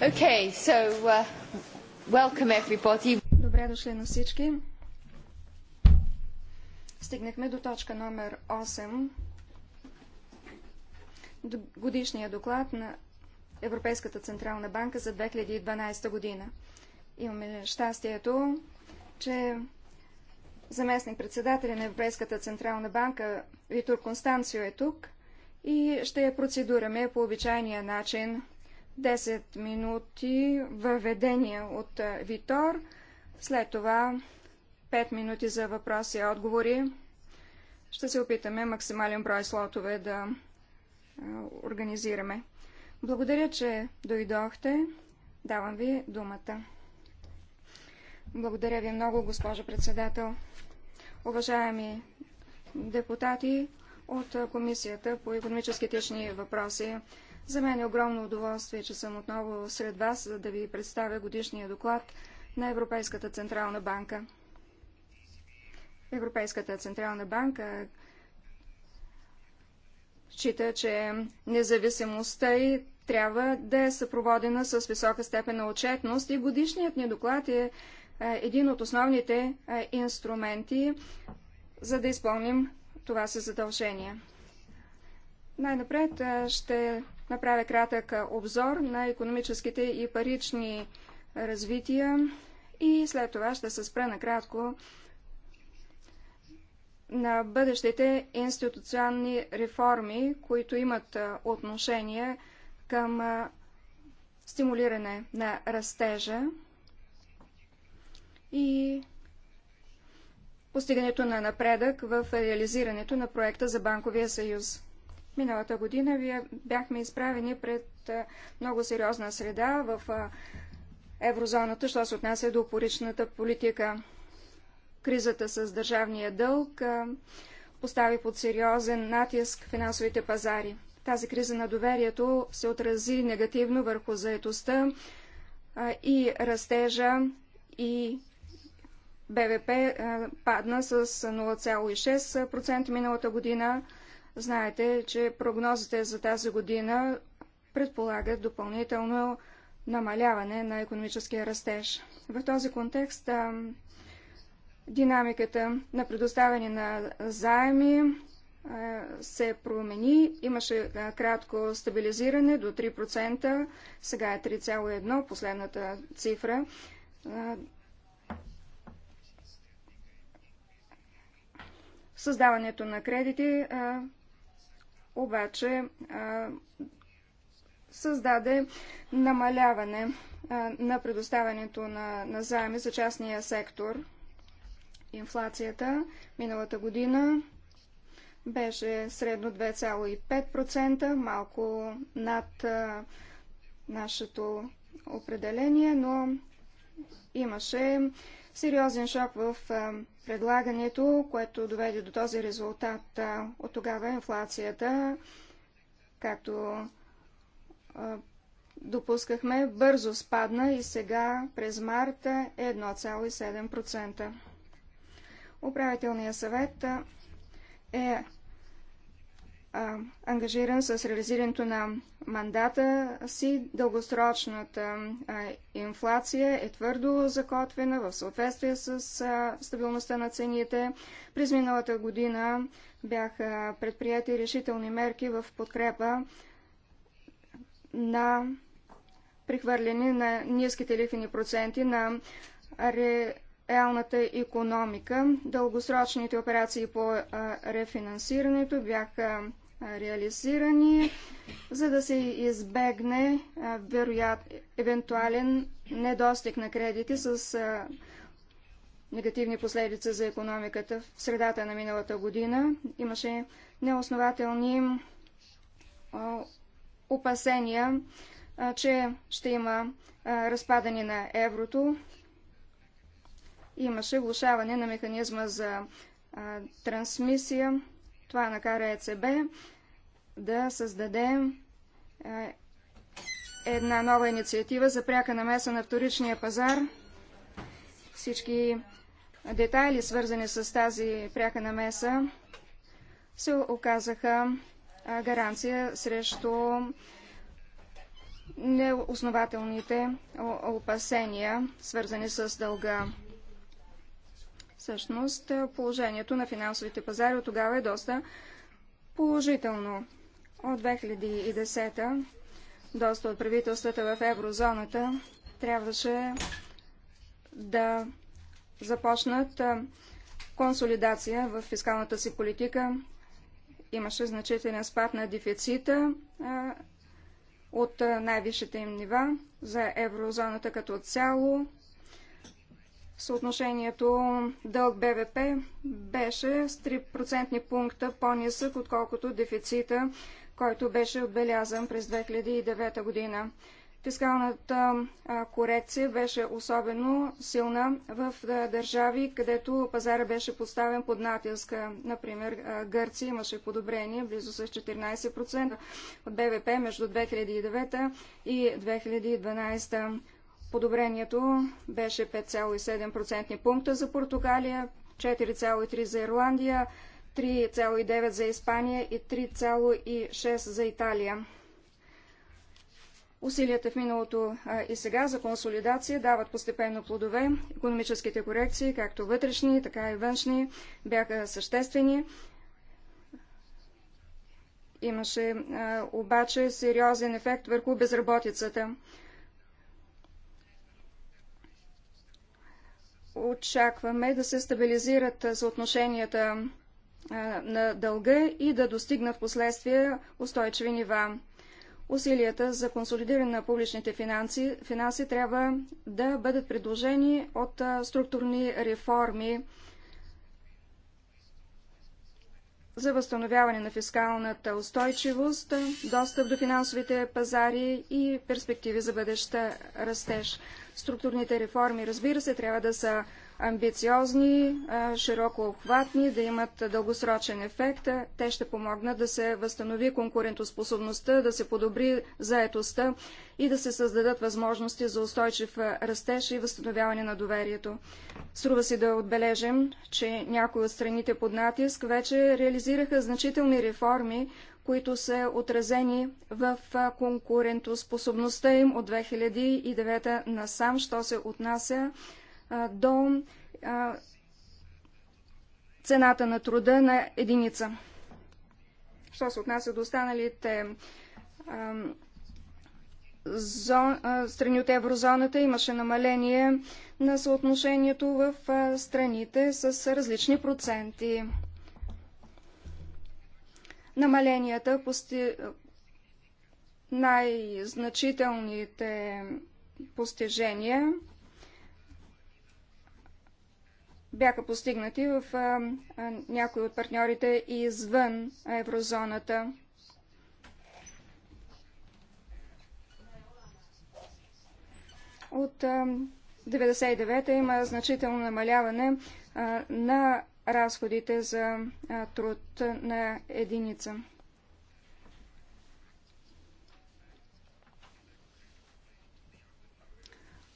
Okay, so, uh, welcome everybody. Добре дошли на всички. Стигнахме до точка номер 8. Годишния доклад на Европейската Централна банка за 2012 година. Имаме щастието, че заместник председателя на Европейската Централна банка Витор Констанцио е тук и ще процедураме по обичайния начин – 10 минути въведение от Витор, след това 5 минути за въпроси и отговори. Ще се опитаме максимален брой слотове да организираме. Благодаря, че дойдохте. Давам ви думата. Благодаря ви много, госпожо председател. Уважаеми депутати от Комисията по економически течни въпроси, за мен е огромно удоволствие, че съм отново сред вас, за да ви представя годишния доклад на Европейската Централна банка. Европейската Централна банка счита, че независимостта и трябва да е съпроводена с висока степен на отчетност и годишният ни доклад е, е един от основните е, инструменти, за да изпълним това си задължение. Най-напред е, ще направя кратък обзор на економическите и парични развития и след това ще се спра накратко на бъдещите институционни реформи, които имат отношение към стимулиране на растежа и постигането на напредък в реализирането на проекта за Банковия съюз. Миналата година вие бяхме изправени пред много сериозна среда в еврозоната, що се отнася до поричната политика. Кризата с държавния дълг постави под сериозен натиск финансовите пазари. Тази криза на доверието се отрази негативно върху заетостта и растежа и БВП падна с 0,6% миналата година. Знаете, че прогнозите за тази година предполагат допълнително намаляване на економическия растеж. В този контекст динамиката на предоставяне на заеми се промени. Имаше кратко стабилизиране до 3%, сега е 3,1%, последната цифра. Създаването на кредити обаче създаде намаляване на предоставянето на, на заеми за частния сектор. Инфлацията миналата година беше средно 2,5%, малко над нашето определение, но имаше сериозен шок в предлагането, което доведе до този резултат. От тогава инфлацията, както допускахме, бързо спадна и сега през марта е 1,7%. Управителният съвет е ангажиран с реализирането на мандата си. Дългосрочната инфлация е твърдо закотвена в съответствие с стабилността на цените. През миналата година бяха предприяти решителни мерки в подкрепа на прихвърляне на ниските лихвени проценти на реалната економика. Дългосрочните операции по рефинансирането бяха реализирани, за да се избегне вероят, евентуален недостиг на кредити с негативни последици за економиката. В средата на миналата година имаше неоснователни опасения, че ще има разпадане на еврото. Имаше влушаване на механизма за трансмисия. Това накара ЕЦБ да създаде е, една нова инициатива за пряка намеса на вторичния пазар. Всички детайли, свързани с тази пряка намеса, се оказаха е, гаранция срещу неоснователните е, опасения, свързани с дълга. Всъщност е, положението на финансовите пазари от тогава е доста положително. От 2010 доста от правителствата в еврозоната трябваше да започнат е, консолидация в фискалната си политика. Имаше значителен спад на дефицита е, от най-висшите им нива за еврозоната като цяло съотношението дълг БВП беше с 3% пункта по-нисък, отколкото дефицита, който беше отбелязан през 2009 година. Фискалната корекция беше особено силна в държави, където пазара беше поставен под натиска. Например, Гърция имаше подобрение близо с 14% от БВП между 2009 и 2012. Подобрението беше 5,7% пункта за Португалия, 4,3% за Ирландия, 3,9% за Испания и 3,6% за Италия. Усилията в миналото и сега за консолидация дават постепенно плодове. Економическите корекции, както вътрешни, така и външни, бяха съществени. Имаше а, обаче сериозен ефект върху безработицата. очакваме да се стабилизират съотношенията на дълга и да достигнат в последствие устойчиви нива. Усилията за консолидиране на публичните финанси, финанси трябва да бъдат предложени от структурни реформи за възстановяване на фискалната устойчивост, достъп до финансовите пазари и перспективи за бъдеща растеж. Структурните реформи, разбира се, трябва да са амбициозни, широко обхватни, да имат дългосрочен ефект. Те ще помогнат да се възстанови конкурентоспособността, да се подобри заетостта и да се създадат възможности за устойчив растеж и възстановяване на доверието. Струва си да отбележим, че някои от страните под натиск вече реализираха значителни реформи, които са отразени в конкурентоспособността им от 2009 насам, що се отнася до цената на труда на единица. Що се отнася до останалите страни от еврозоната имаше намаление на съотношението в страните с различни проценти намаленията, пости... най-значителните постижения бяха постигнати в някои от партньорите и извън еврозоната. От 1999 има значително намаляване на разходите за труд на единица.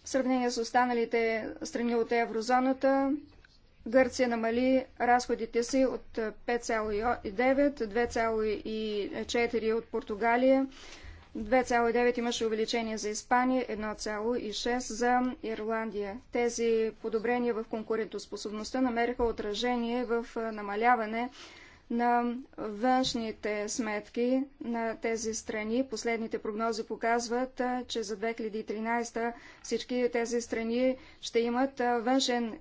В сравнение с останалите страни от еврозоната, Гърция намали разходите си от 5,9, 2,4 от Португалия, 2,9 имаше увеличение за Испания, 1,6 за Ирландия. Тези подобрения в конкурентоспособността намериха отражение в намаляване на външните сметки на тези страни. Последните прогнози показват, че за 2013 всички тези страни ще имат външен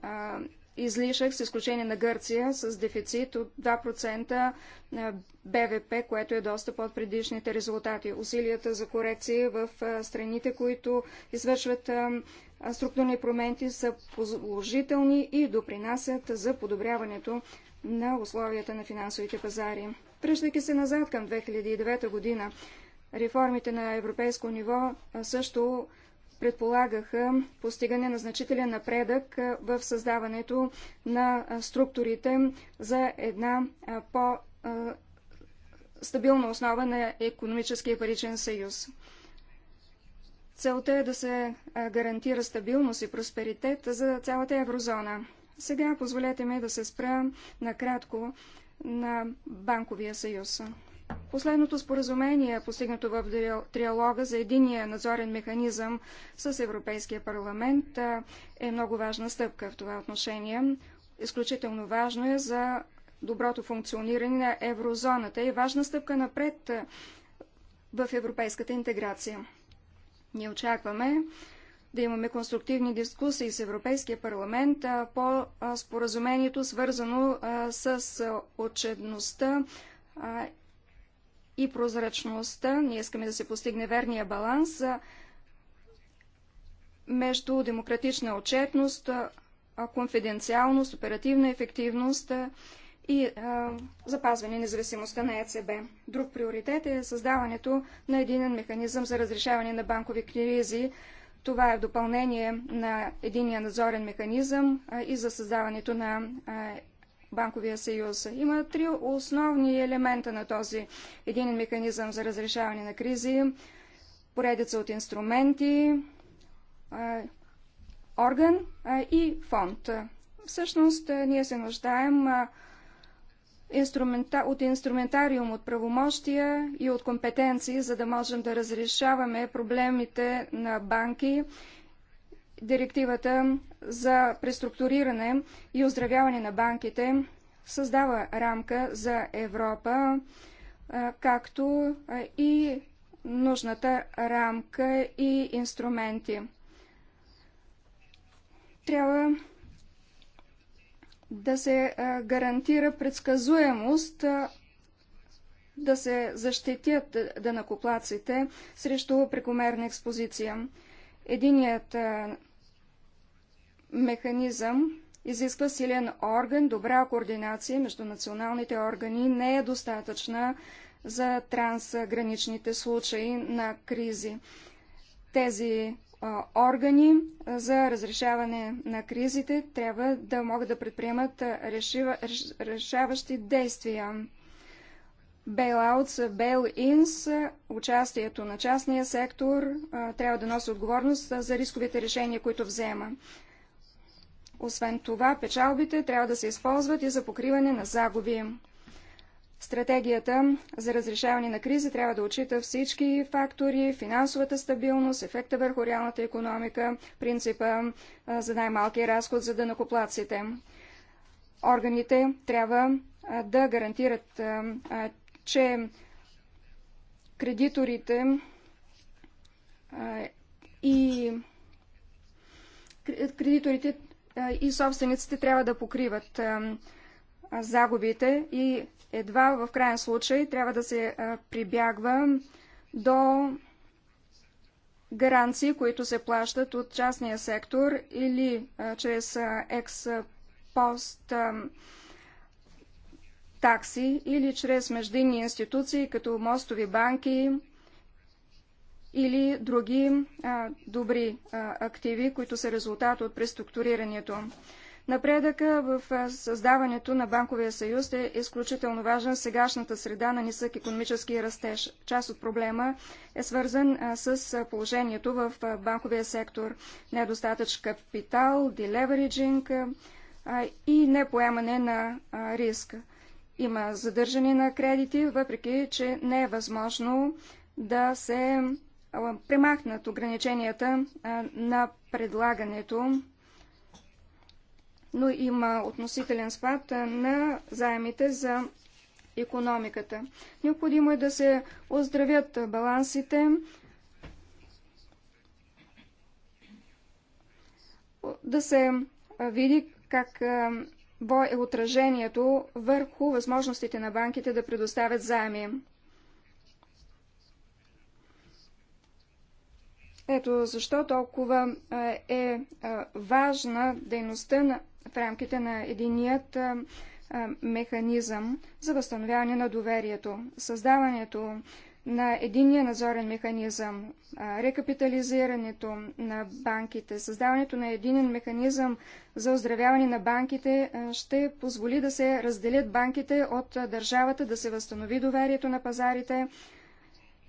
излишък, с изключение на Гърция, с дефицит от 2% БВП, което е доста под предишните резултати. Усилията за корекции в страните, които извършват структурни промени, са положителни и допринасят за подобряването на условията на финансовите пазари. Пръщайки се назад към 2009 година, реформите на европейско ниво също предполагаха постигане на значителен напредък в създаването на структурите за една по-стабилна основа на економическия паричен съюз. Целта е да се гарантира стабилност и просперитет за цялата еврозона. Сега позволете ми да се спра накратко на банковия съюз. Последното споразумение, постигнато в триалога за единия надзорен механизъм с Европейския парламент, е много важна стъпка в това отношение. Изключително важно е за доброто функциониране на еврозоната и е важна стъпка напред в европейската интеграция. Ние очакваме да имаме конструктивни дискусии с Европейския парламент по споразумението, свързано с отчетността и прозрачността. Ние искаме да се постигне верния баланс между демократична отчетност, конфиденциалност, оперативна ефективност и а, запазване независимостта на ЕЦБ. Друг приоритет е създаването на единен механизъм за разрешаване на банкови кризи. Това е в допълнение на единия надзорен механизъм и за създаването на банковия съюз. Има три основни елемента на този един механизъм за разрешаване на кризи, поредица от инструменти, орган и фонд. Всъщност, ние се нуждаем от инструментариум, от правомощия и от компетенции, за да можем да разрешаваме проблемите на банки Директивата за преструктуриране и оздравяване на банките създава рамка за Европа, както и нужната рамка и инструменти. Трябва да се гарантира предсказуемост, да се защитят данакоплаците срещу прекомерна експозиция. Единият механизъм изисква силен орган, добра координация между националните органи не е достатъчна за трансграничните случаи на кризи. Тези органи за разрешаване на кризите трябва да могат да предприемат решаващи действия. Бейлаутс, бейл-инс, участието на частния сектор трябва да носи отговорност за рисковите решения, които взема. Освен това, печалбите трябва да се използват и за покриване на загуби. Стратегията за разрешаване на кризи трябва да отчита всички фактори, финансовата стабилност, ефекта върху реалната економика, принципа за най-малкия разход за дънакоплаците. Органите трябва да гарантират, че кредиторите и кредиторите е, и собствениците трябва да покриват е, загубите и едва в крайен случай трябва да се е, прибягва до гаранции, които се плащат от частния сектор или чрез експост такси или чрез междинни институции, като мостови банки, или други а, добри а, активи, които са резултат от преструктурирането. Напредъка в създаването на банковия съюз е изключително важен сегашната среда на нисък економически растеж. Част от проблема е свързан с положението в банковия сектор. Недостатъч капитал, делевериджинг и непоемане на риск. Има задържане на кредити, въпреки че не е възможно да се премахнат ограниченията на предлагането, но има относителен спад на заемите за економиката. Необходимо е да се оздравят балансите, да се види как е отражението върху възможностите на банките да предоставят заеми. Ето защо толкова е важна дейността на, в рамките на единият механизъм за възстановяване на доверието, създаването на единия надзорен механизъм, рекапитализирането на банките, създаването на единен механизъм за оздравяване на банките ще позволи да се разделят банките от държавата, да се възстанови доверието на пазарите,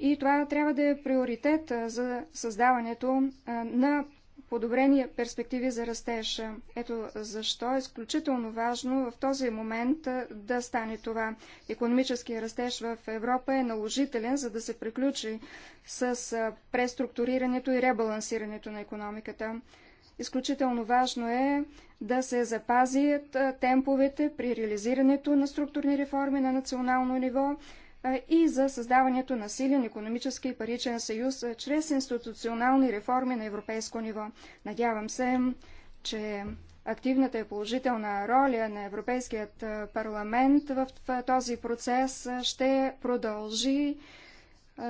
и това трябва да е приоритет за създаването на подобрени перспективи за растеж. Ето защо е изключително важно в този момент да стане това. Економическия растеж в Европа е наложителен, за да се приключи с преструктурирането и ребалансирането на економиката. Изключително важно е да се запазят темповете при реализирането на структурни реформи на национално ниво, и за създаването на силен економически и паричен съюз чрез институционални реформи на европейско ниво. Надявам се, че активната и положителна роля на Европейският парламент в този процес ще продължи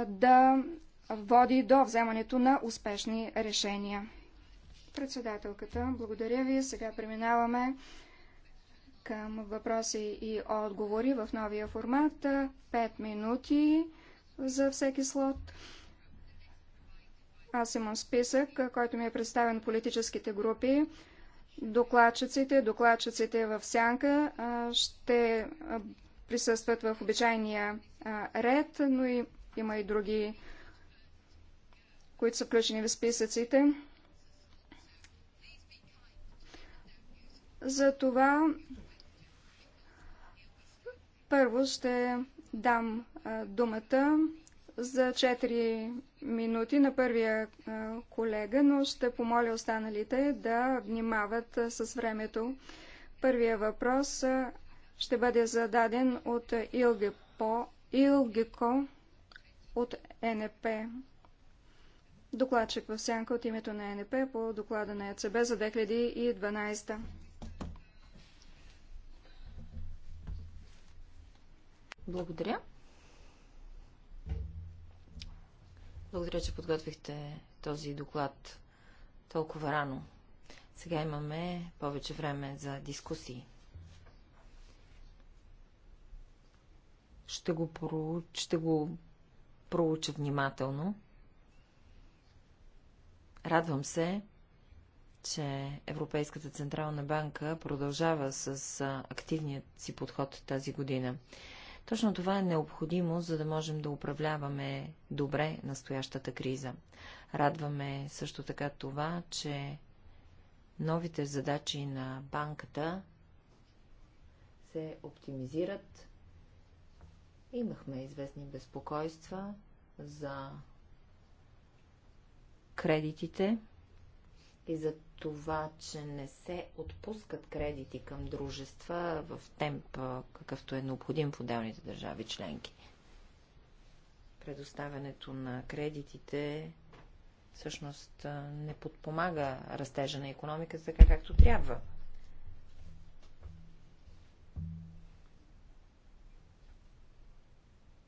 да води до вземането на успешни решения. Председателката, благодаря ви. Сега преминаваме към въпроси и отговори в новия формат. 5 минути за всеки слот. Аз имам списък, който ми е представен политическите групи. Докладчиците, докладчиците в сянка ще присъстват в обичайния ред, но и, има и други, които са включени в списъците. За това. Първо ще дам думата за 4 минути на първия колега, но ще помоля останалите да внимават с времето. Първия въпрос ще бъде зададен от Илгипо, Илгико от НП. Докладчик в сянка от името на НП по доклада на ЕЦБ за 2012. Благодаря. Благодаря, че подготвихте този доклад толкова рано. Сега имаме повече време за дискусии. Ще го, проуч... ще го проуча внимателно. Радвам се, че Европейската Централна банка продължава с активният си подход тази година. Точно това е необходимо, за да можем да управляваме добре настоящата криза. Радваме също така това, че новите задачи на банката се оптимизират. Имахме известни безпокойства за кредитите, и за това, че не се отпускат кредити към дружества в темп, какъвто е необходим в отделните държави членки. Предоставянето на кредитите всъщност не подпомага растежа на економиката така както трябва.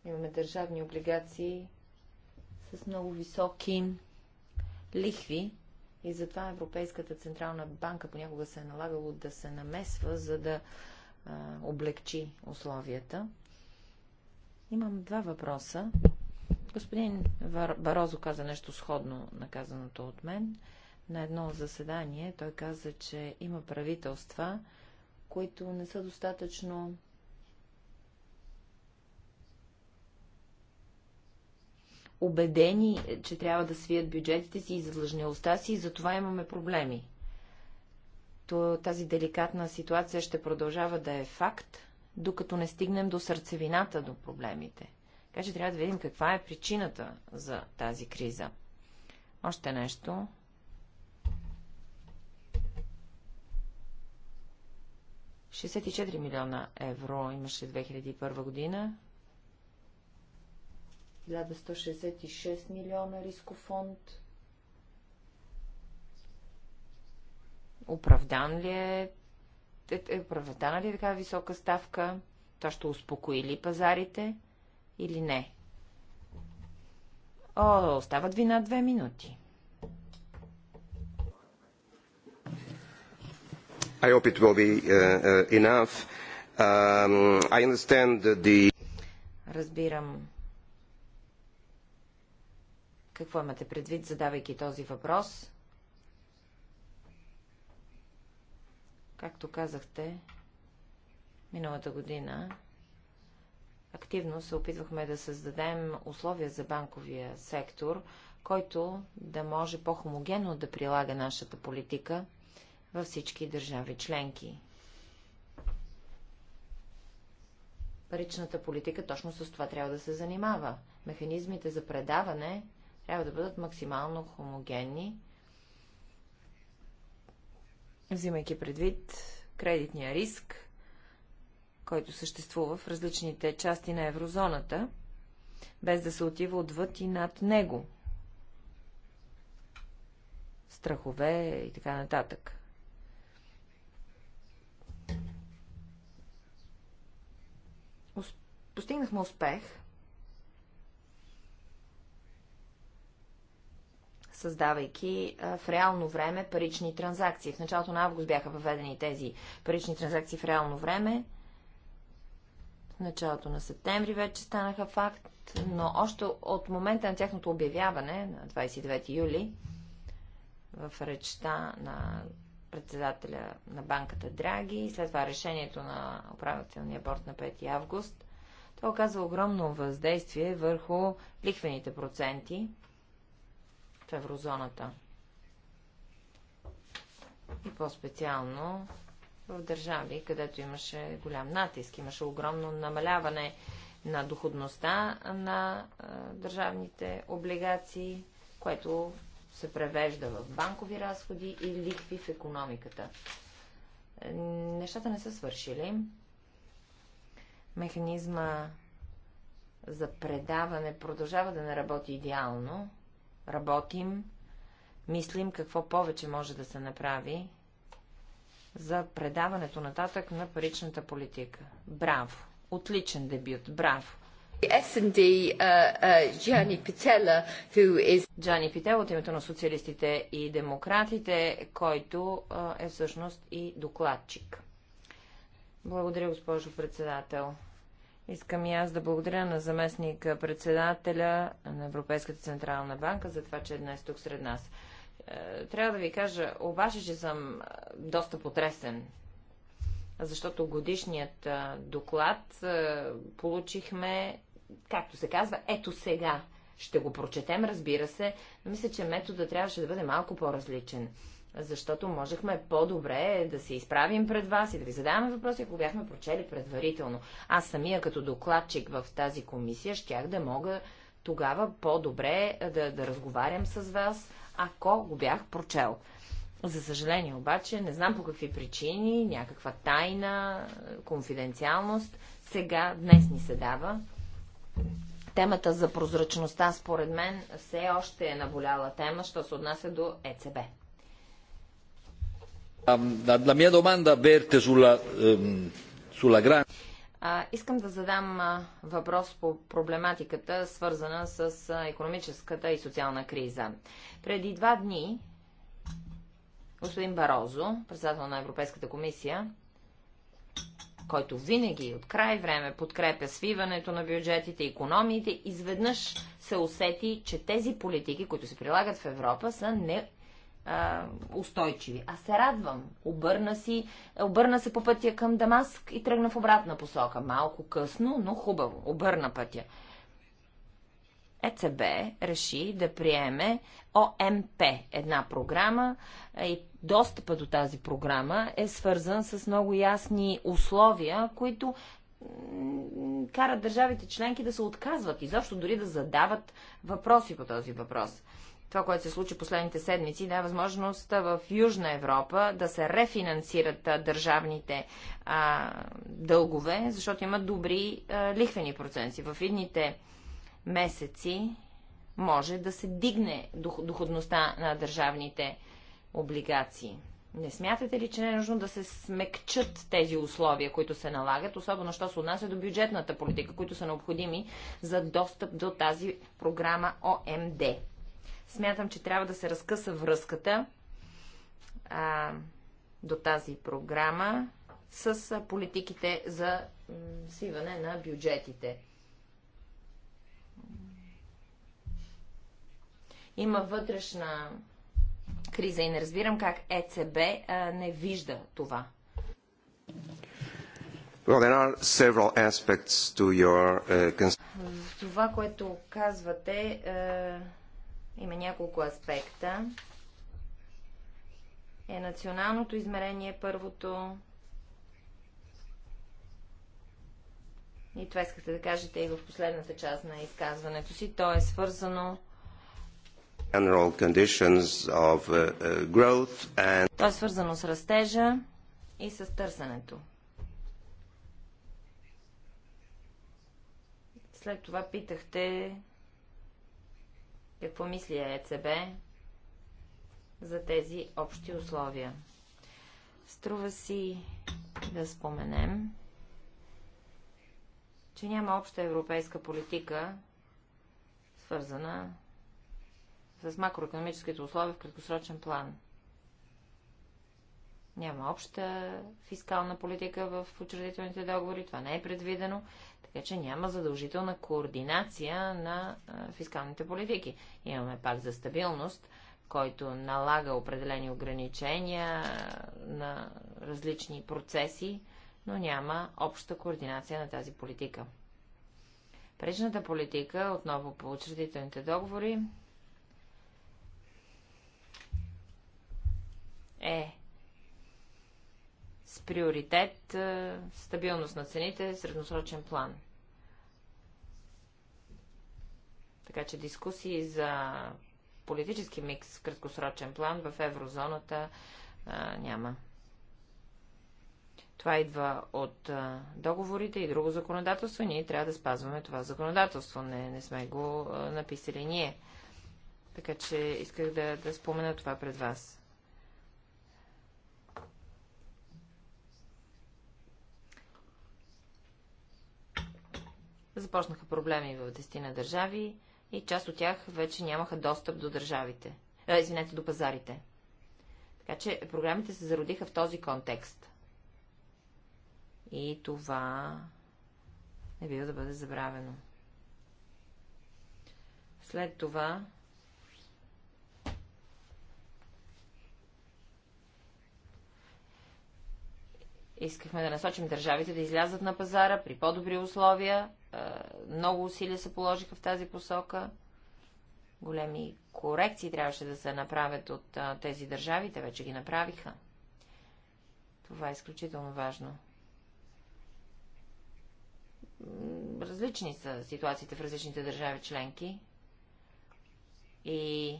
Имаме държавни облигации с много високи лихви, и затова Европейската Централна банка понякога се е налагало да се намесва, за да а, облегчи условията. Имам два въпроса. Господин Барозо каза нещо сходно на казаното от мен. На едно заседание той каза, че има правителства, които не са достатъчно убедени, че трябва да свият бюджетите си и задлъжнялостта си и затова имаме проблеми. То, тази деликатна ситуация ще продължава да е факт, докато не стигнем до сърцевината до проблемите. Така че трябва да видим каква е причината за тази криза. Още нещо. ...64 милиона евро имаше 2001 година. 1166 милиона фонд. Оправдан ли е, е, е оправдана ли е така висока ставка? Това ще успокои ли пазарите или не? О, остават ви на две минути. I hope it will be uh, uh, enough. Um, I understand the... Разбирам какво имате предвид, задавайки този въпрос? Както казахте, миналата година активно се опитвахме да създадем условия за банковия сектор, който да може по-хомогенно да прилага нашата политика във всички държави членки. Паричната политика точно с това трябва да се занимава. Механизмите за предаване трябва да бъдат максимално хомогенни, взимайки предвид кредитния риск, който съществува в различните части на еврозоната, без да се отива отвъд и над него. Страхове и така нататък. Постигнахме успех – създавайки в реално време парични транзакции. В началото на август бяха въведени тези парични транзакции в реално време. В началото на септември вече станаха факт, но още от момента на тяхното обявяване, на 29 юли, в речта на председателя на банката Драги, след това решението на управителния борт на 5 август, това оказва огромно въздействие върху лихвените проценти еврозоната. И по-специално в държави, където имаше голям натиск, имаше огромно намаляване на доходността на а, държавните облигации, което се превежда в банкови разходи и ликви в економиката. Е, нещата не са свършили. Механизма за предаване продължава да не работи идеално, работим, мислим какво повече може да се направи за предаването нататък на паричната политика. Браво! Отличен дебют! Браво! S&D Джани Пителла, Джани Пител от името на социалистите и демократите, който е всъщност и докладчик. Благодаря, госпожо председател. Искам и аз да благодаря на заместник председателя на Европейската централна банка за това, че е днес тук сред нас. Е, трябва да ви кажа, обаче, че съм е, доста потресен, защото годишният е, доклад получихме, както се казва, ето сега. Ще го прочетем, разбира се, но мисля, че метода трябваше да бъде малко по-различен защото можехме по-добре да се изправим пред вас и да ви задаваме въпроси, ако бяхме прочели предварително. Аз самия като докладчик в тази комисия щях да мога тогава по-добре да, да разговарям с вас, ако го бях прочел. За съжаление обаче, не знам по какви причини, някаква тайна, конфиденциалност, сега, днес ни се дава. Темата за прозрачността, според мен, все още е наболяла тема, що се отнася до ЕЦБ. La mia domanda verte sulla, ehm, sulla gran... А, искам да задам а, въпрос по проблематиката, свързана с а, економическата и социална криза. Преди два дни господин Барозо, председател на Европейската комисия, който винаги от край време подкрепя свиването на бюджетите, економиите, изведнъж се усети, че тези политики, които се прилагат в Европа, са не а, устойчиви. Аз се радвам. Обърна, си, обърна се по пътя към Дамаск и тръгна в обратна посока. Малко късно, но хубаво. Обърна пътя. ЕЦБ реши да приеме ОМП, една програма и достъпа до тази програма е свързан с много ясни условия, които карат държавите членки да се отказват и защо дори да задават въпроси по този въпрос. Това, което се случи последните седмици, да е възможност в Южна Европа да се рефинансират държавните а, дългове, защото има добри а, лихвени проценти. В едните месеци може да се дигне доходността на държавните облигации. Не смятате ли, че не е нужно да се смекчат тези условия, които се налагат, особено що се отнася до бюджетната политика, които са необходими за достъп до тази програма ОМД? Смятам, че трябва да се разкъса връзката а, до тази програма с политиките за сиване на бюджетите. Има вътрешна криза и не разбирам как ЕЦБ а, не вижда това. Well, there are several aspects to your, uh, това, което казвате, uh има няколко аспекта. Е националното измерение е първото. И това искате да кажете и в последната част на изказването си. То е свързано general conditions of uh, uh, growth and... То е свързано с растежа и с търсенето. След това питахте какво мисли ЕЦБ за тези общи условия. Струва си да споменем, че няма обща европейска политика, свързана с макроекономическите условия в краткосрочен план. Няма обща фискална политика в учредителните договори, това не е предвидено. Така че няма задължителна координация на фискалните политики. Имаме пак за стабилност, който налага определени ограничения на различни процеси, но няма обща координация на тази политика. Пречната политика, отново по учредителните договори, е с приоритет е, стабилност на цените, в средносрочен план. Така че дискусии за политически микс в краткосрочен план в еврозоната а, е, няма. Това идва от а, е, договорите и друго законодателство. Ние трябва да спазваме това законодателство. Не, не сме го а, написали ние. Така че исках да, да спомена това пред вас. Започнаха проблеми в дестина държави и част от тях вече нямаха достъп до държавите. Е, извинете, до пазарите. Така че програмите се зародиха в този контекст. И това не бива да бъде забравено. След това искахме да насочим държавите да излязат на пазара при по-добри условия много усилия се положиха в тази посока. Големи корекции трябваше да се направят от тези държави, те вече ги направиха. Това е изключително важно. Различни са ситуациите в различните държави членки. И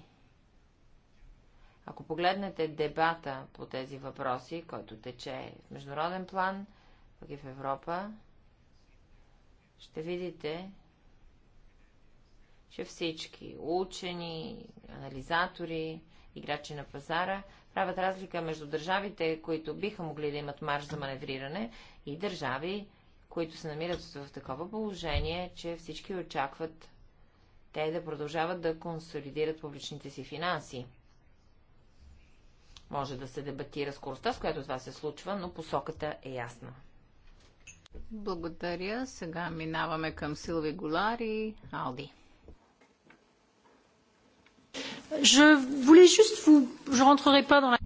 ако погледнете дебата по тези въпроси, който тече в международен план, пък и в Европа, ще видите, че всички учени, анализатори, играчи на пазара правят разлика между държавите, които биха могли да имат марш за маневриране и държави, които се намират в такова положение, че всички очакват те да продължават да консолидират публичните си финанси. Може да се дебатира скоростта, с която това се случва, но посоката е ясна. Благодаря. Сега минаваме към Силви Голари, Алди. Je voulais juste vous... Je rentrerai pas dans la...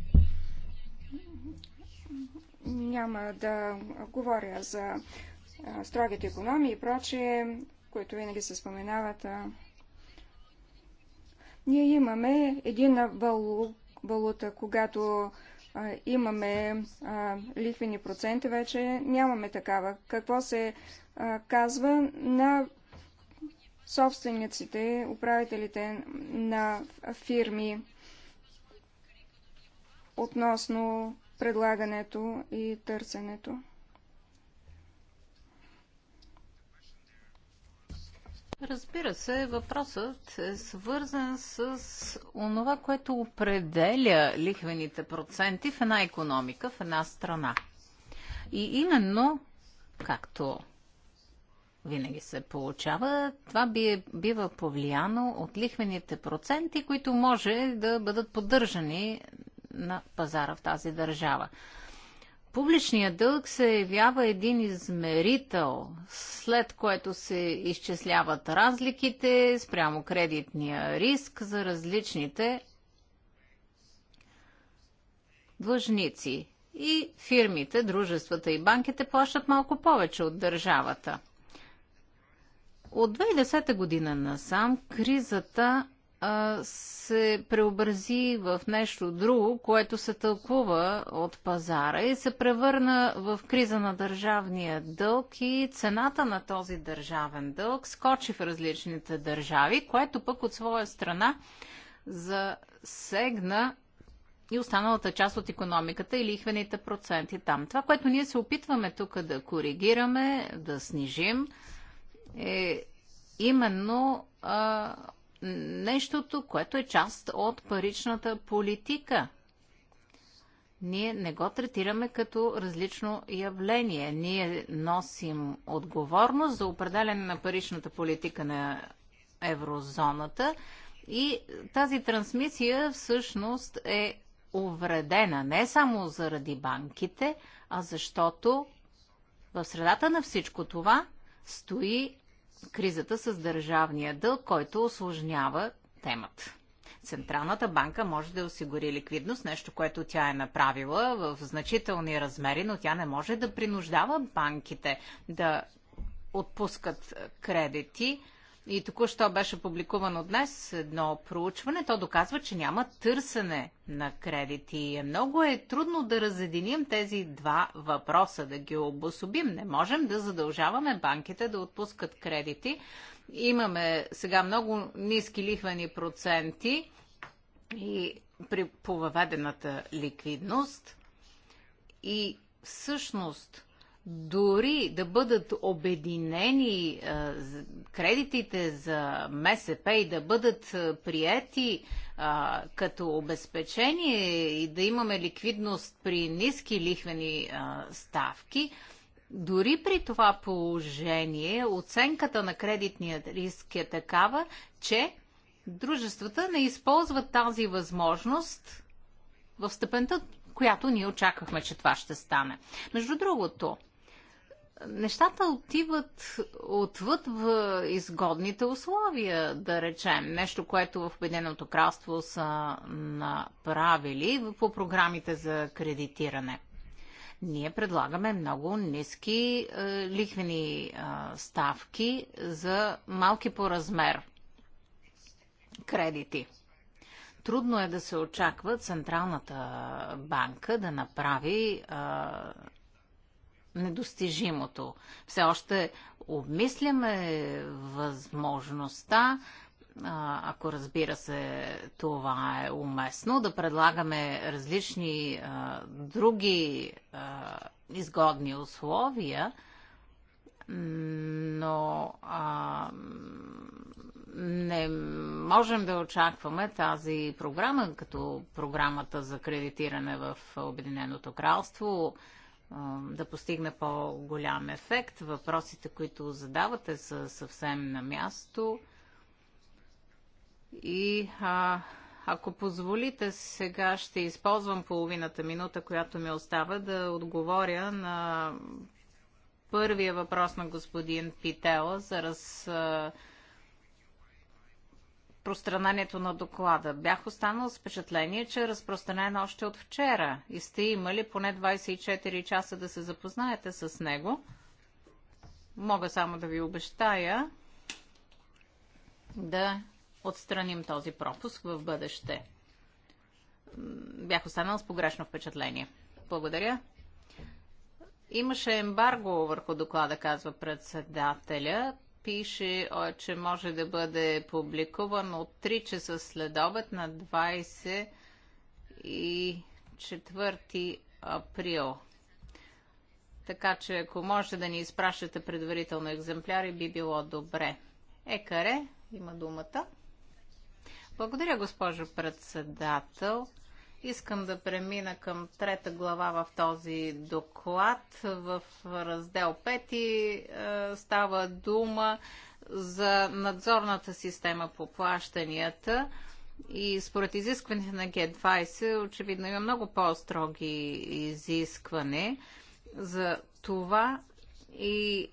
Няма да говоря за строгите економии и прочее, които винаги се споменават. Ние имаме един валута, когато имаме лихвени проценти, вече нямаме такава. Какво се казва на собствениците, управителите на фирми относно предлагането и търсенето? Разбира се, въпросът е свързан с онова, което определя лихвените проценти в една економика, в една страна. И именно, както винаги се получава, това би, бива повлияно от лихвените проценти, които може да бъдат поддържани на пазара в тази държава. Публичният дълг се явява един измерител, след което се изчисляват разликите спрямо кредитния риск за различните длъжници. И фирмите, дружествата и банките плащат малко повече от държавата. От 2010 година насам кризата се преобрази в нещо друго, което се тълкува от пазара и се превърна в криза на държавния дълг и цената на този държавен дълг скочи в различните държави, което пък от своя страна засегна и останалата част от економиката и лихвените проценти там. Това, което ние се опитваме тук да коригираме, да снижим, е именно а, нещото, което е част от паричната политика. Ние не го третираме като различно явление. Ние носим отговорност за определене на паричната политика на еврозоната и тази трансмисия всъщност е увредена не само заради банките, а защото в средата на всичко това стои кризата с държавния дълг, който осложнява темата. Централната банка може да осигури ликвидност, нещо, което тя е направила в значителни размери, но тя не може да принуждава банките да отпускат кредити и току-що беше публикувано днес едно проучване, то доказва, че няма търсене на кредити. Много е трудно да разединим тези два въпроса, да ги обособим. Не можем да задължаваме банките да отпускат кредити. Имаме сега много ниски лихвени проценти и при повъведената ликвидност и всъщност – дори да бъдат обединени кредитите за МСП и да бъдат приети като обезпечение и да имаме ликвидност при ниски лихвени ставки, дори при това положение оценката на кредитния риск е такава, че дружествата не използват тази възможност в степента, която ние очаквахме, че това ще стане. Между другото, нещата отиват отвъд в изгодните условия, да речем. Нещо, което в Обединеното кралство са направили по програмите за кредитиране. Ние предлагаме много ниски е, лихвени е, ставки за малки по размер кредити. Трудно е да се очаква Централната банка да направи е, недостижимото. Все още обмисляме възможността, ако разбира се това е уместно, да предлагаме различни други изгодни условия, но а, не можем да очакваме тази програма, като програмата за кредитиране в Обединеното кралство, да постигне по-голям ефект. Въпросите, които задавате, са съвсем на място. И а, ако позволите, сега ще използвам половината минута, която ми остава, да отговоря на първия въпрос на господин Питела за раз разпространението на доклада. Бях останал с впечатление, че е разпространен още от вчера и сте имали поне 24 часа да се запознаете с него. Мога само да ви обещая да отстраним този пропуск в бъдеще. Бях останал с погрешно впечатление. Благодаря. Имаше ембарго върху доклада, казва председателят пише, че може да бъде публикуван от 3 часа след обед на 24 април. Така че ако може да ни изпращате предварително екземпляри, би било добре. Екаре има думата. Благодаря, госпожо председател. Искам да премина към трета глава в този доклад. В раздел 5 е, става дума за надзорната система по плащанията. И според изискването на g 20 очевидно има много по-строги изискване за това и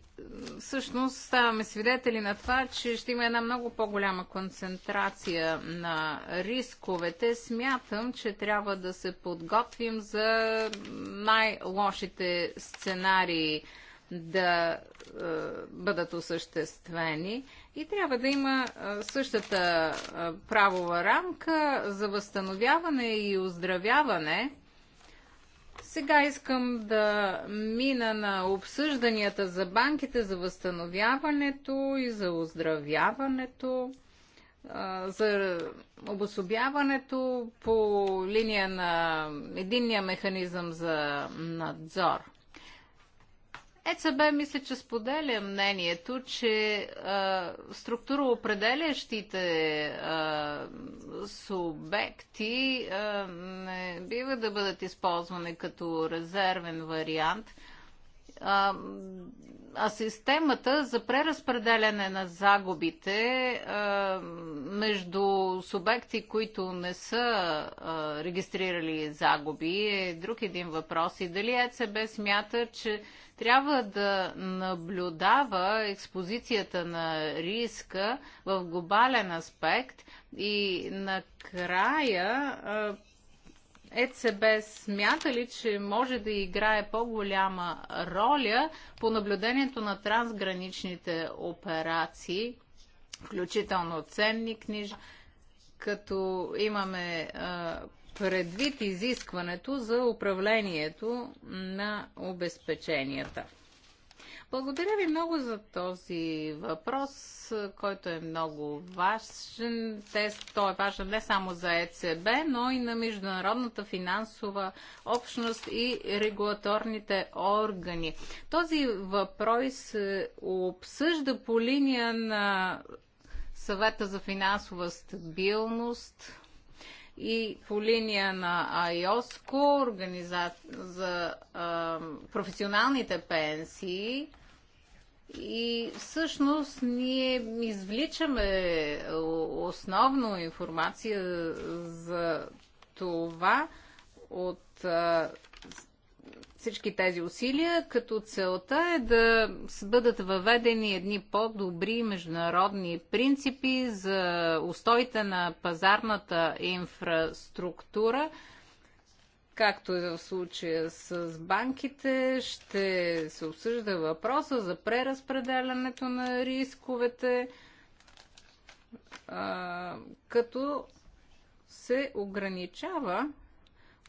всъщност ставаме свидетели на това, че ще има една много по-голяма концентрация на рисковете. Смятам, че трябва да се подготвим за най-лошите сценарии да е, бъдат осъществени и трябва да има е, същата е, правова рамка за възстановяване и оздравяване сега искам да мина на обсъжданията за банките, за възстановяването и за оздравяването, за обособяването по линия на единния механизъм за надзор. ЕЦБ мисля, че споделя мнението, че а, структуроопределящите а, субекти а, не бива да бъдат използвани като резервен вариант, а, а системата за преразпределяне на загубите а, между субекти, които не са а, регистрирали загуби, е друг един въпрос. И дали ЕЦБ смята, че трябва да наблюдава експозицията на риска в глобален аспект и накрая ЕЦБ смята ли, че може да играе по-голяма роля по наблюдението на трансграничните операции, включително ценни книжа, като имаме предвид изискването за управлението на обезпеченията. Благодаря ви много за този въпрос, който е много важен. Тест, той е важен не само за ЕЦБ, но и на международната финансова общност и регулаторните органи. Този въпрос се обсъжда по линия на съвета за финансова стабилност, и по линия на АЙОСКО организа... за а, професионалните пенсии. И всъщност ние извличаме основно информация за това от а, всички тези усилия, като целта е да бъдат въведени едни по-добри международни принципи за устоите на пазарната инфраструктура, както и е в случая с банките, ще се обсъжда въпроса за преразпределянето на рисковете, като се ограничава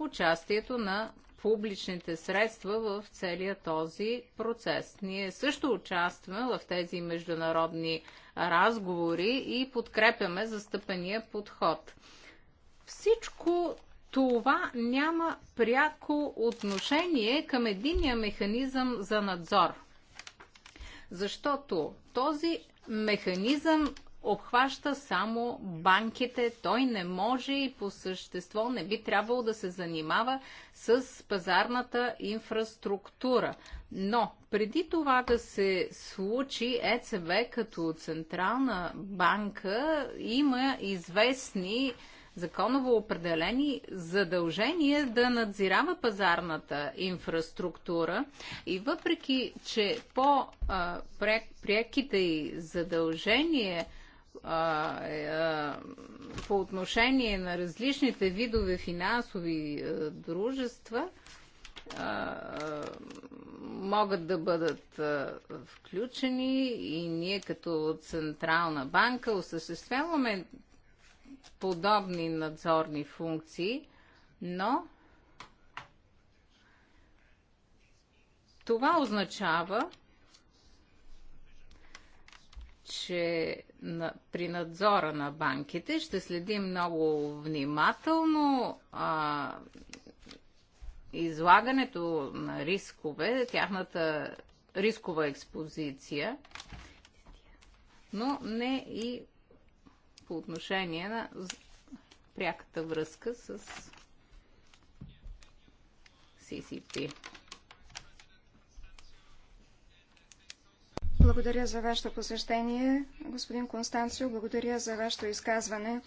участието на публичните средства в целия този процес. Ние също участваме в тези международни разговори и подкрепяме застъпения подход. Всичко това няма пряко отношение към единия механизъм за надзор. Защото този механизъм обхваща само банките. Той не може и по същество не би трябвало да се занимава с пазарната инфраструктура. Но преди това да се случи, ЕЦБ като централна банка има известни законово определени задължения да надзирава пазарната инфраструктура и въпреки, че по-преките и задължения е, по отношение на различните видове финансови дружества могат да бъдат включени и ние като Централна банка осъществяваме подобни надзорни функции, но това означава, че на, при надзора на банките ще следим много внимателно а, излагането на рискове, тяхната рискова експозиция, но не и по отношение на пряката връзка с CCP. Благодаря за вашето посещение, господин Констанцио. Благодаря за вашето изказване.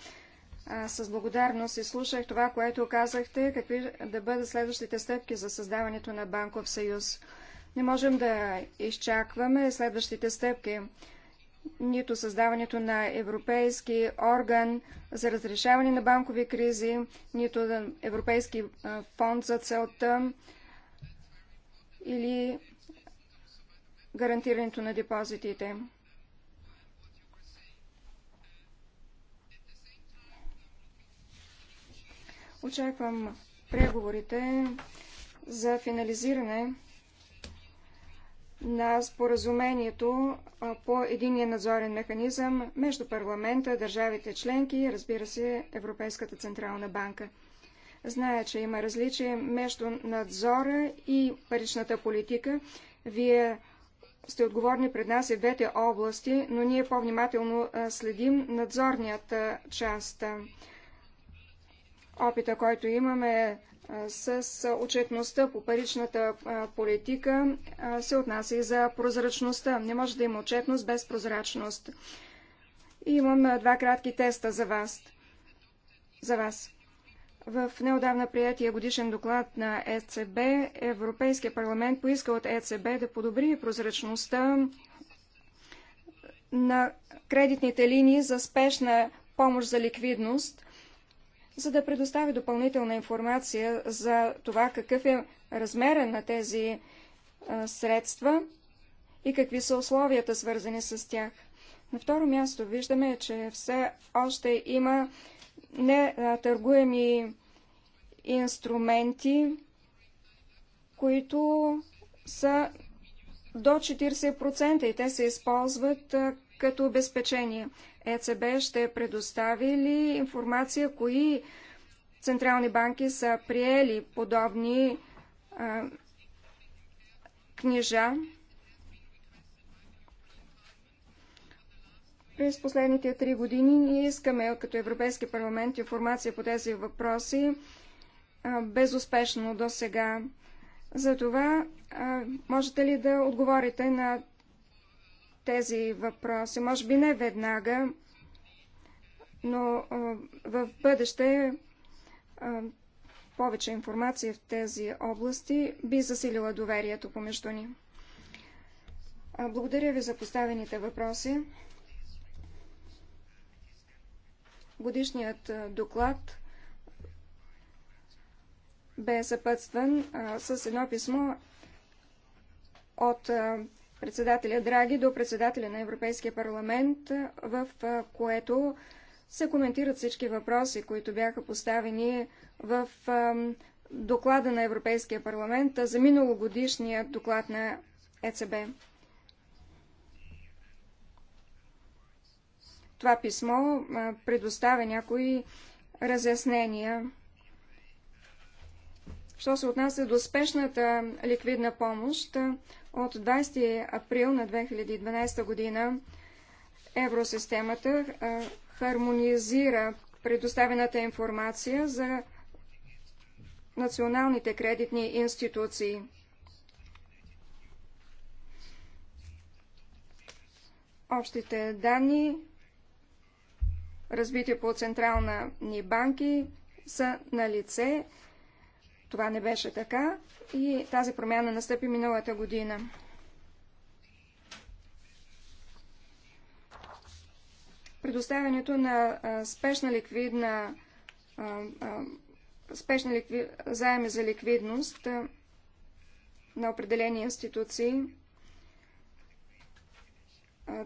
с благодарност и слушах това, което казахте, какви да бъдат следващите стъпки за създаването на Банков съюз. Не можем да изчакваме следващите стъпки, нито създаването на европейски орган за разрешаване на банкови кризи, нито европейски фонд за целта или гарантирането на депозитите. Очаквам преговорите за финализиране на споразумението по единия надзорен механизъм между парламента, държавите членки и, разбира се, Европейската централна банка. Зная, че има различие между надзора и паричната политика. Вие сте отговорни пред нас и в двете области, но ние по-внимателно следим надзорнията част. Опита, който имаме с отчетността по паричната политика, се отнася и за прозрачността. Не може да има отчетност без прозрачност. И имам два кратки теста за вас. За вас. В неодавна приятия годишен доклад на ЕЦБ, Европейския парламент поиска от ЕЦБ да подобри прозрачността на кредитните линии за спешна помощ за ликвидност, за да предостави допълнителна информация за това какъв е размера на тези средства и какви са условията свързани с тях. На второ място виждаме, че все още има нетъргуеми инструменти, които са до 40% и те се използват като обезпечение. ЕЦБ ще предостави ли информация, кои централни банки са приели подобни а, книжа? През последните три години ние искаме като Европейски парламент информация по тези въпроси безуспешно до сега. За това можете ли да отговорите на тези въпроси? Може би не веднага, но в бъдеще повече информация в тези области би засилила доверието помежду ни. Благодаря ви за поставените въпроси. Годишният доклад бе съпътстван а, с едно писмо от а, председателя Драги до председателя на Европейския парламент, в а, което се коментират всички въпроси, които бяха поставени в а, доклада на Европейския парламент за миналогодишния доклад на ЕЦБ. това писмо предоставя някои разяснения. Що се отнася до спешната ликвидна помощ, от 20 април на 2012 година Евросистемата хармонизира предоставената информация за националните кредитни институции. Общите данни развити по централна ни банки, са на лице. Това не беше така и тази промяна настъпи миналата година. Предоставянето на а, спешна ликвидна а, а, спешни ликви... заеми за ликвидност на определени институции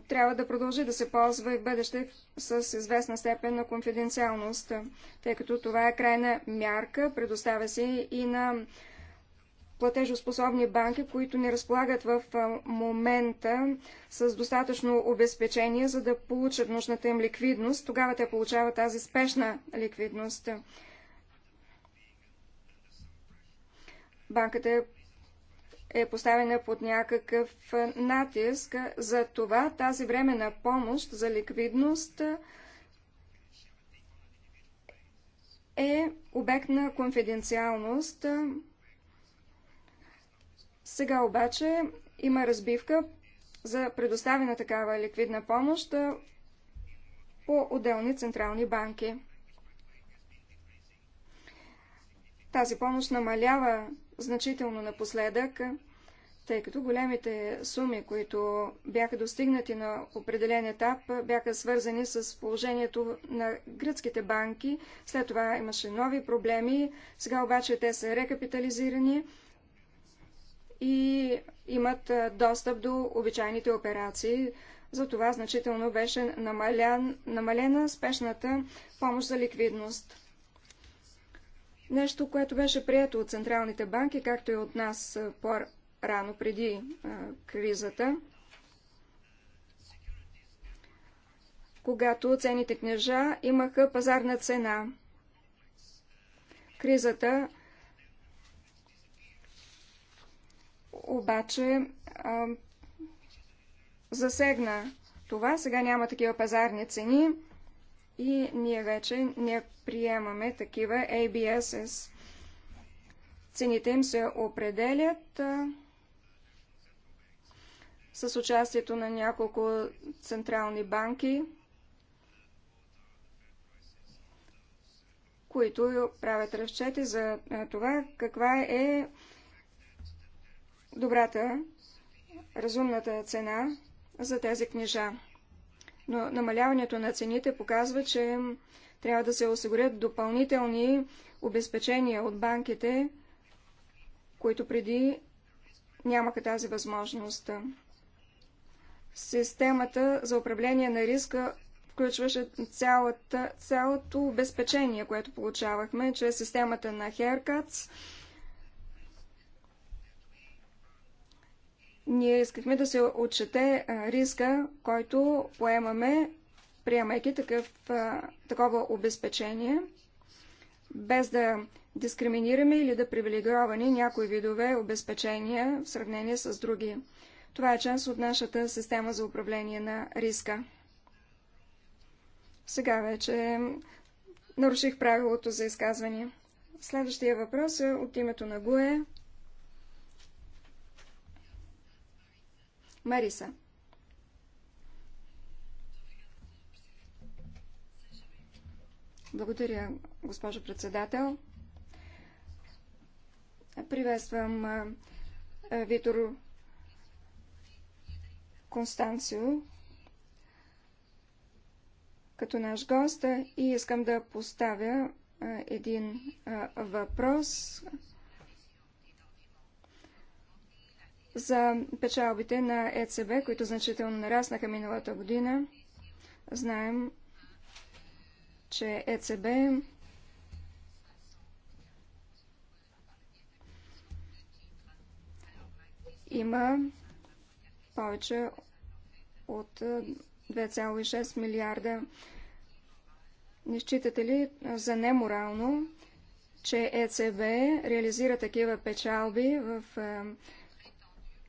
трябва да продължи да се ползва и в бъдеще с известна степен на конфиденциалност, тъй като това е крайна мярка, предоставя се и на платежоспособни банки, които не разполагат в момента с достатъчно обезпечение, за да получат нужната им ликвидност. Тогава те получават тази спешна ликвидност. Банката е е поставена под някакъв натиск. За това тази временна помощ за ликвидност е обект на конфиденциалност. Сега обаче има разбивка за предоставена такава ликвидна помощ по отделни централни банки. Тази помощ намалява значително напоследък, тъй като големите суми, които бяха достигнати на определен етап, бяха свързани с положението на гръцките банки. След това имаше нови проблеми, сега обаче те са рекапитализирани и имат достъп до обичайните операции. това значително беше намалян, намалена спешната помощ за ликвидност. Нещо, което беше прието от централните банки, както и от нас по-рано преди а, кризата. когато цените книжа имаха пазарна цена. Кризата обаче а, засегна това. Сега няма такива пазарни цени и ние вече не приемаме такива ABSs. Цените им се определят а, с участието на няколко централни банки, които правят разчети за това каква е добрата, разумната цена за тези книжа но намаляването на цените показва, че трябва да се осигурят допълнителни обезпечения от банките, които преди нямаха тази възможност. Системата за управление на риска включваше цялата, цялото обезпечение, което получавахме чрез системата на Haircuts – Ние искахме да се отчете риска, който поемаме, приемайки такъв, такова обезпечение, без да дискриминираме или да привилегироваме някои видове обезпечения в сравнение с други. Това е част от нашата система за управление на риска. Сега вече наруших правилото за изказване. Следващия въпрос е от името на ГУЕ. Мариса. Благодаря, госпожо председател. Приветствам Витор Констанцио като наш гост и искам да поставя един въпрос, за печалбите на ЕЦБ, които значително нараснаха миналата година. Знаем, че ЕЦБ има повече от 2,6 милиарда. Не считате ли за неморално, че ЕЦБ реализира такива печалби в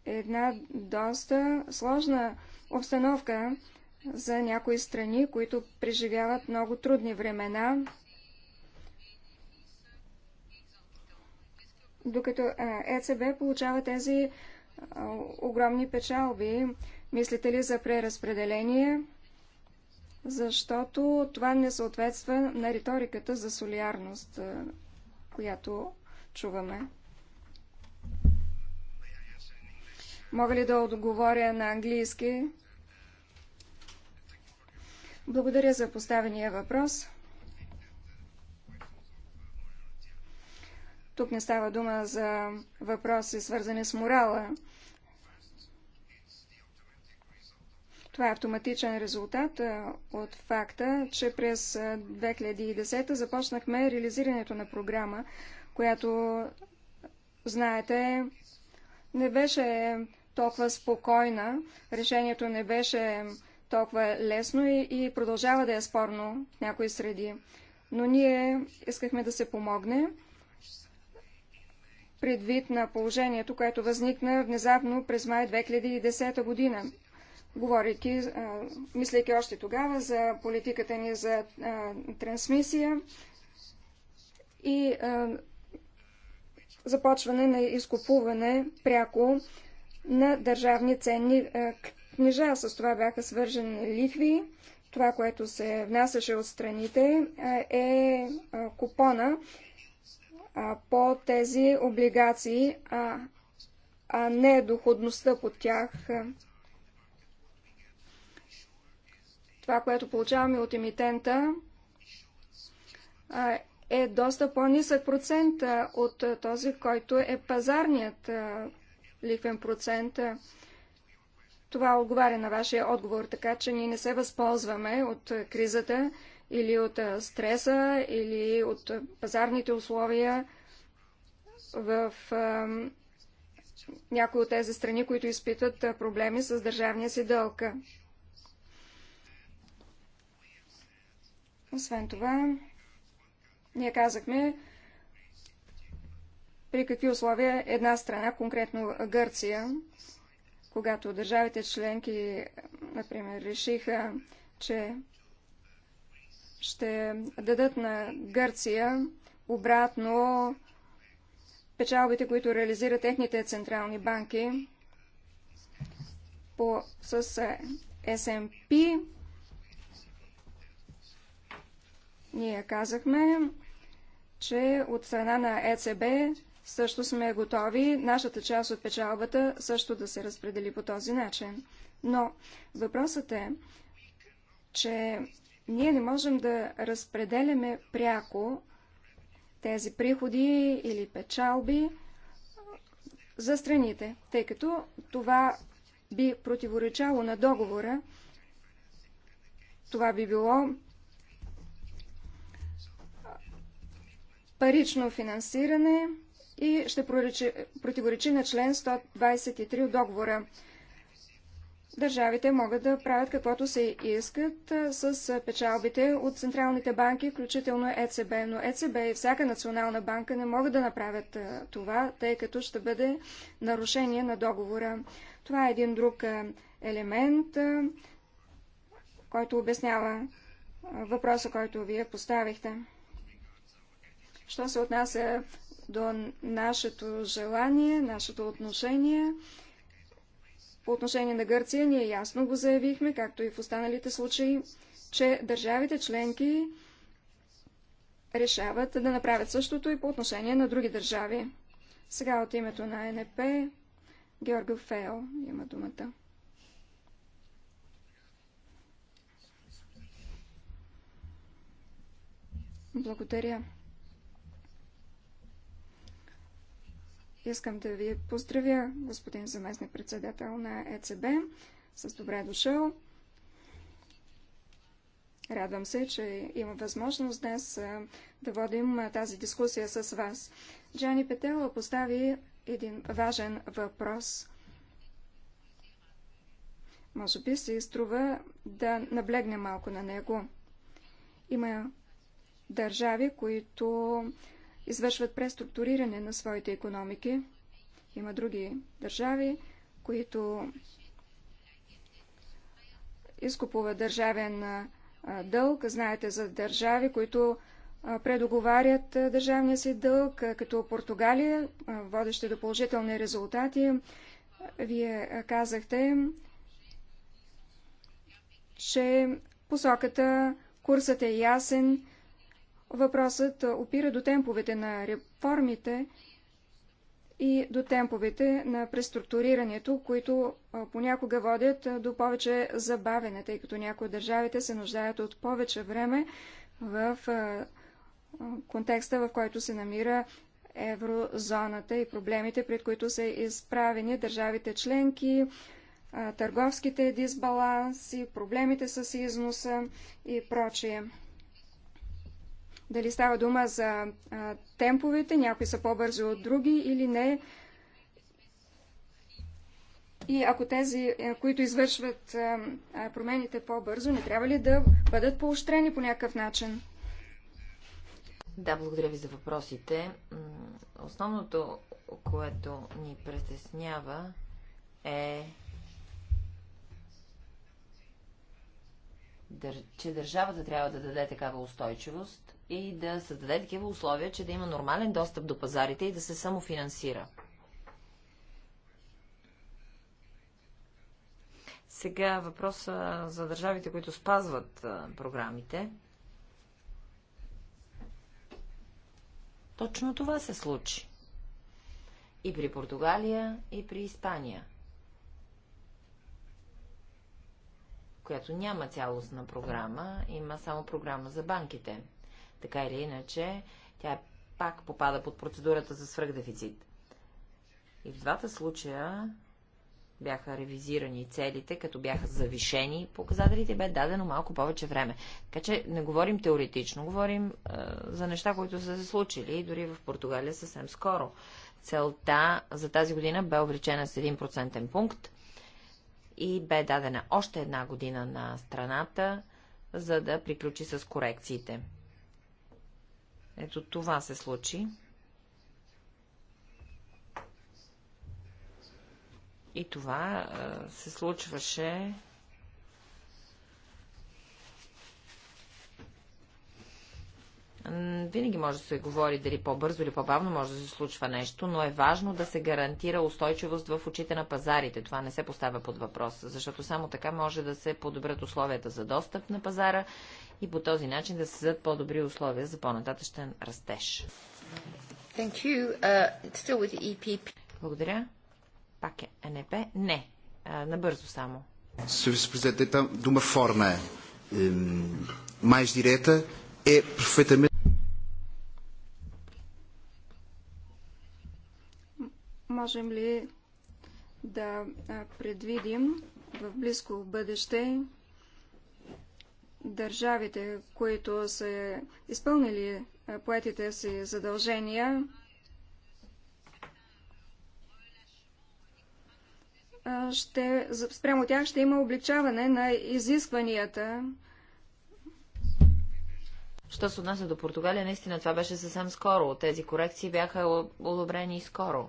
една доста сложна обстановка за някои страни, които преживяват много трудни времена, докато ЕЦБ получава тези огромни печалби. Мислите ли за преразпределение? Защото това не съответства на риториката за солиарност, която чуваме. Мога ли да отговоря на английски? Благодаря за поставения въпрос. Тук не става дума за въпроси, свързани с морала. Това е автоматичен резултат от факта, че през 2010 започнахме реализирането на програма, която, знаете, не беше толкова спокойна. Решението не беше толкова лесно и, и продължава да е спорно в някои среди. Но ние искахме да се помогне предвид на положението, което възникна внезапно през май 2010 година. Говорейки, мислейки още тогава за политиката ни за а, трансмисия и а, започване на изкупуване пряко на държавни ценни е, книжа. С това бяха свържени лихви. Това, което се внасяше от страните е, е, е купона по тези облигации, а не доходността по тях. Това, което получаваме от емитента, е доста по-нисък процент от този, който е пазарният лихвен процент. Това отговаря на вашия отговор, така че ние не се възползваме от кризата или от стреса, или от пазарните условия в някои от тези страни, които изпитват проблеми с държавния си дълг. Освен това, ние казахме, при какви условия една страна, конкретно Гърция, когато държавите членки, например, решиха, че ще дадат на Гърция обратно печалбите, които реализират техните централни банки по, с СМП, е, Ние казахме, че от страна на ЕЦБ също сме готови нашата част от печалбата също да се разпредели по този начин. Но въпросът е, че ние не можем да разпределяме пряко тези приходи или печалби за страните, тъй като това би противоречало на договора. Това би било парично финансиране, и ще противоречи на член 123 от договора. Държавите могат да правят каквото се искат с печалбите от централните банки, включително ЕЦБ, но ЕЦБ и всяка национална банка не могат да направят това, тъй като ще бъде нарушение на договора. Това е един друг елемент, който обяснява въпроса, който вие поставихте. Що се отнася до нашето желание, нашето отношение. По отношение на Гърция ние ясно го заявихме, както и в останалите случаи, че държавите членки решават да направят същото и по отношение на други държави. Сега от името на НП Георгия Фейл има думата. Благодаря. Искам да ви поздравя, господин заместник председател на ЕЦБ, с добре дошъл. Радвам се, че има възможност днес да водим тази дискусия с вас. Джани Петел постави един важен въпрос. Може би се изтрува да наблегне малко на него. Има държави, които извършват преструктуриране на своите економики. Има други държави, които изкупуват държавен дълг. Знаете за държави, които предоговарят държавния си дълг, като Португалия, водещи до положителни резултати. Вие казахте, че посоката, курсът е ясен, Въпросът опира до темповете на реформите и до темповете на преструктурирането, които понякога водят до повече забавене, тъй като някои от държавите се нуждаят от повече време в контекста, в който се намира еврозоната и проблемите, пред които са изправени държавите членки, търговските дисбаланси, проблемите с износа и прочие. Дали става дума за а, темповете, някои са по-бързи от други или не. И ако тези, е, които извършват а, промените по-бързо, не трябва ли да бъдат поощрени по някакъв начин? Да, благодаря ви за въпросите. Основното, което ни притеснява е, че държавата трябва да даде такава устойчивост, и да създаде такива условия, че да има нормален достъп до пазарите и да се самофинансира. Сега въпроса за държавите, които спазват програмите. Точно това се случи. И при Португалия, и при Испания. Която няма цялостна програма, има само програма за банките. Така или иначе, тя пак попада под процедурата за свръхдефицит. И в двата случая бяха ревизирани целите, като бяха завишени показателите, бе дадено малко повече време. Така че не говорим теоретично, говорим е, за неща, които са се случили дори в Португалия съвсем скоро. Целта за тази година бе увеличена с 1% пункт и бе дадена още една година на страната, за да приключи с корекциите. Ето това се случи. И това се случваше Винаги може да се говори дали по-бързо или по-бавно може да се случва нещо, но е важно да се гарантира устойчивост в очите на пазарите. Това не се поставя под въпрос, защото само така може да се подобрят условията за достъп на пазара и по този начин да се създадат по-добри условия за по-нататъчен растеж. Uh, e Благодаря. Пак е НЕП. Не. Uh, набързо само. Sr. Presidente, então, mais direta, é perfeitamente. можем ли да предвидим в близко бъдеще държавите, които са изпълнили поетите си задължения, ще, спрямо тях ще има обличаване на изискванията. Що се отнася до Португалия, наистина това беше съвсем скоро. Тези корекции бяха одобрени скоро.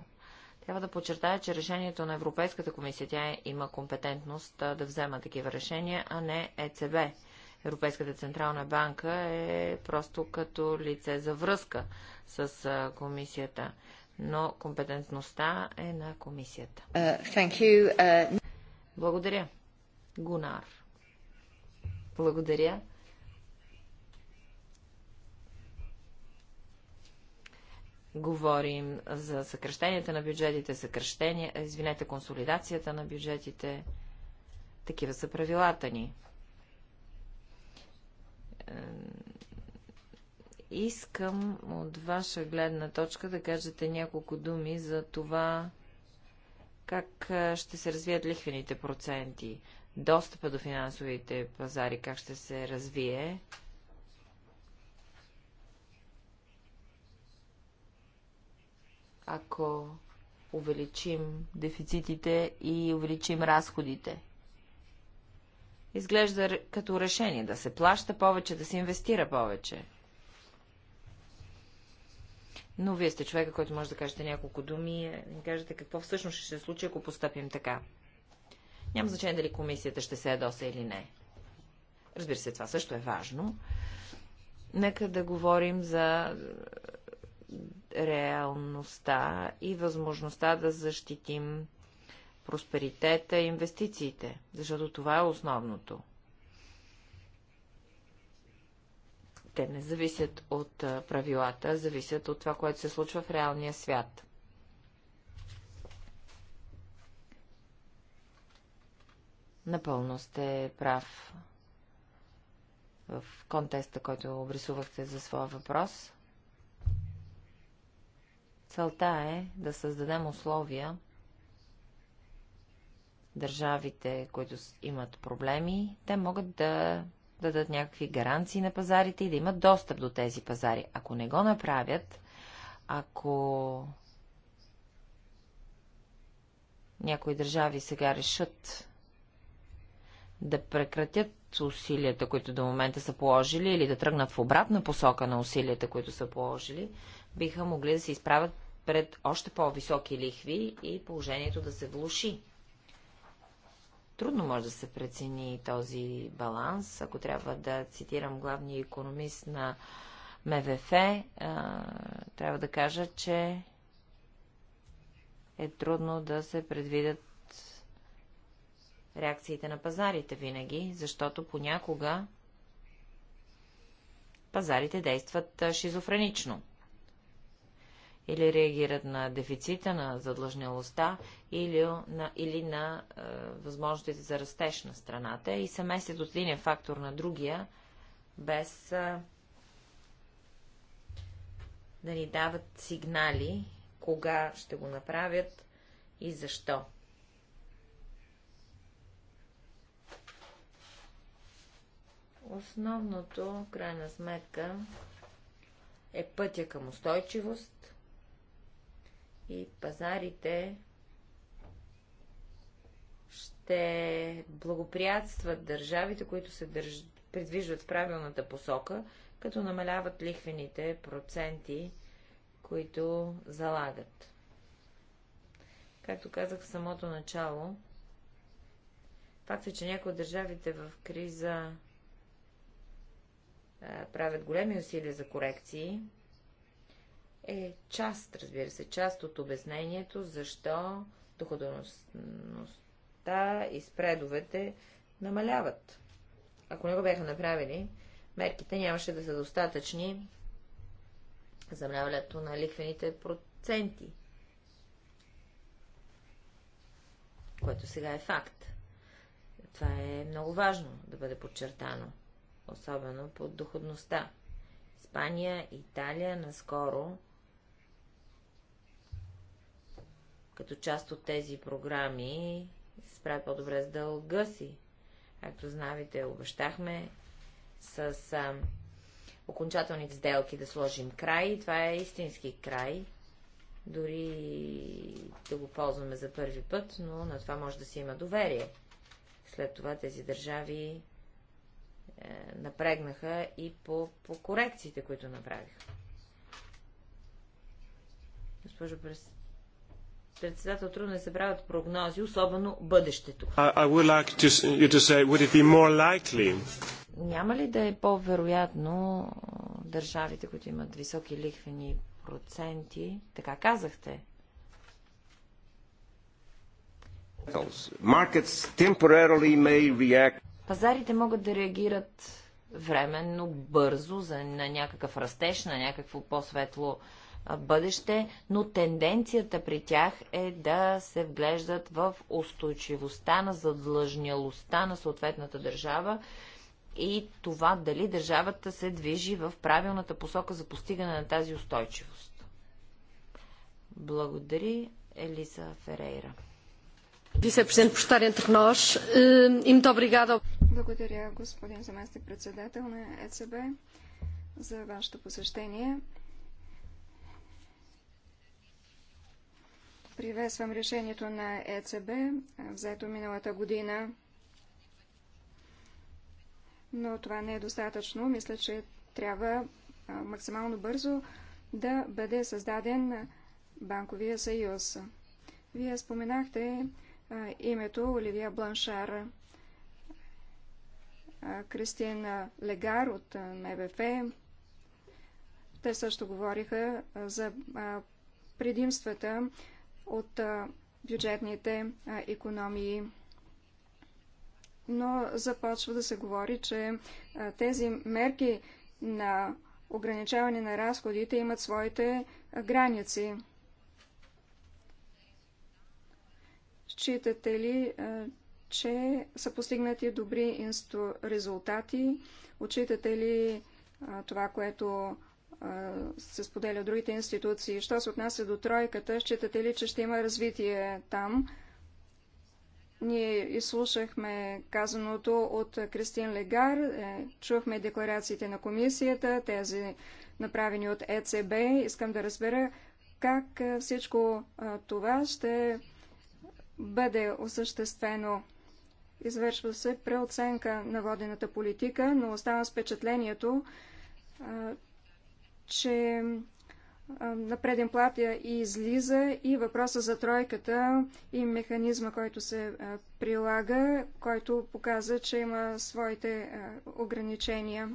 Трябва да подчертая, че решението на Европейската комисия, тя има компетентност да взема такива решения, а не ЕЦБ. Европейската централна банка е просто като лице за връзка с комисията, но компетентността е на комисията. Uh, uh Благодаря. Гунар. Благодаря. говорим за съкрещенията на бюджетите, съкрещения, извинете, консолидацията на бюджетите. Такива са правилата ни. Е, искам от ваша гледна точка да кажете няколко думи за това, как е, ще се развият лихвените проценти, достъпа до финансовите пазари, как ще се развие ако увеличим дефицитите и увеличим разходите. Изглежда като решение да се плаща повече, да се инвестира повече. Но вие сте човека, който може да кажете няколко думи и е- кажете какво всъщност ще се случи, ако постъпим така. Няма значение дали комисията ще се ядоса или не. Разбира се, това също е важно. Нека да говорим за реалността и възможността да защитим просперитета и инвестициите, защото това е основното. Те не зависят от правилата, зависят от това, което се случва в реалния свят. Напълно сте прав в контекста, който обрисувахте за своя въпрос. Целта е да създадем условия държавите, които имат проблеми, те могат да дадат някакви гаранции на пазарите и да имат достъп до тези пазари. Ако не го направят, ако някои държави сега решат да прекратят усилията, които до момента са положили, или да тръгнат в обратна посока на усилията, които са положили, биха могли да се изправят пред още по-високи лихви и положението да се влуши. Трудно може да се прецени този баланс. Ако трябва да цитирам главния економист на МВФ, трябва да кажа, че е трудно да се предвидят реакциите на пазарите винаги, защото понякога пазарите действат шизофренично – или реагират на дефицита, на задлъжнялостта или на, или на е, възможностите за растеж на страната и се месят от един фактор на другия, без е, да ни дават сигнали, кога ще го направят и защо. Основното, крайна сметка, е пътя към устойчивост – и пазарите ще благоприятстват държавите, които се държ... предвиждат в правилната посока, като намаляват лихвените проценти, които залагат. Както казах в самото начало, факт е, че някои от държавите в криза правят големи усилия за корекции, е част, разбира се, част от обяснението, защо доходността и спредовете намаляват. Ако не го бяха направили, мерките нямаше да са достатъчни за намаляването на ликвените проценти, което сега е факт. Това е много важно да бъде подчертано, особено под доходността. Испания и Италия наскоро като част от тези програми се справят по-добре с дълга си. Както знаете, обещахме с а, окончателните сделки да сложим край. Това е истински край. Дори да го ползваме за първи път, но на това може да си има доверие. След това тези държави е, напрегнаха и по, по корекциите, които направиха. Госпожо през председател, трудно да се правят прогнози, особено бъдещето. Like to, to say, Няма ли да е по-вероятно държавите, които имат високи лихвени проценти, така казахте? Пазарите могат да реагират временно, бързо, за, на някакъв растеж, на някакво по-светло бъдеще, но тенденцията при тях е да се вглеждат в устойчивостта на задлъжнялостта на съответната държава и това дали държавата се движи в правилната посока за постигане на тази устойчивост. Благодари, Елиса Ферейра. Вице-президент, por estar entre nós Благодаря, господин заместник председател на ЕЦБ, за вашето посещение. Приветствам решението на ЕЦБ, взето миналата година, но това не е достатъчно. Мисля, че трябва максимално бързо да бъде създаден банковия съюз. Вие споменахте името Оливия Бланшар, Кристин Легар от МВФ. Те също говориха за предимствата от бюджетните економии. Но започва да се говори, че тези мерки на ограничаване на разходите имат своите граници. Считате ли, че са постигнати добри резултати? Отчитате ли това, което се споделя от другите институции. Що се отнася до тройката, считате ли, че ще има развитие там? Ние изслушахме казаното от Кристин Легар, е, чухме декларациите на комисията, тези направени от ЕЦБ. Искам да разбера как е, всичко е, това ще бъде осъществено. Извършва се преоценка на водената политика, но оставам с впечатлението, че на преден плат излиза и въпроса за тройката и механизма, който се прилага, който показа, че има своите ограничения.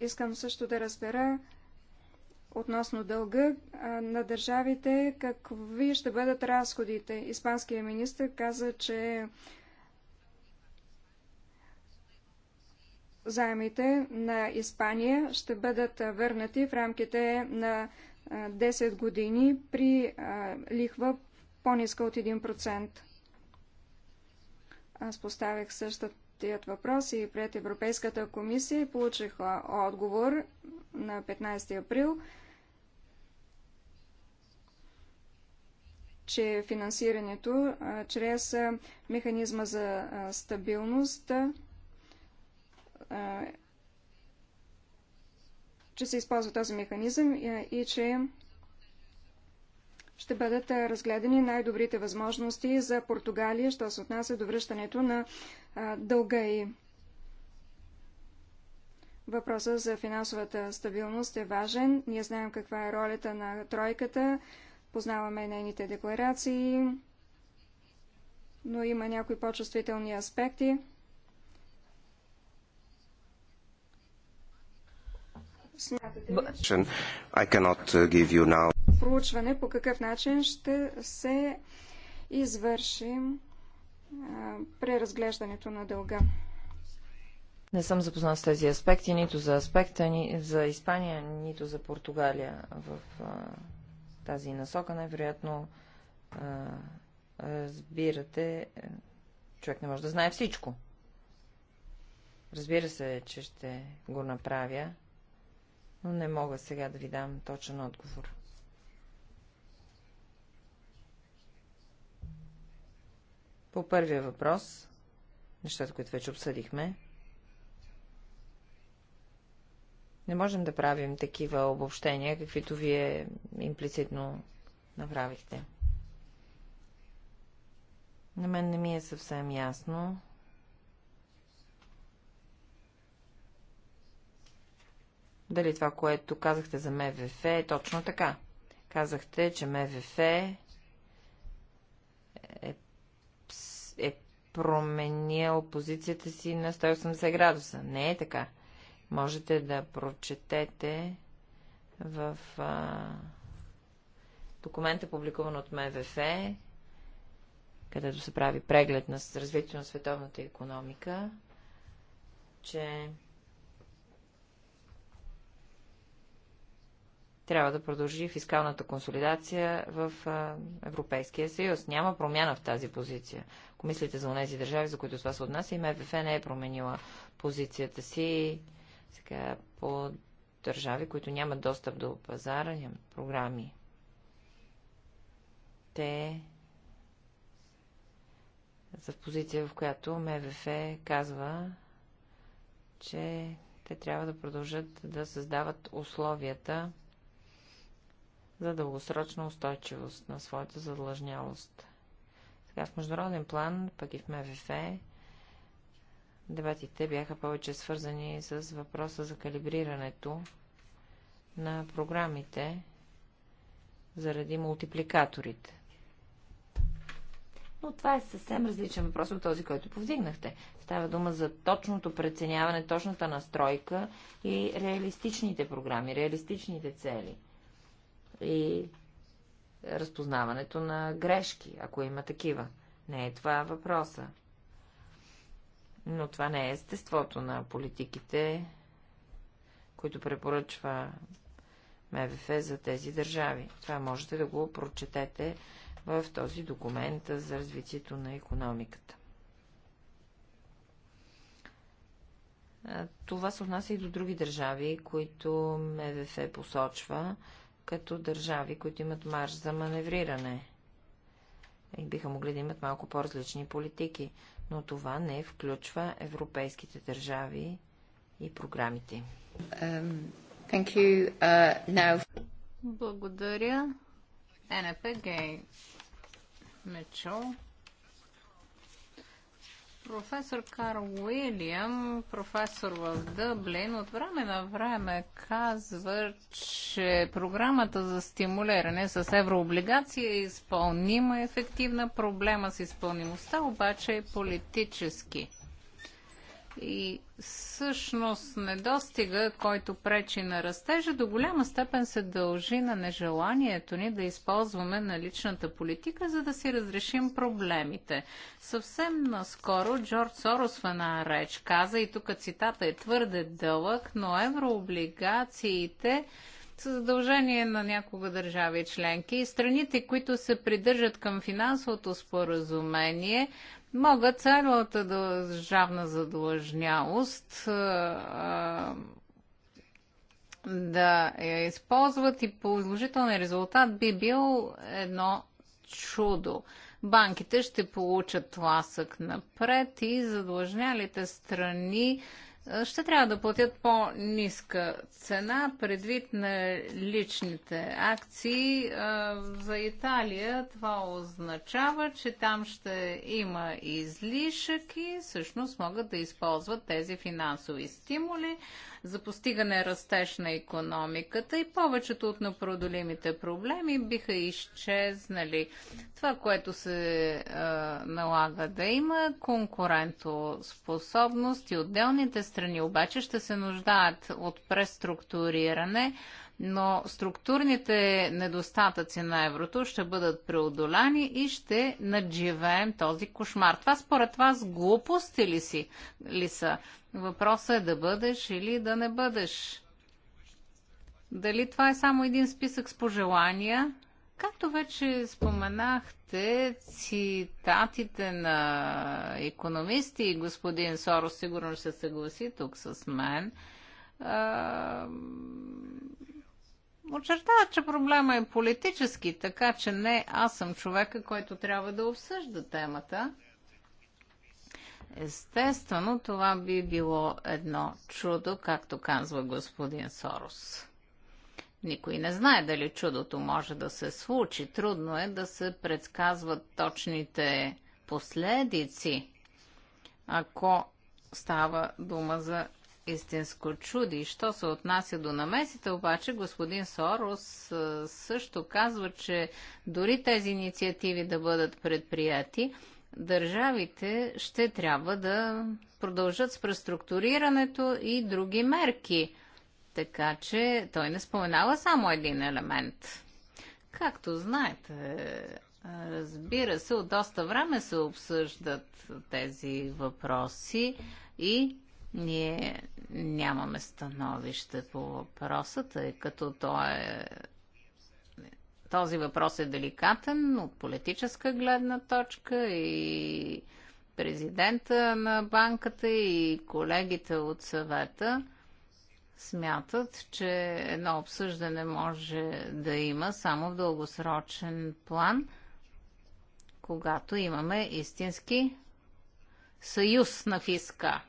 Искам също да разбера относно дълга на държавите, какви ще бъдат разходите. Испанският министр каза, че заемите на Испания ще бъдат върнати в рамките на 10 години при лихва по-ниска от 1%. Аз поставих същият въпрос и пред Европейската комисия и получих отговор на 15 април, че финансирането чрез механизма за стабилност че се използва този механизъм и че ще бъдат разгледани най-добрите възможности за Португалия, що се отнася до връщането на дълга и. въпроса за финансовата стабилност е важен. Ние знаем каква е ролята на тройката, познаваме нейните декларации, но има някои по-чувствителни аспекти. Смятате uh, проучване по какъв начин ще се извърши преразглеждането на дълга? Не съм запознат с тези аспекти, нито за аспекта ни, за Испания, нито за Португалия в а, тази насока. Най-вероятно разбирате, човек не може да знае всичко. Разбира се, че ще го направя, но не мога сега да ви дам точен отговор. По първия въпрос, нещата, които вече обсъдихме, не можем да правим такива обобщения, каквито вие имплицитно направихте. На мен не ми е съвсем ясно Дали това, което казахте за МВФ е точно така? Казахте, че МВФ е, е променил позицията си на 180 градуса. Не е така. Можете да прочетете в а, документа, публикуван от МВФ, където се прави преглед на развитието на световната економика, че трябва да продължи фискалната консолидация в Европейския съюз. Няма промяна в тази позиция. Ако мислите за тези държави, за които това се отнася, и МФФ не е променила позицията си сега по държави, които нямат достъп до пазара, нямат програми. Те са в позиция, в която МВФ казва, че те трябва да продължат да създават условията за дългосрочна устойчивост на своята задлъжнялост. Сега в международен план, пък и в МВФ, дебатите бяха повече свързани с въпроса за калибрирането на програмите заради мултипликаторите. Но това е съвсем различен въпрос от този, който повдигнахте. Става дума за точното преценяване, точната настройка и реалистичните програми, реалистичните цели – и разпознаването на грешки, ако има такива. Не е това въпроса. Но това не е естеството на политиките, които препоръчва МВФ за тези държави. Това можете да го прочетете в този документ за развитието на економиката. Това се отнася и до други държави, които МВФ посочва като държави, които имат марш за маневриране и биха могли да имат малко по-различни политики, но това не включва европейските държави и програмите. Um, thank you, uh, now. Благодаря. Е, НПГ Мечо. Професор Карл Уилям, професор в Дъблин, от време на време казва, че програмата за стимулиране с еврооблигация е изпълнима, ефективна. Проблема с изпълнимостта обаче е политически. И всъщност недостига, който пречи на растежа, до голяма степен се дължи на нежеланието ни да използваме наличната политика, за да си разрешим проблемите. Съвсем наскоро Джордж Сорос в една реч каза, и тук цитата е твърде дълъг, но еврооблигациите са задължение на някога държави членки и страните, които се придържат към финансовото споразумение, Мога цялата държавна задлъжнялост да я използват и положителният резултат би бил едно чудо. Банките ще получат ласък напред и задлъжнялите страни е, ще трябва да платят по-ниска цена предвид на личните акции. Е, за Италия това означава, че там ще има излишък и всъщност могат да използват тези финансови стимули за постигане растеж на економиката и повечето от непродолимите проблеми биха изчезнали. Това, което се а, налага да има конкурентоспособност и отделните страни обаче ще се нуждаят от преструктуриране, но структурните недостатъци на еврото ще бъдат преодоляни и ще надживеем този кошмар. Това според вас глупости ли, си, ли са? Въпросът е да бъдеш или да не бъдеш. Дали това е само един списък с пожелания? Както вече споменахте, цитатите на економисти и господин Сорос сигурно ще се съгласи тук с мен, Очертава, че проблема е политически, така че не аз съм човека, който трябва да обсъжда темата. Естествено, това би било едно чудо, както казва господин Сорос. Никой не знае дали чудото може да се случи. Трудно е да се предсказват точните последици, ако става дума за истинско чудо. И що се отнася до намесите, обаче господин Сорос също казва, че дори тези инициативи да бъдат предприяти – държавите ще трябва да продължат с преструктурирането и други мерки. Така че той не споменава само един елемент. Както знаете, разбира се, от доста време се обсъждат тези въпроси и ние нямаме становище по въпроса, тъй като то е този въпрос е деликатен от политическа гледна точка и президента на банката и колегите от съвета смятат, че едно обсъждане може да има само в дългосрочен план, когато имаме истински съюз на фиска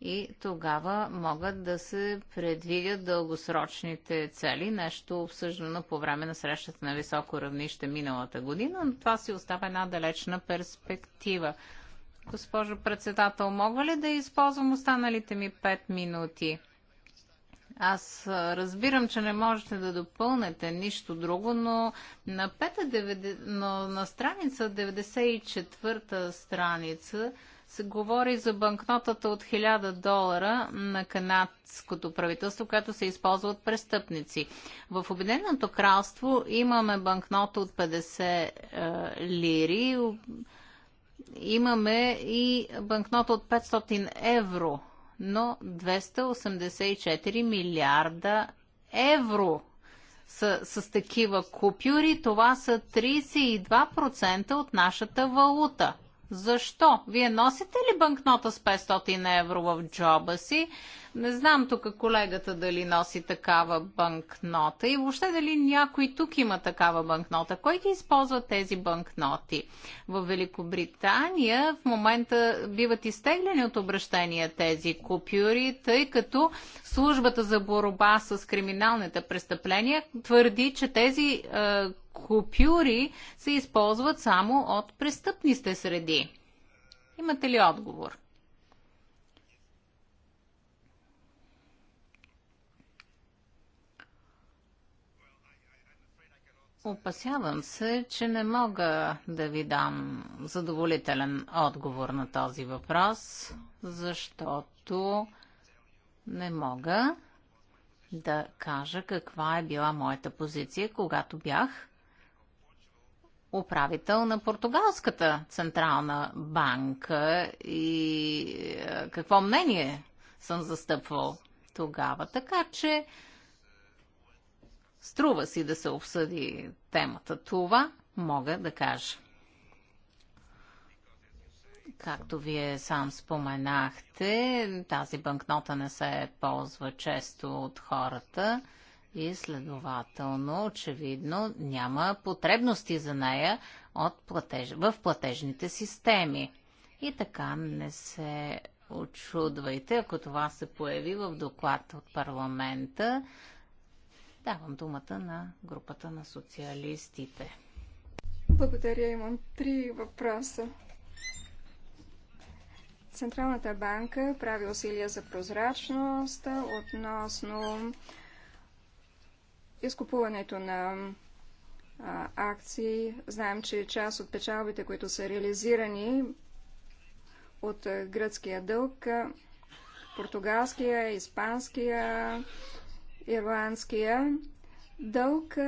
и тогава могат да се предвидят дългосрочните цели, нещо обсъждано по време на срещата на високо равнище миналата година, но това си остава една далечна перспектива. Госпожо председател, мога ли да използвам останалите ми 5 минути? Аз разбирам, че не можете да допълнете нищо друго, но на, 5, но на страница 94-та страница се говори за банкнотата от 1000 долара на канадското правителство, която се използва от престъпници. В Обединеното кралство имаме банкнота от 50 е, лири, имаме и банкнота от 500 евро, но 284 милиарда евро с, с такива купюри. Това са 32% от нашата валута. Защо? Вие носите ли банкнота с 500 евро в джоба си? Не знам тук колегата дали носи такава банкнота и въобще дали някой тук има такава банкнота. Кой ги използва тези банкноти? В Великобритания в момента биват изтеглени от обращения тези купюри, тъй като службата за борба с криминалните престъпления твърди, че тези е, купюри се използват само от престъпните среди. Имате ли отговор? Опасявам се, че не мога да ви дам задоволителен отговор на този въпрос, защото не мога да кажа каква е била моята позиция, когато бях управител на Португалската централна банка и е, какво мнение съм застъпвал тогава. Така че Струва си да се обсъди темата. Това мога да кажа. Както вие сам споменахте, тази банкнота не се ползва често от хората и следователно, очевидно, няма потребности за нея от платеж... в платежните системи. И така не се очудвайте, ако това се появи в доклад от парламента, Давам думата на групата на социалистите. Благодаря. Имам три въпроса. Централната банка прави усилия за прозрачност относно изкупуването на а, акции. Знаем, че част от печалбите, които са реализирани от гръцкия дълг, португалския, испанския, ирландския дълг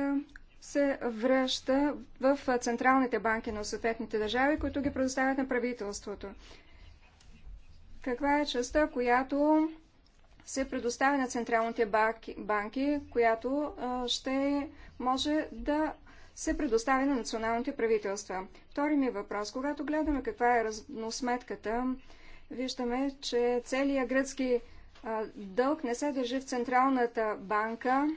се връща в централните банки на съответните държави, които ги предоставят на правителството. Каква е частта, която се предоставя на централните банки, която ще може да се предоставя на националните правителства? Втори ми въпрос. Когато гледаме каква е разносметката, виждаме, че целият гръцки дълг не се държи в Централната банка.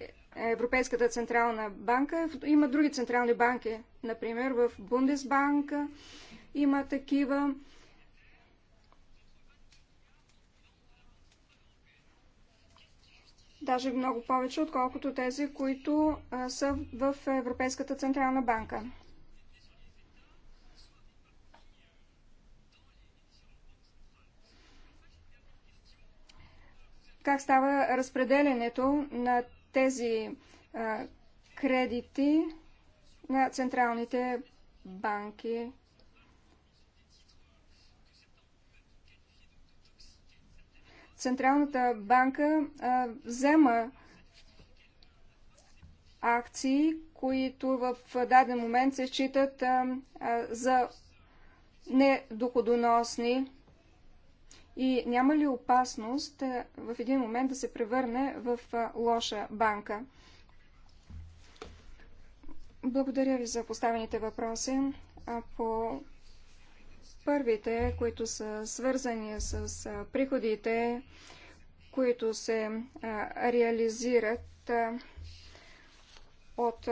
Е, Европейската Централна банка. Има други централни банки. Например, в Бундесбанка има такива. Даже много повече, отколкото тези, които са в Европейската Централна банка. как става разпределенето на тези а, кредити на централните банки. Централната банка а, взема акции, които в даден момент се считат а, а, за недоходоносни. И няма ли опасност е, в един момент да се превърне в е, лоша банка? Благодаря ви за поставените въпроси. По първите, които са свързани с е, приходите, които се реализират от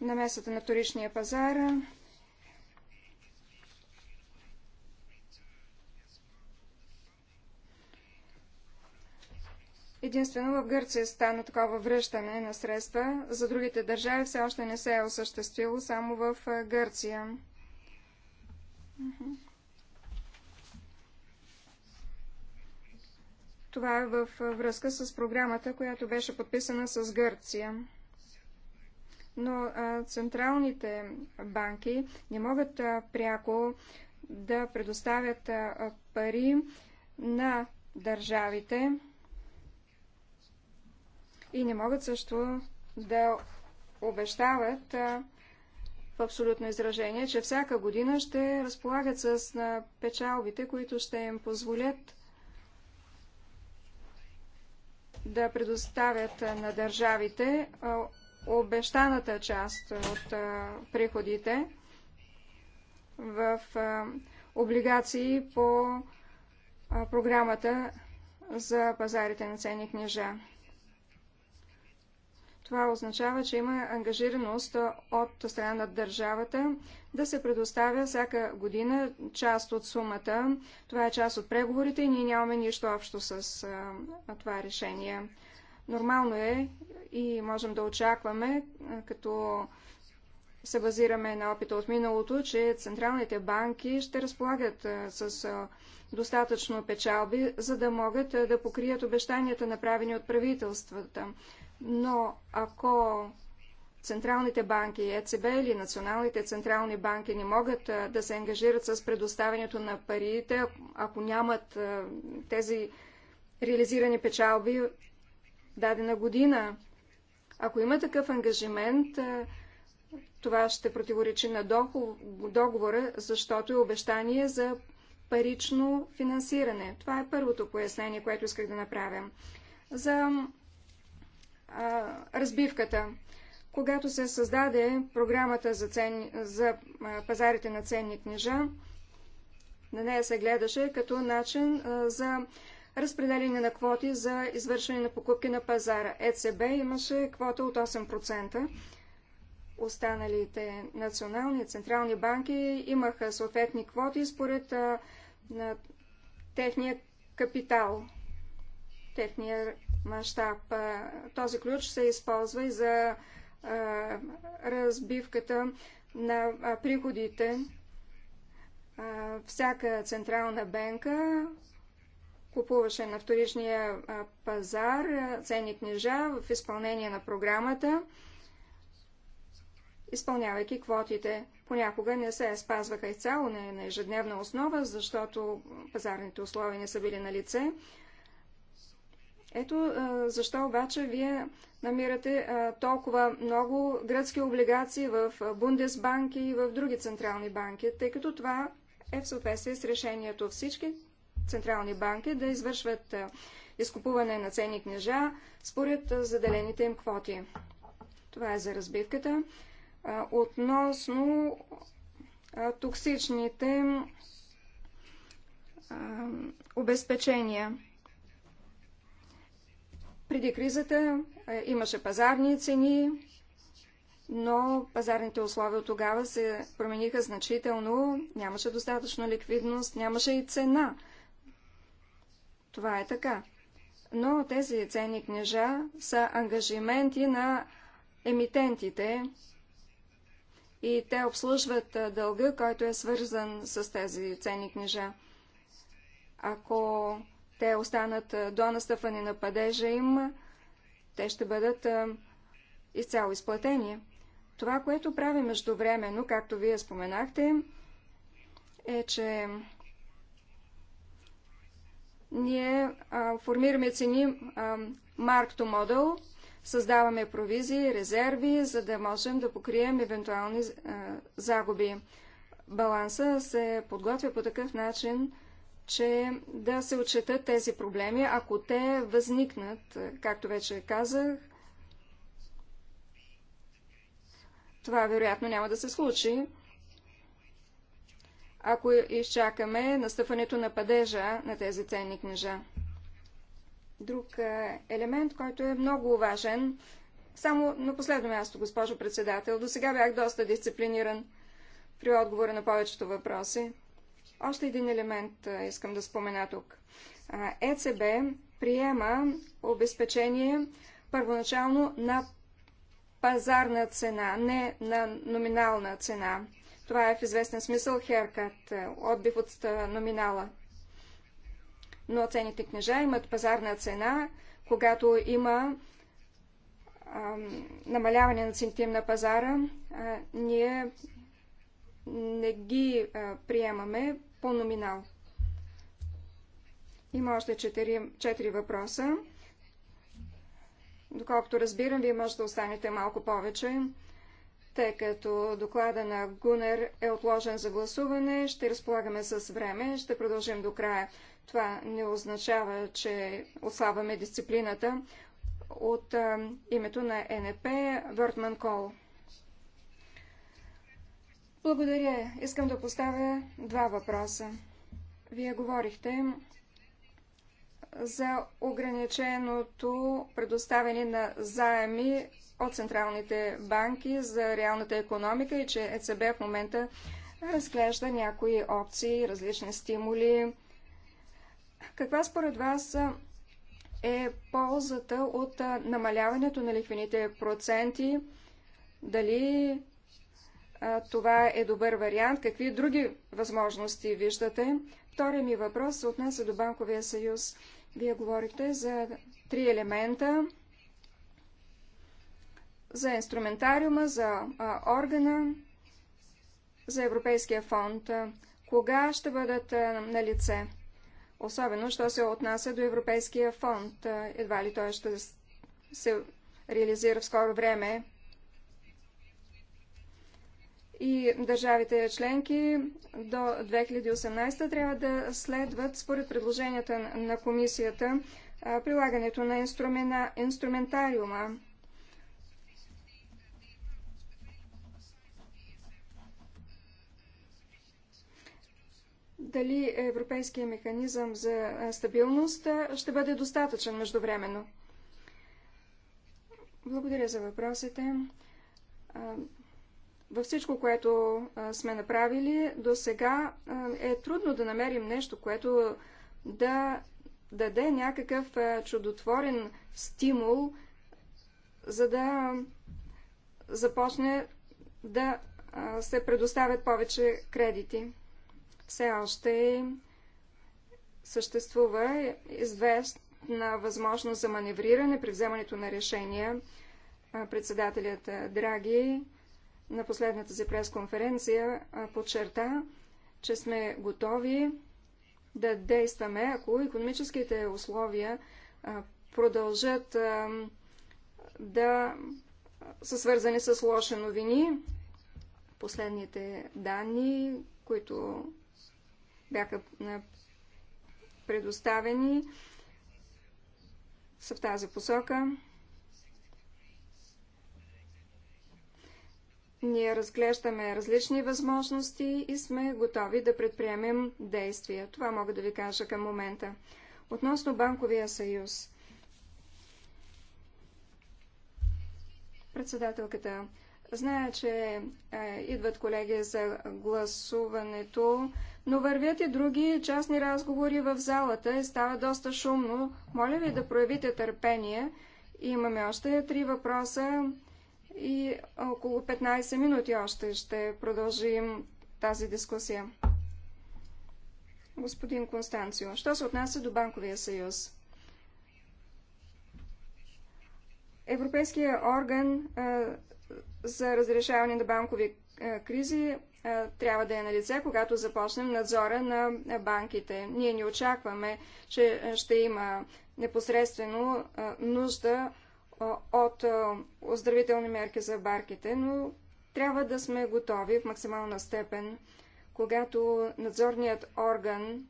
намесата на вторичния пазар, Единствено в Гърция стана такова връщане на средства. За другите държави все още не се е осъществило, само в Гърция. Това е във връзка с програмата, която беше подписана с Гърция. Но а, централните банки не могат а, пряко да предоставят а, пари на държавите, и не могат също да обещават в абсолютно изражение, че всяка година ще разполагат с печалбите, които ще им позволят да предоставят на държавите обещаната част от приходите в облигации по програмата за пазарите на ценни книжа. Това означава, че има ангажираност от страна на държавата да се предоставя всяка година част от сумата. Това е част от преговорите и ние нямаме нищо общо с това решение. Нормално е и можем да очакваме, като се базираме на опита от миналото, че централните банки ще разполагат с достатъчно печалби, за да могат да покрият обещанията, направени от правителствата но ако централните банки, ЕЦБ или националните централни банки не могат да се ангажират с предоставянето на парите, ако нямат тези реализирани печалби дадена година. Ако има такъв ангажимент, това ще противоречи на договора, защото е обещание за парично финансиране. Това е първото пояснение, което исках да направя. За а, разбивката. Когато се създаде програмата за, цен... за пазарите на ценни книжа, на нея се гледаше като начин а, за разпределение на квоти за извършване на покупки на пазара. ЕЦБ имаше квота от 8%. Останалите национални и централни банки имаха съответни квоти според а, на техния капитал, техния мащаб. Този ключ се използва и за разбивката на приходите. Всяка централна банка купуваше на вторичния пазар ценни книжа в изпълнение на програмата, изпълнявайки квотите. Понякога не се спазваха изцяло на ежедневна основа, защото пазарните условия не са били на лице. Ето защо обаче вие намирате толкова много гръцки облигации в Бундесбанки и в други централни банки, тъй като това е в съответствие с решението всички централни банки да извършват изкупуване на ценни книжа според заделените им квоти. Това е за разбивката. Относно токсичните обезпечения. Преди кризата е, имаше пазарни цени, но пазарните условия от тогава се промениха значително, нямаше достатъчно ликвидност, нямаше и цена. Това е така. Но тези ценни книжа са ангажименти на емитентите и те обслужват е, дълга, който е свързан с тези ценни книжа. Ако те останат до настъпване на падежа им, те ще бъдат изцяло изплатени. Това, което правим междувременно, както вие споменахте, е, че ние а, формираме цени а, mark to model, създаваме провизии, резерви, за да можем да покрием евентуални а, загуби. Баланса се подготвя по такъв начин, че да се отчетат тези проблеми, ако те възникнат, както вече казах. Това вероятно няма да се случи. Ако изчакаме настъпването на падежа на тези ценни книжа. Друг е, елемент, който е много важен, само на последно място, госпожо председател, до сега бях доста дисциплиниран при отговора на повечето въпроси. Още един елемент искам да спомена тук. ЕЦБ приема обезпечение първоначално на пазарна цена, не на номинална цена. Това е в известен смисъл херкат, отбив от номинала. Но ценните книжа имат пазарна цена, когато има а, намаляване на цените на пазара, а, ние не ги а, приемаме по номинал. Има още 4, четири въпроса. Доколкото разбирам, вие може да останете малко повече. Тъй като доклада на Гунер е отложен за гласуване, ще разполагаме с време, ще продължим до края. Това не означава, че ослабваме дисциплината. От а, името на НП Въртман Кол. Благодаря. Искам да поставя два въпроса. Вие говорихте за ограниченото предоставяне на заеми от централните банки за реалната економика и че ЕЦБ в момента разглежда някои опции, различни стимули. Каква според вас е ползата от намаляването на лихвените проценти? Дали това е добър вариант. Какви други възможности виждате? Втори ми въпрос се отнася до Банковия съюз. Вие говорихте за три елемента за инструментариума, за а, органа, за Европейския фонд. Кога ще бъдат а, на лице? Особено, що се отнася до Европейския фонд. Едва ли той ще се реализира в скоро време и държавите членки до 2018 трябва да следват според предложенията на комисията прилагането на инструментариума. Дали европейския механизъм за стабилност ще бъде достатъчен междувременно? Благодаря за въпросите. Във всичко, което сме направили до сега, е трудно да намерим нещо, което да даде някакъв чудотворен стимул, за да започне да се предоставят повече кредити. Все още съществува известна възможност за маневриране при вземането на решения. Председателят Драги на последната си пресконференция подчерта, че сме готови да действаме, ако економическите условия продължат да са свързани с лоши новини. Последните данни, които бяха предоставени, са в тази посока. Ние разглеждаме различни възможности и сме готови да предприемем действия. Това мога да ви кажа към момента. Относно Банковия съюз. Председателката, зная, че е, идват колеги за гласуването, но вървят и други частни разговори в залата и става доста шумно. Моля ви да проявите търпение. Имаме още три въпроса и около 15 минути още ще продължим тази дискусия. Господин Констанцио, що се отнася до Банковия съюз? Европейския орган а, за разрешаване на банкови а, кризи а, трябва да е на лице, когато започнем надзора на банките. Ние не очакваме, че ще има непосредствено нужда от оздравителни мерки за барките, но трябва да сме готови в максимална степен, когато надзорният орган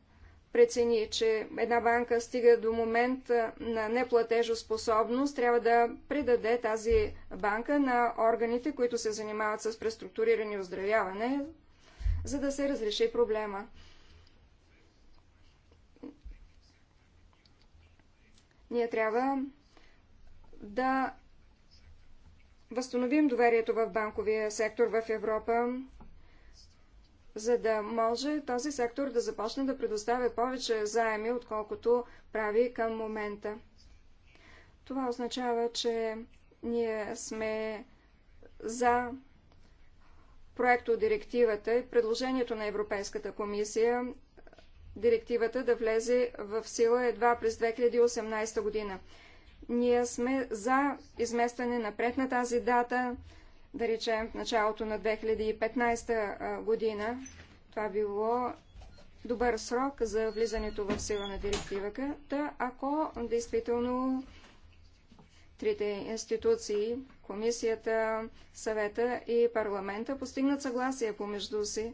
прецени, че една банка стига до момент на неплатежоспособност, трябва да предаде тази банка на органите, които се занимават с преструктуриране и оздравяване, за да се разреши проблема. Ние трябва да възстановим доверието в банковия сектор в Европа, за да може този сектор да започне да предоставя повече заеми, отколкото прави към момента. Това означава, че ние сме за проекто директивата и предложението на Европейската комисия директивата да влезе в сила едва през 2018 година. Ние сме за изместване напред на тази дата, да речем в началото на 2015 година. Това било добър срок за влизането в сила на директивата, ако действително трите институции, комисията, съвета и парламента постигнат съгласие помежду си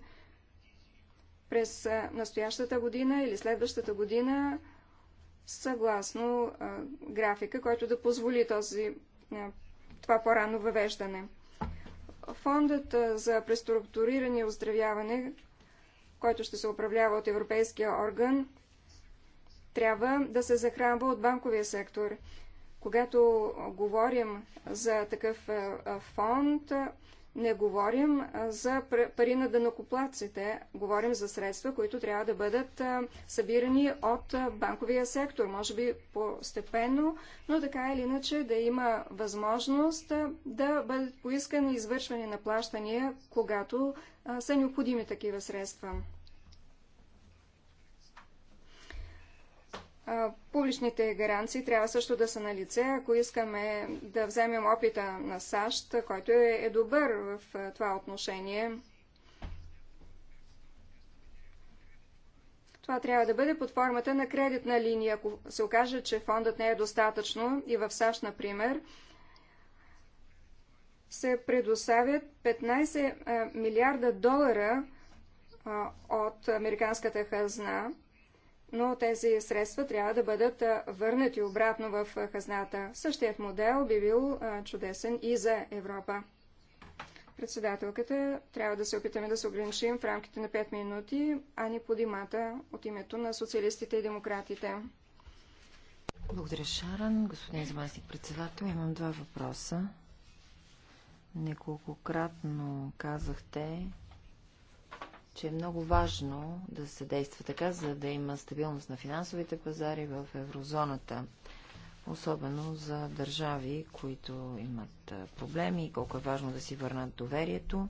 през настоящата година или следващата година съгласно а, графика, който да позволи този, а, това по-рано въвеждане. Фондът а, за преструктуриране и оздравяване, който ще се управлява от Европейския орган, трябва да се захранва от банковия сектор. Когато говорим за такъв фонд, не говорим за пари на дънокоплаците, говорим за средства, които трябва да бъдат събирани от банковия сектор, може би постепенно, но така или иначе да има възможност да бъдат поискани извършване на плащания, когато са необходими такива средства. Публичните гаранции трябва също да са на лице, ако искаме да вземем опита на САЩ, който е, е добър в това отношение. Това трябва да бъде под формата на кредитна линия, ако се окаже, че фондът не е достатъчно и в САЩ, например, се предоставят 15 милиарда долара от американската хазна но тези средства трябва да бъдат върнати обратно в хазната. Същият модел би бил чудесен и за Европа. Председателката, трябва да се опитаме да се ограничим в рамките на 5 минути, а не подимата от името на социалистите и демократите. Благодаря, Шаран. Господин замасник председател, имам два въпроса. Неколкократно казахте, че е много важно да се действа така, за да има стабилност на финансовите пазари в еврозоната, особено за държави, които имат проблеми и колко е важно да си върнат доверието.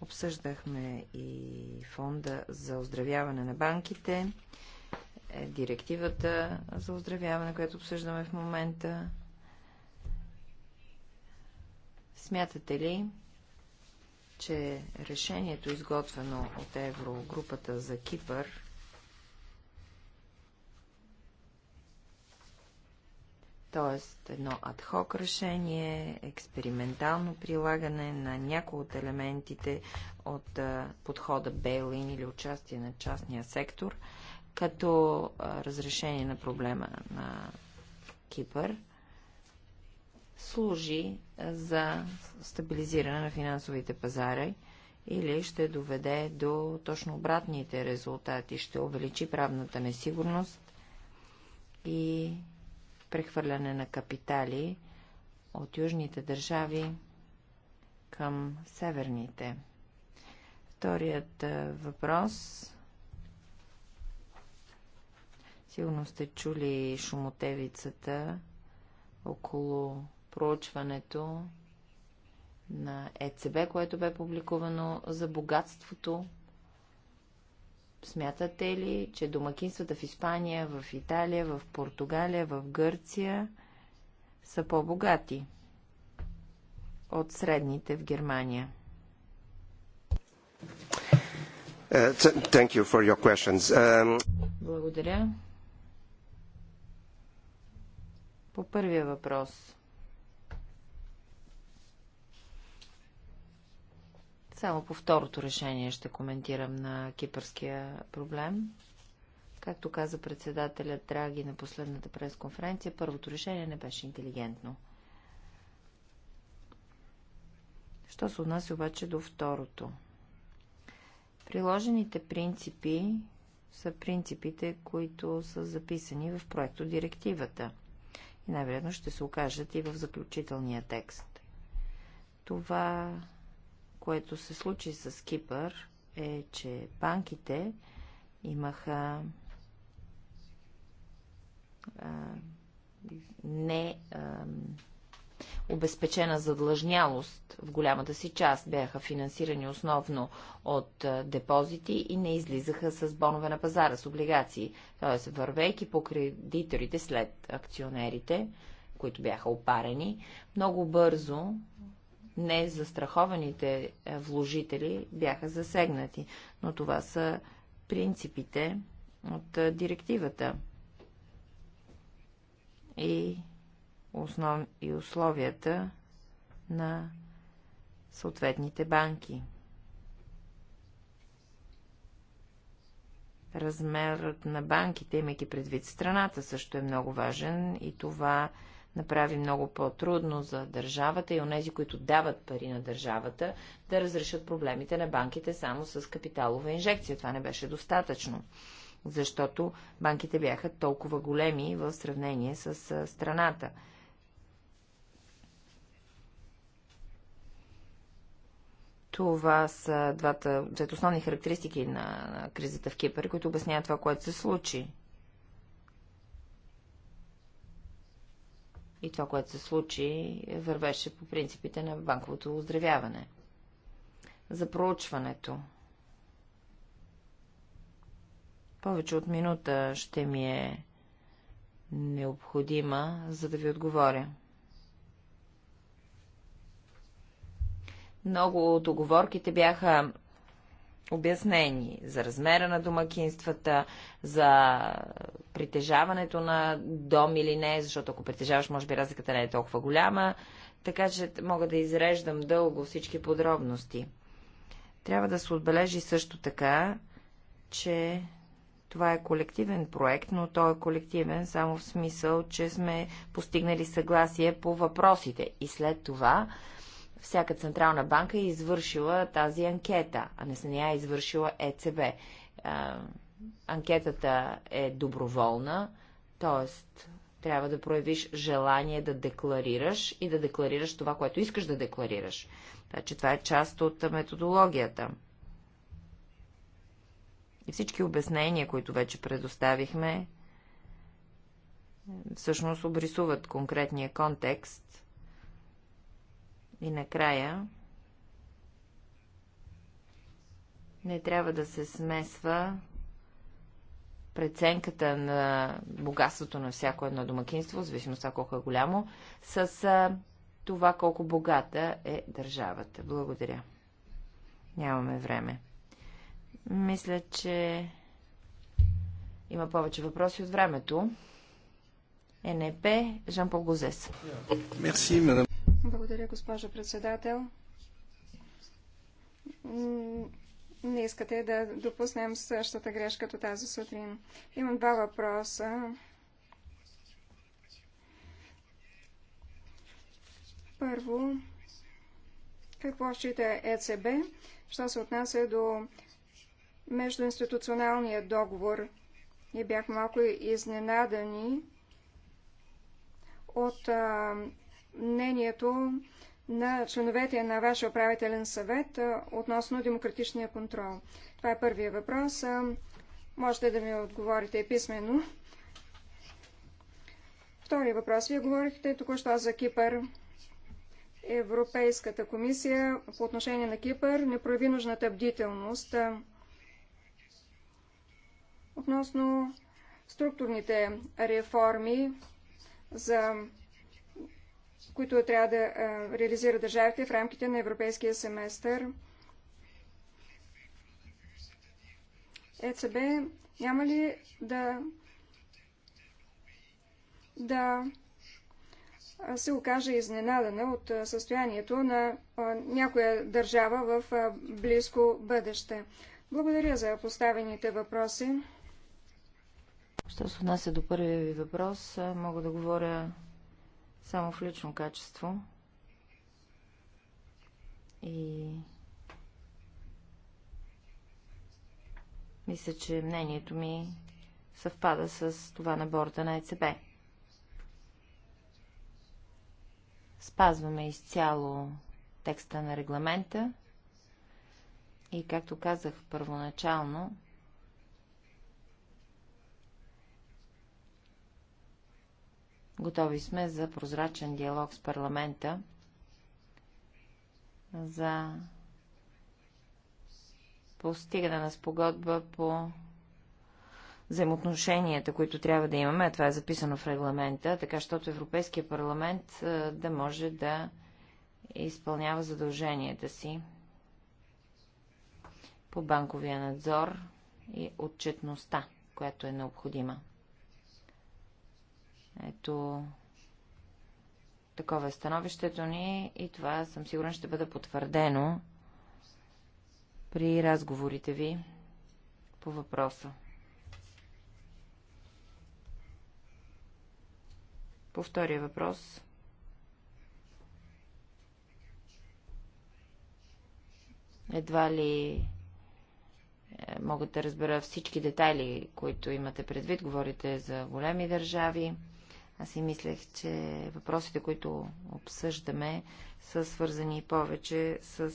Обсъждахме и фонда за оздравяване на банките, е, директивата за оздравяване, която обсъждаме в момента. Смятате ли, че решението, изготвено от Еврогрупата за Кипър, т.е. едно адхок решение, експериментално прилагане на някои от елементите от подхода Бейлин или участие на частния сектор, като разрешение на проблема на Кипър – служи за стабилизиране на финансовите пазари или ще доведе до точно обратните резултати, ще увеличи правната несигурност и прехвърляне на капитали от южните държави към северните. Вторият въпрос. Сигурно сте чули шумотевицата около проучването на ЕЦБ, което бе публикувано за богатството. Смятате ли, че домакинствата в Испания, в Италия, в Португалия, в Гърция са по-богати от средните в Германия? Uh, you um... Благодаря. По първия въпрос. Само по второто решение ще коментирам на кипърския проблем. Както каза председателя Драги на последната пресконференция, първото решение не беше интелигентно. Що се отнася обаче до второто? Приложените принципи са принципите, които са записани в проекто директивата и най-вероятно ще се окажат и в заключителния текст. Това което се случи с Кипър, е, че банките имаха а, не а, обезпечена задлъжнялост в голямата си част. Бяха финансирани основно от депозити и не излизаха с бонове на пазара, с облигации. Тоест, вървейки по кредиторите след акционерите, които бяха опарени, много бързо не застрахованите е, вложители бяха засегнати, но това са принципите от е, директивата и, основ... и условията на съответните банки. Размерът на банките, имайки предвид страната, също е много важен и това направи много по-трудно за държавата и онези, които дават пари на държавата, да разрешат проблемите на банките само с капиталова инжекция. Това не беше достатъчно, защото банките бяха толкова големи в сравнение с страната. Това са двата, двете основни характеристики на, на кризата в Кипър, които обясняват това, което се случи. и това, което се случи, вървеше по принципите на банковото оздравяване. За проучването. Повече от минута ще ми е необходима, за да ви отговоря. Много от оговорките бяха обяснени за размера на домакинствата, за притежаването на дом или не, защото ако притежаваш, може би разликата не е толкова голяма, така че мога да изреждам дълго всички подробности. Трябва да се отбележи също така, че това е колективен проект, но той е колективен само в смисъл, че сме постигнали съгласие по въпросите. И след това всяка централна банка е извършила тази анкета, а не са не я извършила ЕЦБ. Анкетата е доброволна, т.е. трябва да проявиш желание да декларираш и да декларираш това, което искаш да декларираш. Така че това е част от методологията. И всички обяснения, които вече предоставихме, всъщност обрисуват конкретния контекст и накрая не трябва да се смесва преценката на богатството на всяко едно домакинство, в зависимост от колко е голямо, с това колко богата е държавата. Благодаря. Нямаме време. Мисля, че има повече въпроси от времето. Е, НП Жан-Пол Гозес. Мерси, мадам. Благодаря, госпожа председател. Не искате да допуснем същата грешка като тази сутрин. Имам два въпроса. Първо, какво счита ЕЦБ, що се отнася до междуинституционалния договор? Ние бяхме малко изненадани от а, мнението на членовете на вашия управителен съвет относно демократичния контрол? Това е първия въпрос. Можете да ми отговорите писменно. Втория въпрос. Вие говорихте току-що за Кипър. Европейската комисия по отношение на Кипър не прояви нужната бдителност относно структурните реформи за които трябва да реализира държавите в рамките на европейския семестър. ЕЦБ няма ли да, да се окаже изненадана от състоянието на някоя държава в близко бъдеще? Благодаря за поставените въпроси. Що се отнася до първия ви въпрос, мога да говоря само в лично качество. И мисля, че мнението ми съвпада с това на борда на ЕЦБ. Спазваме изцяло текста на регламента и, както казах първоначално, Готови сме за прозрачен диалог с парламента, за постигане на спогодба по взаимоотношенията, които трябва да имаме, това е записано в регламента, така щото Европейския парламент е, да може да изпълнява задълженията си по банковия надзор и отчетността, която е необходима. Ето, такова е становището ни и това съм сигурен ще бъде потвърдено при разговорите ви по въпроса. По втория въпрос. Едва ли е, могат да разбера всички детайли, които имате предвид. Говорите за големи държави. Аз си мислех, че въпросите, които обсъждаме, са свързани повече с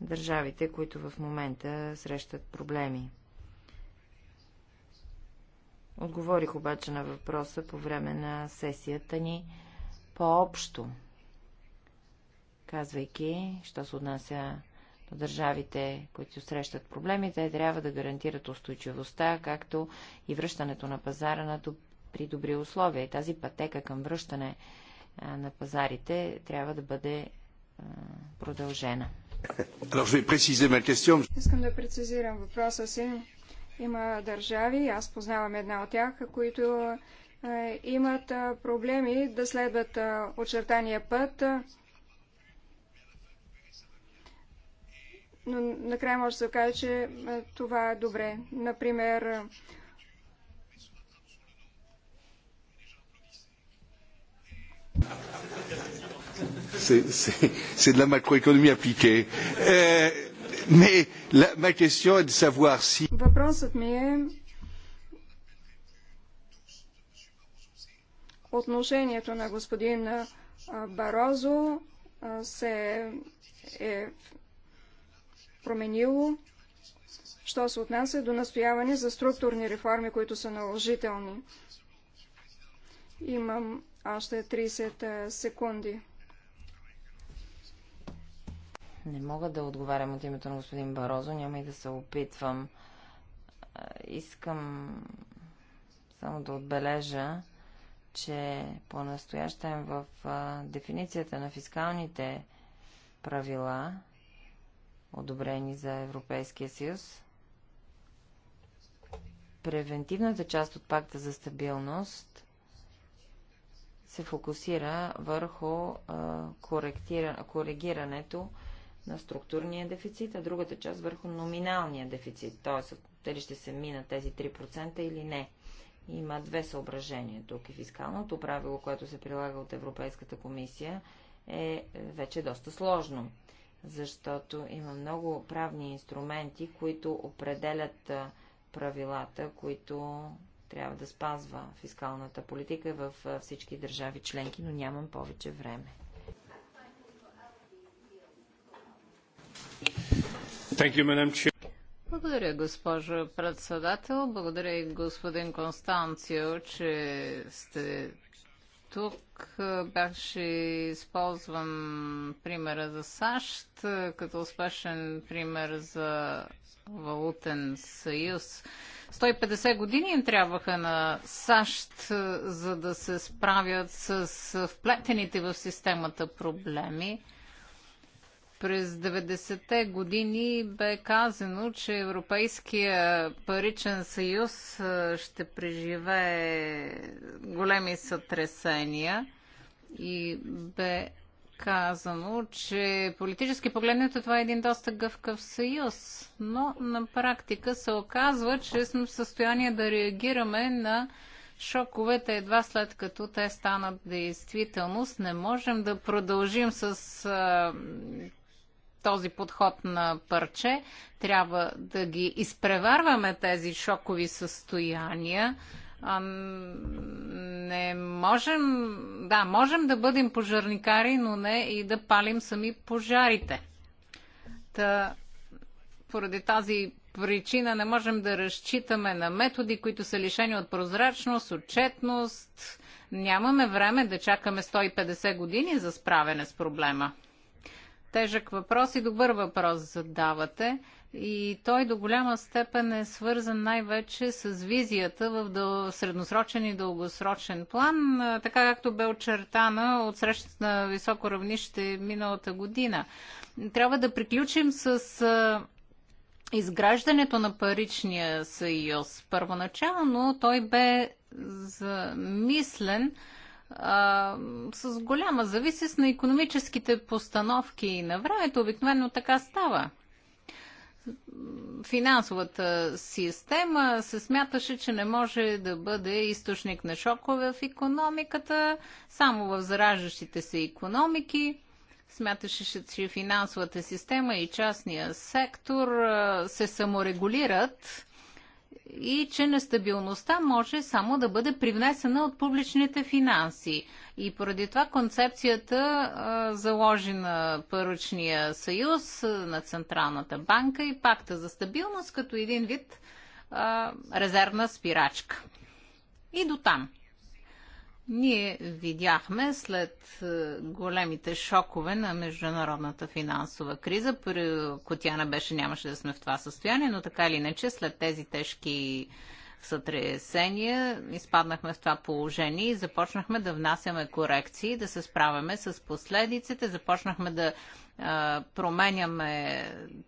държавите, които в момента срещат проблеми. Отговорих обаче на въпроса по време на сесията ни по-общо, казвайки, що се отнася до държавите, които срещат проблеми, те трябва да гарантират устойчивостта, както и връщането на пазара на при добри условия. И тази пътека към връщане на пазарите трябва да бъде продължена. Искам да прецизирам въпроса си. Има държави, аз познавам една от тях, които имат проблеми да следват очертания път, но накрая може да се каже, че това е добре. Например, C'est de la macroéconomie appliquée. Euh, mais la, ma question est de savoir si... Е отношението на господин Барозо се е променило, що се отнася до настояване за структурни реформи, които са наложителни. Имам още 30 секунди. Не мога да отговарям от името на господин Барозо, няма и да се опитвам. Искам само да отбележа, че по-настоящем в дефиницията на фискалните правила, одобрени за Европейския съюз, превентивната част от пакта за стабилност се фокусира върху коригирането на структурния дефицит, а другата част върху номиналния дефицит, т.е. дали ще се минат тези 3% или не. Има две съображения тук. И фискалното правило, което се прилага от Европейската комисия, е вече доста сложно, защото има много правни инструменти, които определят правилата, които трябва да спазва фискалната политика в всички държави членки, но нямам повече време. Благодаря, госпожо председател. Благодаря и господин Констанцио, че сте тук беше използван примера за САЩ като успешен пример за валутен съюз. 150 години им трябваха на САЩ, е, за да се справят с е, вплетените в системата проблеми. През 90-те години бе казано, че Европейския паричен съюз е, ще преживее големи сътресения и бе казано, че политически погледнато това е един доста гъвкав съюз, но на практика се оказва, че сме в състояние да реагираме на шоковете едва след като те станат действителност. Не можем да продължим с а, този подход на парче. Трябва да ги изпреварваме тези шокови състояния а, не можем, да, можем да бъдем пожарникари, но не и да палим сами пожарите. Та, поради тази причина не можем да разчитаме на методи, които са лишени от прозрачност, отчетност. Нямаме време да чакаме 150 години за справяне с проблема. Тежък въпрос и добър въпрос задавате и той до голяма степен е свързан най-вече с визията в средносрочен и дългосрочен план, така както бе очертана от срещата на високо равнище миналата година. Трябва да приключим с изграждането на паричния съюз. Първоначално той бе замислен а, с голяма зависимост на економическите постановки на времето. Обикновено така става финансовата система се смяташе, че не може да бъде източник на шокове в економиката, само в заражащите се економики. Смяташе, че финансовата система и частния сектор се саморегулират и че нестабилността може само да бъде привнесена от публичните финанси. И поради това концепцията заложи на Паручния съюз, на Централната банка и пакта за стабилност като един вид резервна спирачка. И до там. Ние видяхме след големите шокове на международната финансова криза, при Котяна беше, нямаше да сме в това състояние, но така или иначе след тези тежки сътресения, изпаднахме в това положение и започнахме да внасяме корекции, да се справяме с последиците, започнахме да променяме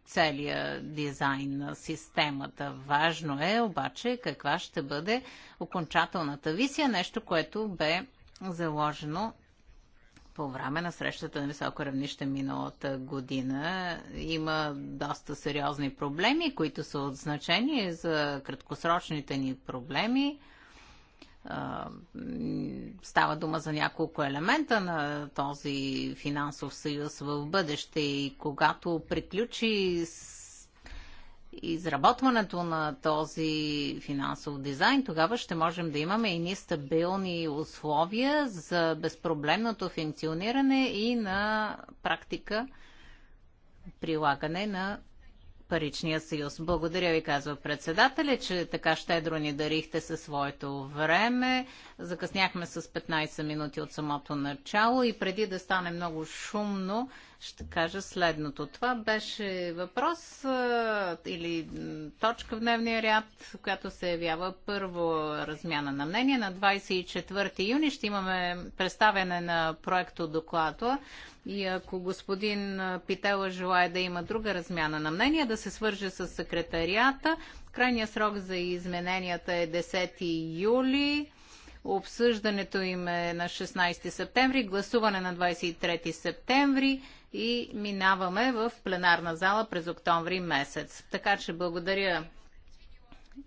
целия дизайн на системата. Важно е обаче каква ще бъде окончателната висия, нещо, което бе заложено по време на срещата на високо равнище миналата година има доста сериозни проблеми, които са от значение за краткосрочните ни проблеми. Става дума за няколко елемента на този финансов съюз в бъдеще и когато приключи с изработването на този финансов дизайн, тогава ще можем да имаме и стабилни условия за безпроблемното функциониране и на практика прилагане на паричния съюз. Благодаря ви, казва председателя, че така щедро ни дарихте със своето време. Закъсняхме с 15 минути от самото начало и преди да стане много шумно, ще кажа следното. Това беше въпрос или точка в дневния ряд, която се явява първо размяна на мнение. На 24 юни ще имаме представяне на проекто доклада и ако господин Питела желая да има друга размяна на мнение, да се свърже с секретарията. Крайния срок за измененията е 10 юли. Обсъждането им е на 16 септември, гласуване на 23 септември и минаваме в пленарна зала през октомври месец. Така че благодаря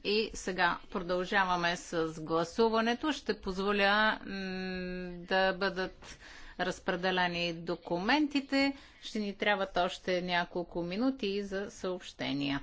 и сега продължаваме с гласуването. Ще позволя да бъдат разпределени документите. Ще ни трябват още няколко минути за съобщения.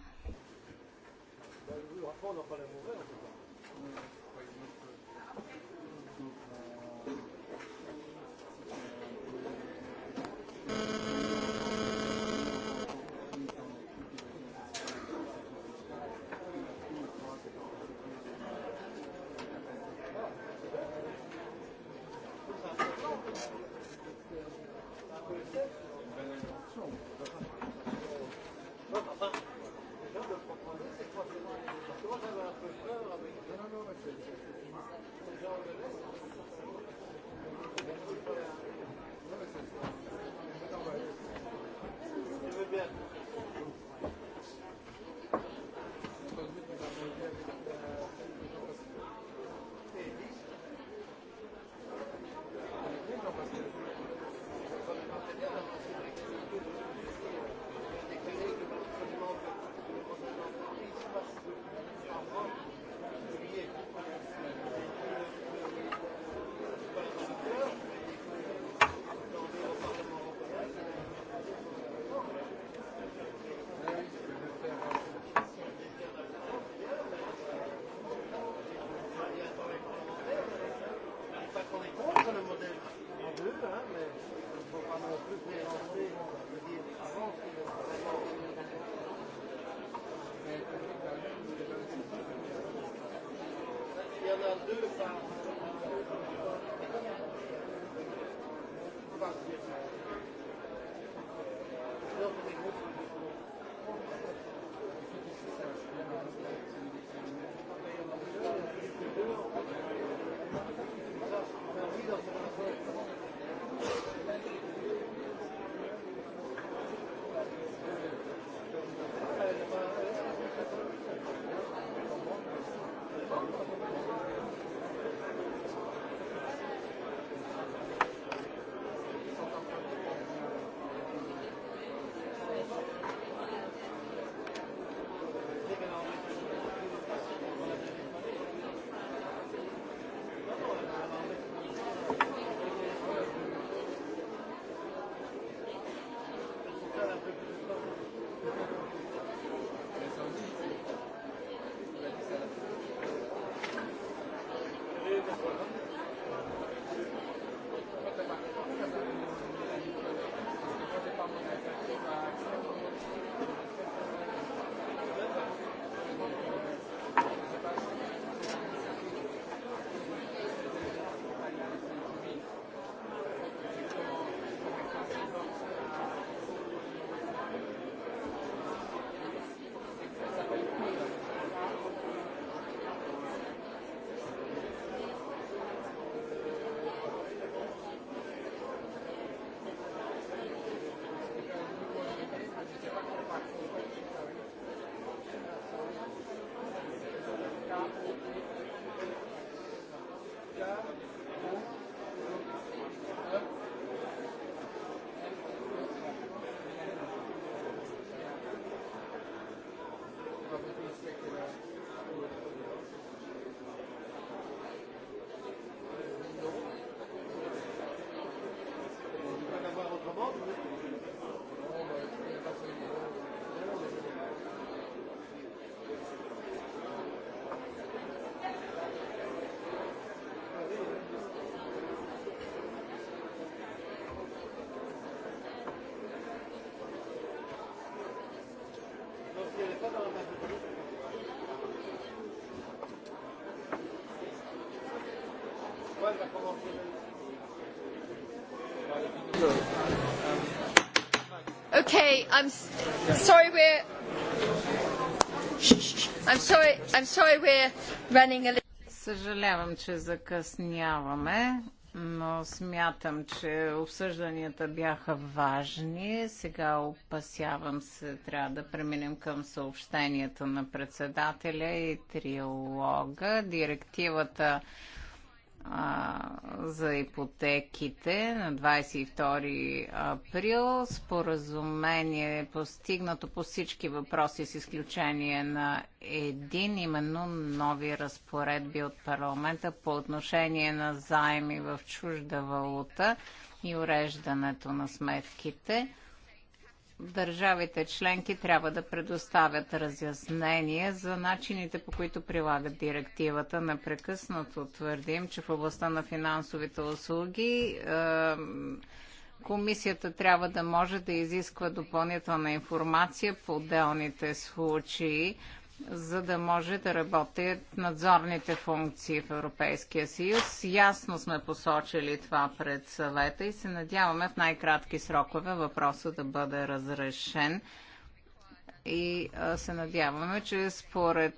kadar Okay, I'm s- sorry we're I'm sorry I'm sorry we're running a little Съжалявам, че закъсняваме но смятам, че обсъжданията бяха важни. Сега опасявам се, трябва да преминем към съобщението на председателя и триолога. Директивата за ипотеките на 22 април. Споразумение е постигнато по всички въпроси с изключение на един, именно нови разпоредби от парламента по отношение на заеми в чужда валута и уреждането на сметките държавите членки трябва да предоставят разяснение за начините по които прилагат директивата. Непрекъснато твърдим, че в областта на финансовите услуги комисията трябва да може да изисква допълнителна информация по отделните случаи за да може да работят надзорните функции в Европейския съюз. Ясно сме посочили това пред съвета и се надяваме в най-кратки срокове въпроса да бъде разрешен. И се надяваме, че според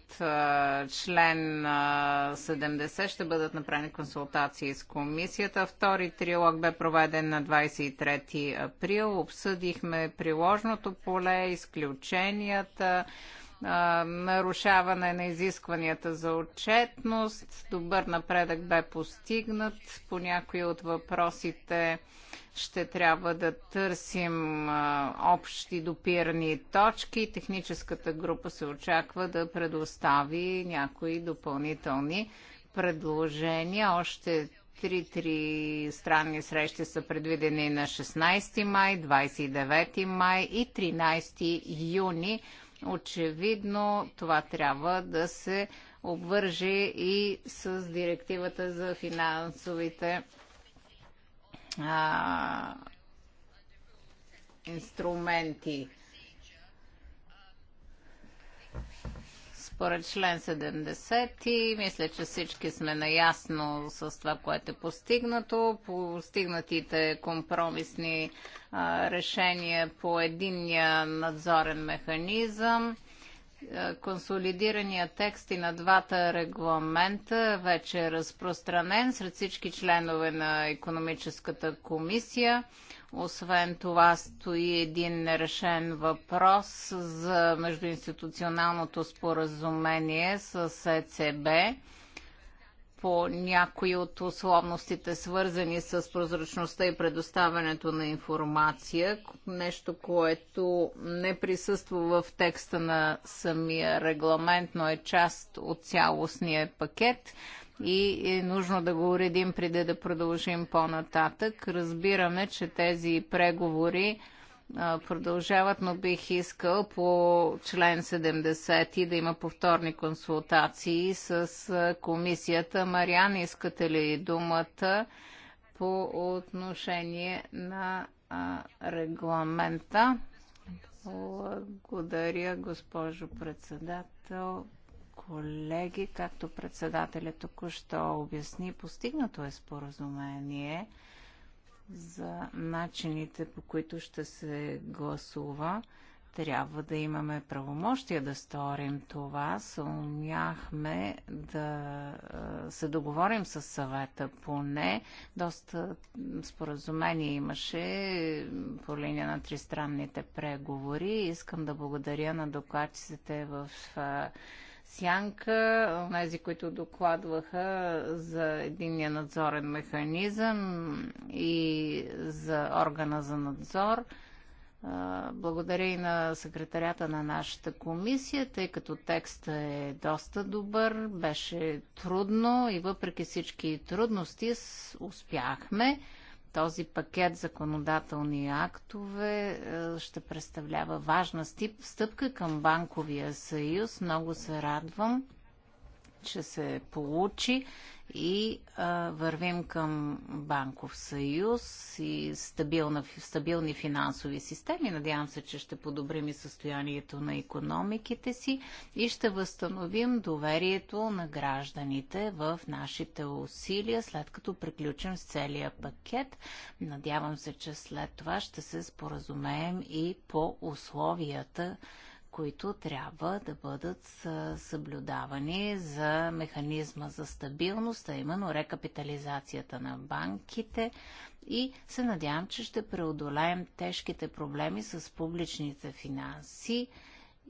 член 70 ще бъдат направени консултации с комисията. Втори трилог бе проведен на 23 април. Обсъдихме приложното поле, изключенията, а, нарушаване на изискванията за отчетност. Добър напредък бе постигнат. По някои от въпросите ще трябва да търсим а, общи допирни точки. Техническата група се очаква да предостави някои допълнителни предложения. Още три странни срещи са предвидени на 16 май, 29 май и 13 юни Очевидно това трябва да се обвърже и с директивата за финансовите а, инструменти. според член 70 мисля, че всички сме наясно с това, което е постигнато. Постигнатите компромисни а, решения по единния надзорен механизъм консолидирания текст и на двата регламента вече е разпространен сред всички членове на економическата комисия. Освен това стои един нерешен въпрос за междуинституционалното споразумение с ЕЦБ по някои от условностите, свързани с прозрачността и предоставянето на информация, нещо, което не присъства в текста на самия регламент, но е част от цялостния пакет и е нужно да го уредим преди да продължим по-нататък. Разбираме, че тези преговори продължават, но бих искал по член 70 да има повторни консултации с комисията. Мариан, искате ли думата по отношение на регламента? Благодаря, госпожо председател. Колеги, както председателя току-що обясни, постигнато е споразумение за начините по които ще се гласува. Трябва да имаме правомощия да сторим това. Съумяхме да е, се договорим с съвета поне. Доста споразумение имаше по линия на тристранните преговори. Искам да благодаря на докладчиците в е, сянка, тези, които докладваха за единния надзорен механизъм и за органа за надзор. Благодаря и на секретарята на нашата комисия, тъй като текстът е доста добър, беше трудно и въпреки всички трудности успяхме този пакет законодателни актове е, ще представлява важна стъпка към Банковия съюз. Много се радвам, че се получи и а, вървим към банков съюз и стабилна, стабилни финансови системи. Надявам се, че ще подобрим и състоянието на економиките си и ще възстановим доверието на гражданите в нашите усилия, след като приключим с целия пакет. Надявам се, че след това ще се споразумеем и по условията, които трябва да бъдат съблюдавани за механизма за стабилност, а именно рекапитализацията на банките и се надявам, че ще преодолеем тежките проблеми с публичните финанси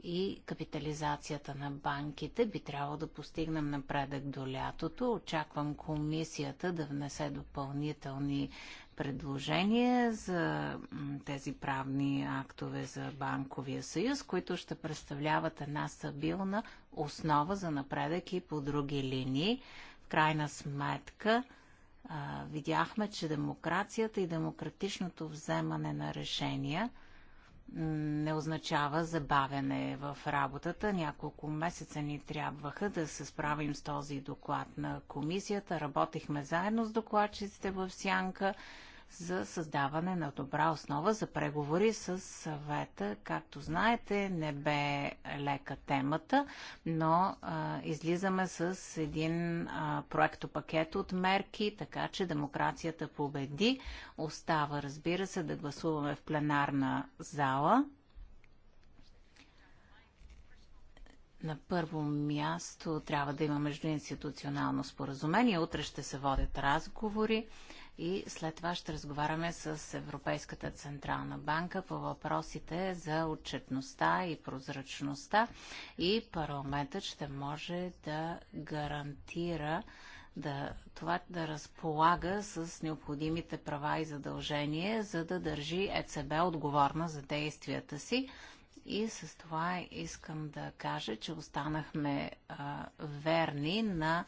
и капитализацията на банките. Би трябвало да постигнем напредък до лятото. Очаквам комисията да внесе допълнителни предложения за тези правни актове за Банковия съюз, които ще представляват една стабилна основа за напредък и по други линии. В крайна сметка видяхме, че демокрацията и демократичното вземане на решения не означава забавяне в работата. Няколко месеца ни трябваха да се справим с този доклад на комисията. Работихме заедно с докладчиците в Сянка за създаване на добра основа за преговори с съвета. Както знаете, не бе лека темата, но а, излизаме с един а, проектопакет от мерки, така че демокрацията победи. Остава, разбира се, да гласуваме в пленарна зала. На първо място трябва да има междуинституционално споразумение. Утре ще се водят разговори и след това ще разговаряме с Европейската Централна банка по въпросите за отчетността и прозрачността и парламентът ще може да гарантира да, това да разполага с необходимите права и задължения, за да държи ЕЦБ отговорна за действията си. И с това искам да кажа, че останахме а, верни на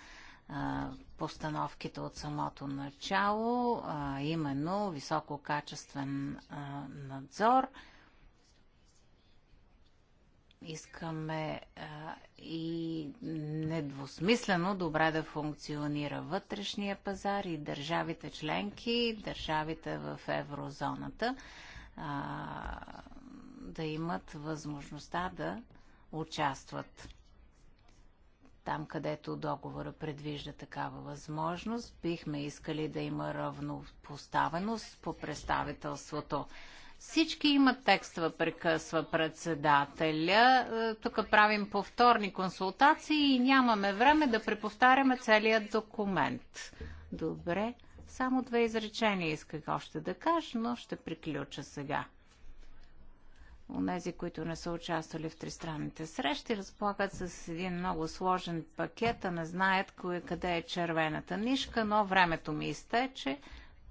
постановките от самото начало, а именно висококачествен надзор. Искаме и недвусмислено добре да функционира вътрешния пазар и държавите членки, държавите в еврозоната да имат възможността да участват там, където договора предвижда такава възможност. Бихме искали да има равнопоставеност по представителството. Всички имат текства, прекъсва председателя. Е, тук правим повторни консултации и нямаме време да преповтаряме целият документ. Добре, само две изречения исках още да кажа, но ще приключа сега. Онези, които не са участвали в тристранните срещи, разполагат с един много сложен пакет, а не знаят кое, къде е червената нишка, но времето ми изтече,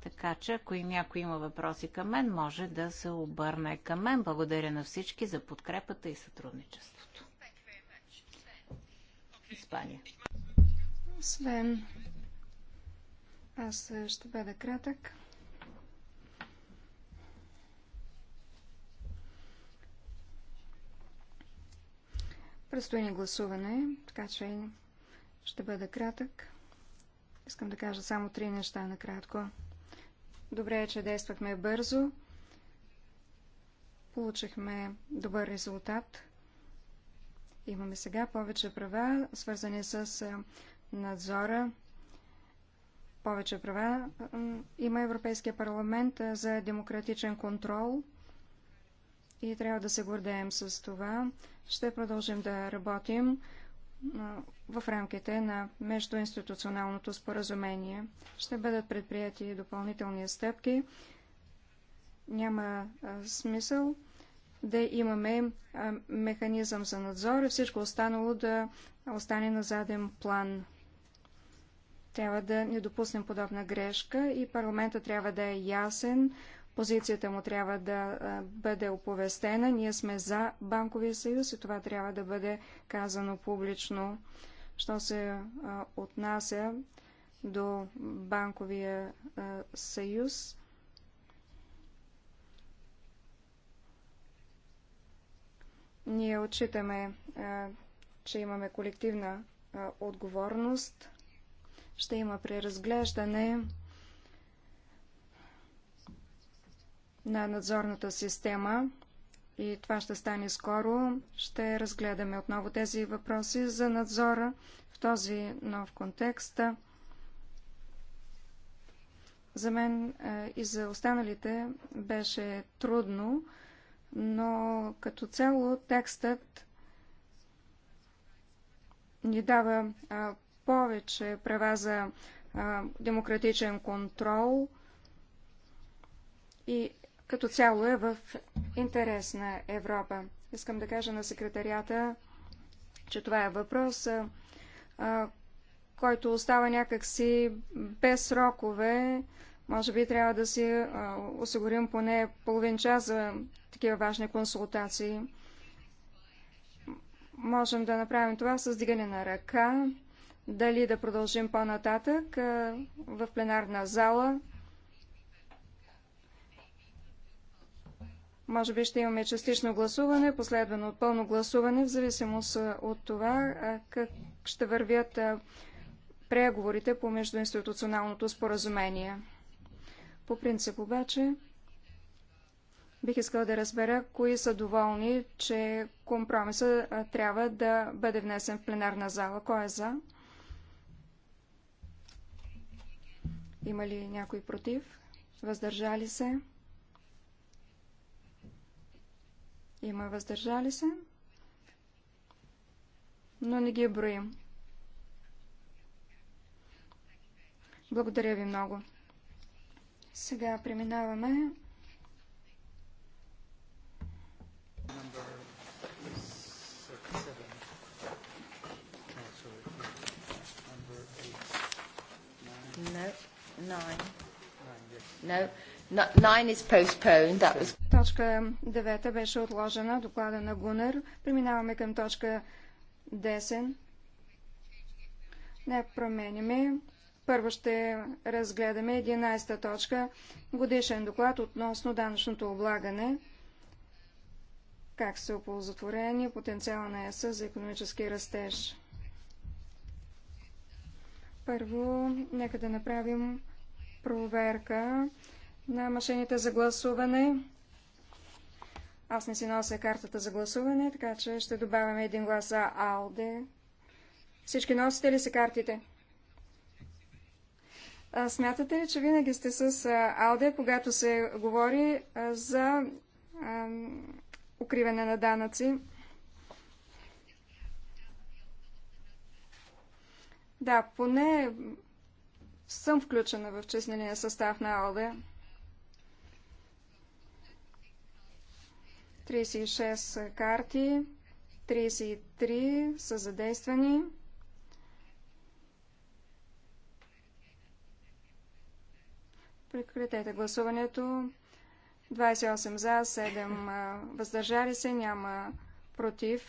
така че ако и някой има въпроси към мен, може да се обърне към мен. Благодаря на всички за подкрепата и сътрудничеството. Испания. Освен, аз ще бъда кратък. Предстои ни гласуване, така че ще бъда кратък. Искам да кажа само три неща накратко. Добре е, че действахме бързо. Получихме добър резултат. Имаме сега повече права, свързани с надзора. Повече права има Европейския парламент за демократичен контрол – и трябва да се гордеем с това. Ще продължим да работим в рамките на междуинституционалното споразумение. Ще бъдат предприяти допълнителни стъпки. Няма смисъл да имаме механизъм за надзор и всичко останало да остане на заден план. Трябва да не допуснем подобна грешка и парламента трябва да е ясен Позицията му трябва да бъде оповестена. Ние сме за Банковия съюз и това трябва да бъде казано публично. Що се отнася до Банковия съюз, ние отчитаме, че имаме колективна отговорност. Ще има преразглеждане на надзорната система и това ще стане скоро. Ще разгледаме отново тези въпроси за надзора в този нов контекст. За мен е, и за останалите беше трудно, но като цяло текстът ни дава е, повече права за е, демократичен контрол и като цяло е в интерес на Европа. Искам да кажа на секретарията, че това е въпрос, а, който остава някакси без срокове. Може би трябва да си а, осигурим поне половин час за такива важни консултации. Можем да направим това с дигане на ръка, дали да продължим по-нататък в пленарна зала Може би ще имаме частично гласуване, последвано от пълно гласуване, в зависимост от това как ще вървят преговорите по междуинституционалното споразумение. По принцип обаче, бих искала да разбера, кои са доволни, че компромиса трябва да бъде внесен в пленарна зала. Кой е за? Има ли някой против? Въздържали се? Има въздържали се. Но не ги броим. Благодаря ви много. Сега преминаваме No, nine. nine yes. No. Точка 9 беше отложена, доклада на Гунер. Преминаваме към точка 10. Не променяме. Първо ще разгледаме 11-та точка. Годишен доклад относно данъчното облагане. Как се оползотворени потенциала на ЕС за економически растеж. Първо, нека да направим проверка на машините за гласуване. Аз не си нося картата за гласуване, така че ще добавяме един глас за АЛДЕ. Всички носите ли се картите? А, смятате ли, че винаги сте с АЛДЕ, когато се говори а, за а, укриване на данъци? Да, поне съм включена в числения състав на АЛДЕ. 36 карти, 33 са задействани. Прекратете гласуването. 28 за, 7 въздържали се, няма против.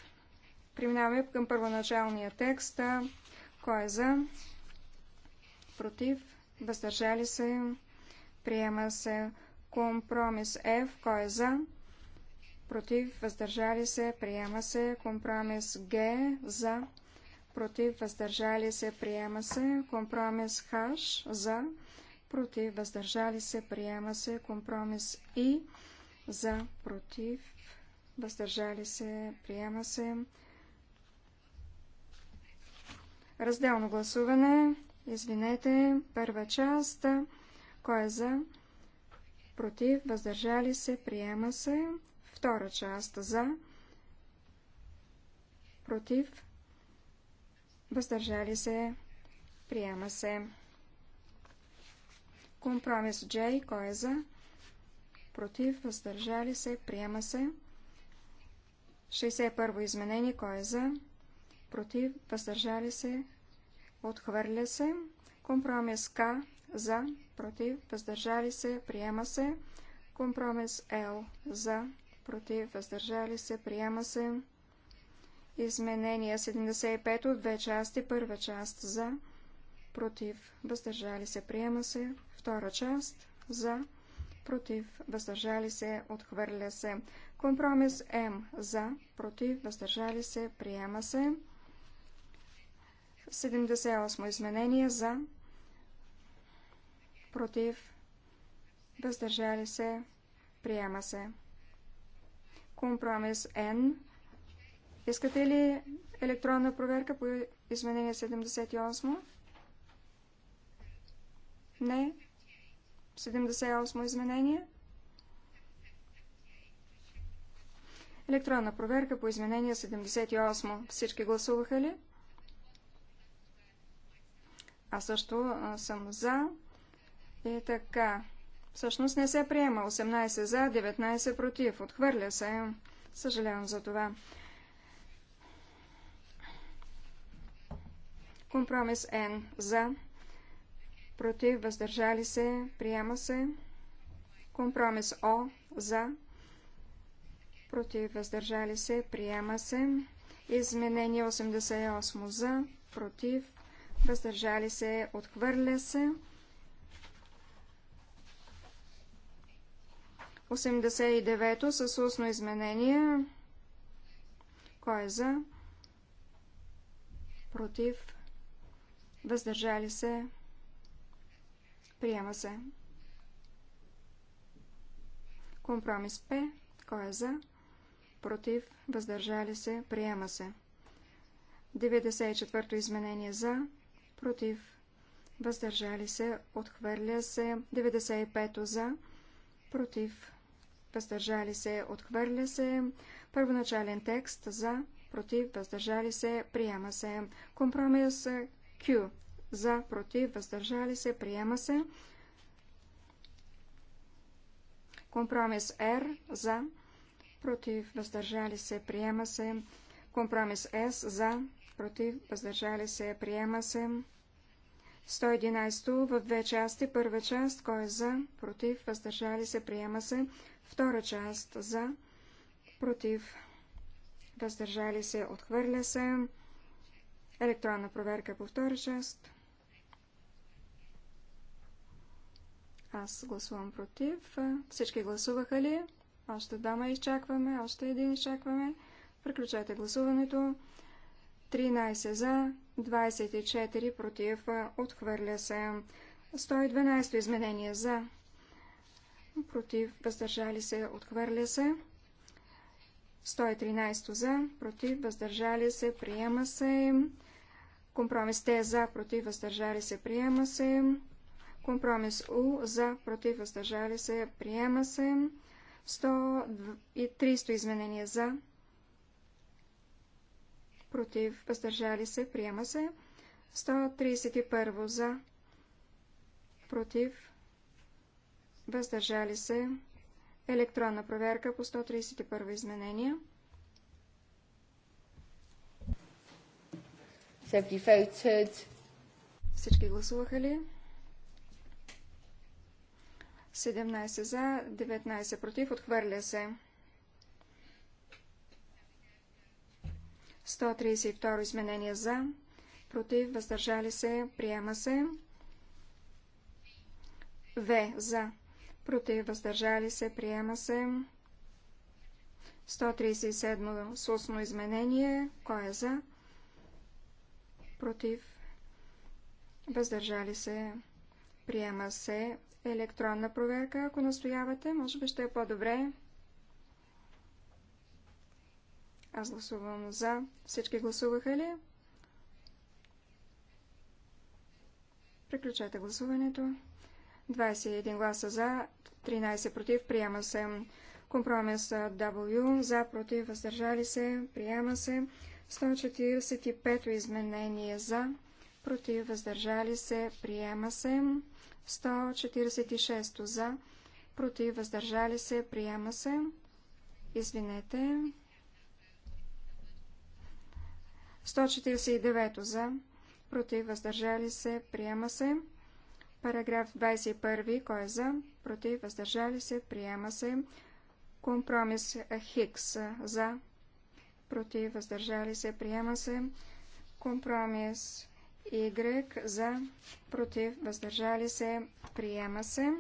Преминаваме към първоначалния текст. Кой е за? Против. Въздържали се. Приема се компромис F. Кой е за? против, въздържали се, приема се. Компромис Г за, против, въздържали се, приема се. Компромис Х за, против, въздържали се, приема се. Компромис И за, против, въздържали се, приема се. Разделно гласуване. Извинете, първа част. Кой е за? Против, въздържали се, приема се. Втора част за, против, въздържали се, приема се. Компромис J, кой е за, против, въздържали се, приема се. 61 изменение, кой е за, против, въздържали се, отхвърля се. Компромис К, за, против, въздържали се, приема се. Компромис Л, за, против, въздържали се, приема се. Изменение 75 от две части, първа част за, против, въздържали се, приема се, втора част за, против, въздържали се, отхвърля се. Компромис М за, против, въздържали се, приема се. 78 изменение за, против, въздържали се, приема се. Компромис Н. Искате ли електронна проверка по изменение 78? Не. 78 изменение. Електронна проверка по изменение 78. Всички гласуваха ли? Аз също съм за. И така, Всъщност не се приема. 18 за, 19 против. Отхвърля се. Съжалявам за това. Компромис Н. За. Против. Въздържали се. Приема се. Компромис О. За. Против. Въздържали се. Приема се. Изменение 88 за. Против. Въздържали се. Отхвърля се. 89-то с устно изменение. Кой е за? Против? Въздържали се? Приема се. Компромис П. Кой е за? Против? Въздържали се? Приема се. 94-то изменение за? Против? Въздържали се? Отхвърля се. 95-то за? Против? въздържали се, отхвърля се. Първоначален текст за, против, въздържали се, приема се. Компромис е, Q за, против, въздържали се, приема се. Компромис R за, против, въздържали се, приема се. Компромис С за, против, въздържали се, приема се. 111 в две части. Първа част, кой е за, против, въздържали се, приема се. Втора част, за, против, въздържали се, отхвърля се. Електронна проверка по втора част. Аз гласувам против. Всички гласуваха ли? Още двама изчакваме, още един изчакваме. Приключете гласуването. 13 за, 24 против, отхвърля се. 112 изменение за, против, въздържали се, отхвърля се. 113 за, против, въздържали се, приема се. Компромис Т за, против, въздържали се, приема се. Компромис У за, против, въздържали се, приема се. 130 изменения за, против, въздържали се, приема се. 131 за, против, въздържали се, електронна проверка по 131 изменения. Всички гласуваха ли? 17 за, 19 против, отхвърля се. 132 изменение за, против, въздържали се, приема се. В за, против, въздържали се, приема се. 137 сусно изменение, кой е за, против, въздържали се, приема се. Електронна проверка, ако настоявате, може би ще е по-добре. Аз гласувам за. Всички гласуваха ли? Приключете гласуването. 21 гласа за, 13 против. Приема се компромис W. За, против, въздържали се. Приема се. 145 изменение за, против, въздържали се. Приема се. 146 за, против, въздържали се. Приема се. Извинете. 149 за, против, въздържали се, приема се. Параграф 21, кой е за, против, въздържали се, приема се. Компромис Хикс за, против, въздържали се, приема се. Компромис Y за, против, въздържали се, приема се.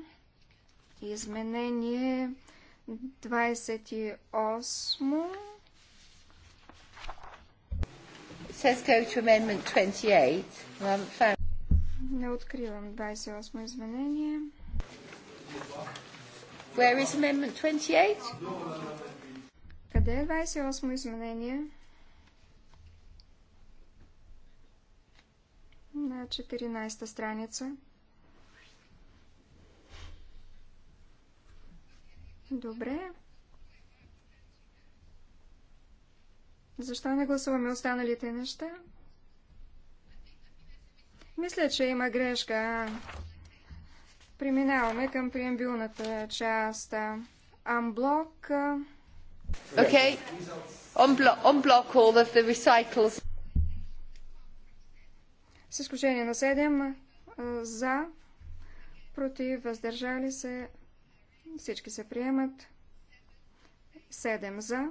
Изменение 28 Says go to amendment 28. found... Не откривам 28 изменение. Where is amendment 28? Къде е 28 изменение? На 14-та страница. Добре. Защо не гласуваме останалите неща? Мисля, че има грешка. Преминаваме към преамбилната част. Амблок. Окей. Амблок, all of the recycles. С изключение на 7 за, против, въздържали се, всички се приемат. 7 за,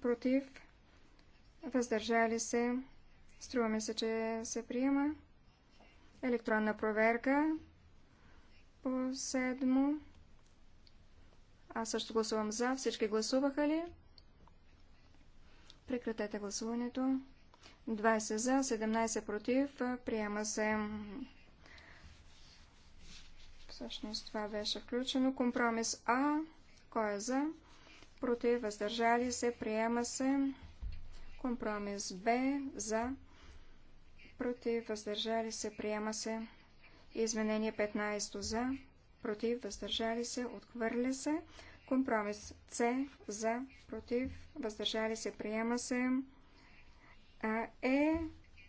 против, въздържали се, струва ми се, че се приема. Електронна проверка по седмо. Аз също гласувам за. Всички гласуваха ли? Прекратете гласуването. 20 за, 17 против. Приема се. Всъщност това беше включено. Компромис А. Кой е за? против, въздържали се, приема се. Компромис Б за, против, въздържали се, приема се. Изменение 15 за, против, въздържали се, отхвърля се. Компромис С за, против, въздържали се, приема се. А, е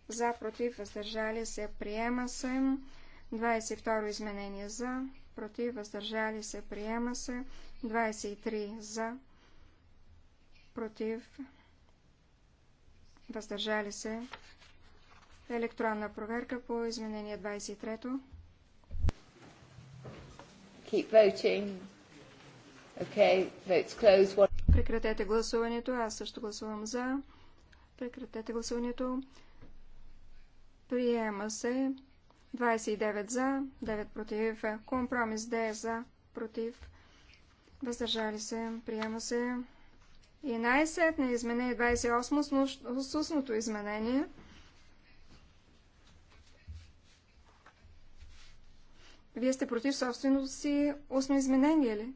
за, против, въздържали се, приема се. 22 изменение за, против, въздържали се, приема се. 23 за, против, въздържали се, електронна проверка по изменение 23-то. Keep voting. Okay, votes closed. Прекратете гласуването. Аз също гласувам за. Прекратете гласуването. Приема се 29 за, 9 против. Компромис 10 е за, против. Въздържали се. Приема се и най-сетне изменение 28 с устното изменение. Вие сте против собственото си устно изменение ли?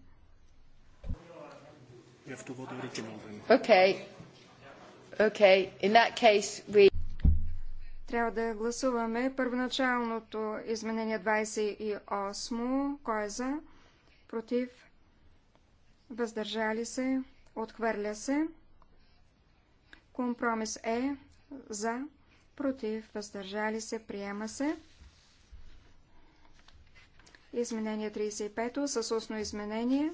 Okay. Okay. In that case, we... Трябва да гласуваме първоначалното изменение 28. Кой е за? Против? Въздържали се? Отхвърля се. Компромис е за, против, въздържали се, приема се. Изменение 35 с устно изменение.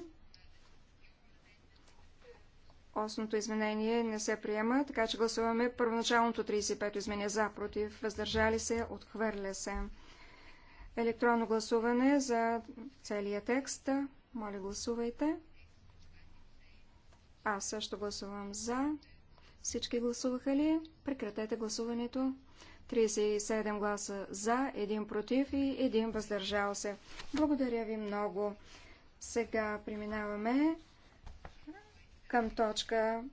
Осното изменение не се приема, така че гласуваме първоначалното 35 изменение за, против, въздържали се, отхвърля се. Електронно гласуване за целия текст. Моля, гласувайте. Аз също гласувам за. Всички гласуваха ли? Прекратете гласуването. 37 гласа за, 1 против и 1 въздържал се. Благодаря ви много. Сега преминаваме към точка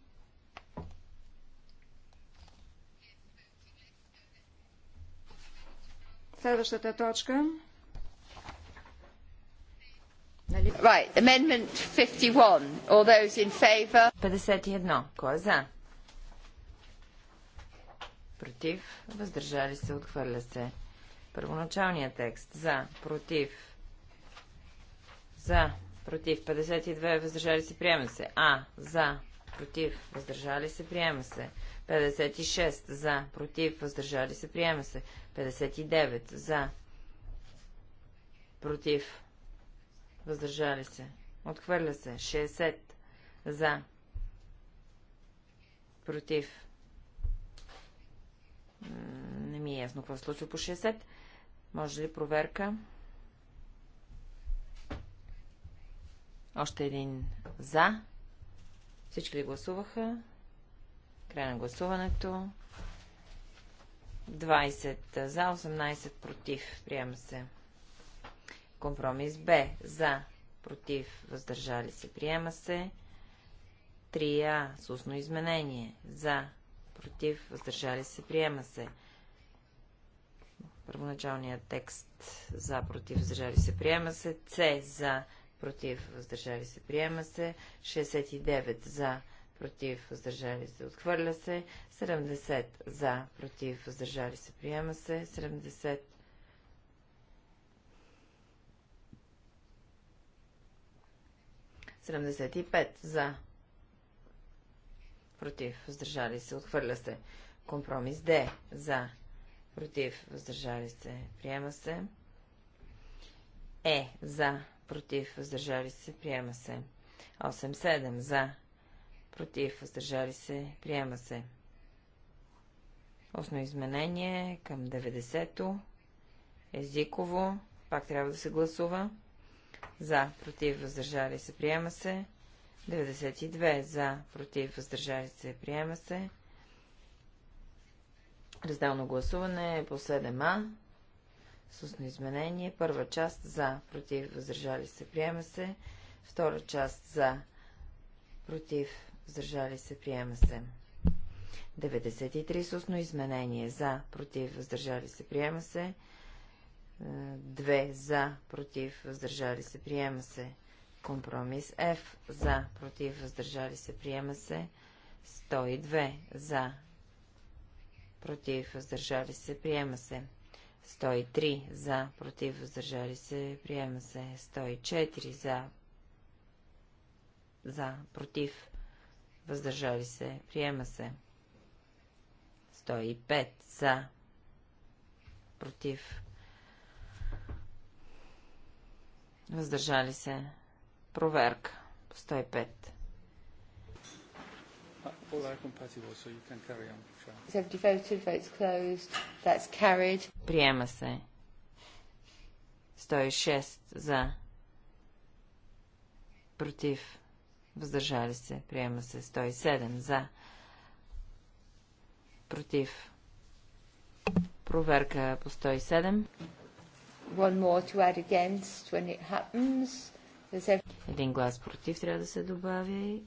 Следващата точка Нали? Right, amendment 51. All those in 51. Кой е за? Против. Въздържали се. Отхвърля се. Първоначалният текст. За. Против. За. Против. 52. Въздържали се. Приема се. А. За. Против. Въздържали се. Приема се. 56. За. Против. Въздържали се. Приема се. 59. За. Против Въздържали се. Отхвърля се. 60. За. Против. Не ми е ясно какво случва по 60. Може ли проверка? Още един за. Всички ли гласуваха? Край на гласуването. 20 за, 18 против. Приема се. Компромис Б. За. Против. Въздържали се. Приема се. 3А. С устно изменение. За. Против. Въздържали се. Приема се. Първоначалният текст. За. Против. Въздържали се. Приема се. С. За. Против. Въздържали се. Приема се. 69. За против, въздържали се, отхвърля се, 70 за, против, въздържали се, приема се, 70 75 за. Против. Въздържали се. Отхвърля се. Компромис Д. За. Против. Въздържали се. Приема се. Е. За. Против. Въздържали се. Приема се. 8-7. За. Против. Въздържали се. Приема се. Осно изменение към 90-то. Езиково. Пак трябва да се гласува за, против, въздържали се, приема се. 92 за, против, въздържали се, приема се. Разделно гласуване е по 7а. Сусно изменение. Първа част за, против, въздържали се, приема се. Втора част за, против, въздържали се, приема се. 93 сусно изменение. За, против, въздържали се, приема се. 2 за, против, въздържали се, приема се. Компромис F за, против, въздържали се, приема се. 102 за, против, въздържали се, приема се. 103 за, против, въздържали се, приема се. 104 за, за, против, въздържали се, приема се. 105 за, против, Въздържали се. Проверка. 105. Приема се. 106 за. Против. Въздържали се. Приема се. 107 за. Против. Проверка по 107. One more to add against when it happens. Един глас против трябва да се добави.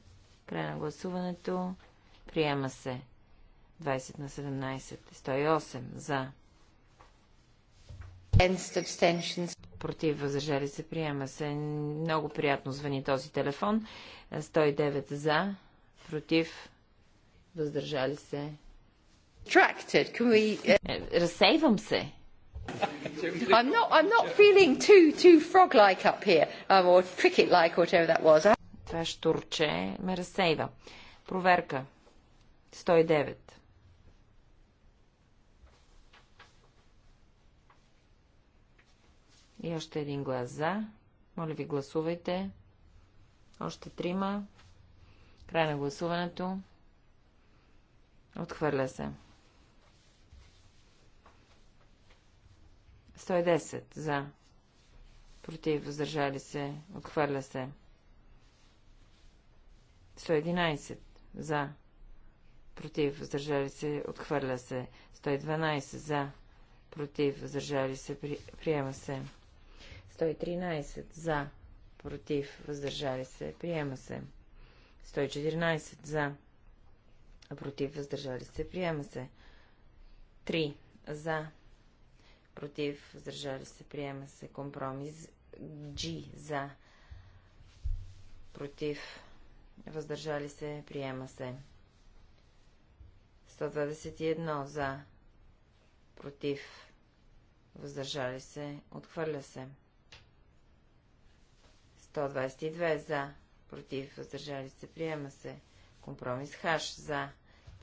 Край на гласуването. Приема се. 20 на 17. 108 за. Против възражали се. Приема се. Много приятно звъни този телефон. 109 за. Против. Въздържали се. Uh, е, разсейвам се. I'm not, I'm not feeling too, too frog-like up here, um, or cricket-like, whatever that was. Това е штурче ме разсейва. Проверка. 109. И още един глас за. Моля ви, гласувайте. Още трима. Край на гласуването. Отхвърля се. 110 за. Против, въздържали се, отхвърля се. 111 за. Против, въздържали се, отхвърля се. 112 за. Против, въздържали се, при... приема се. 113 за. Против, въздържали се, приема се. 114 за. Против, въздържали се, приема се. 3 за против, въздържали се, приема се. Компромис G за, против, въздържали се, приема се. 121 за, против, въздържали се, отхвърля се. 122 за, против, въздържали се, приема се. Компромис хаш за,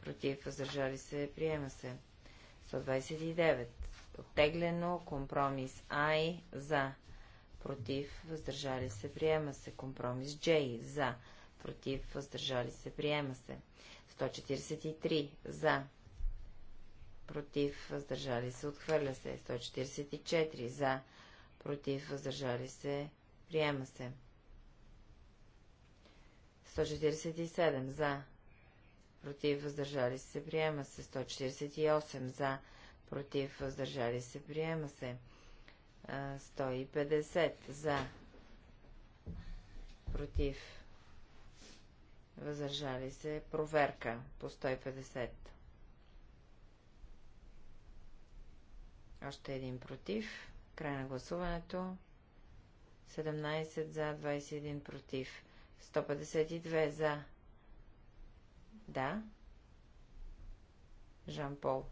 против, въздържали се, приема се. 129 Оттеглено. Компромис Ай. За. Против. Въздържали се. Приема се. Компромис Джей. За. Против. Въздържали се. Приема се. 143. За. Против. Въздържали се. Отхвърля се. 144. За. Против. Въздържали се. Приема се. 147. За. Против. Въздържали се. Приема се. 148. За против, въздържали се, приема се. 150 за, против, въздържали се, проверка по 150. Още един против. Край на гласуването. 17 за, 21 против. 152 за. Да. Жан Пол.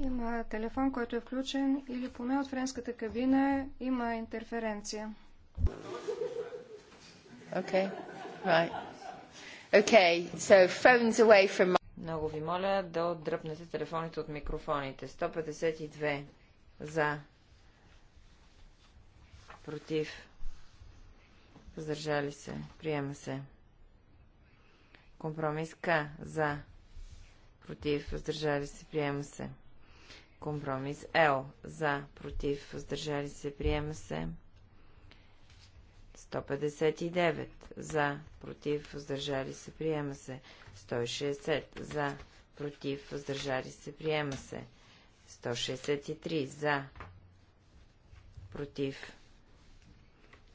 Има телефон, който е включен или поне от френската кабина има интерференция. Okay. Right. Okay. So phones away from... Много ви моля да отдръпнете телефоните от микрофоните. 152 за. Против. Въздържали се. Приема се. Компромис К. За. Против. Въздържали се. Приема се. Компромис Л. За, против, въздържали се, приема се. 159. За, против, въздържали се, приема се. 160. За, против, въздържали се, приема се. 163. За, против,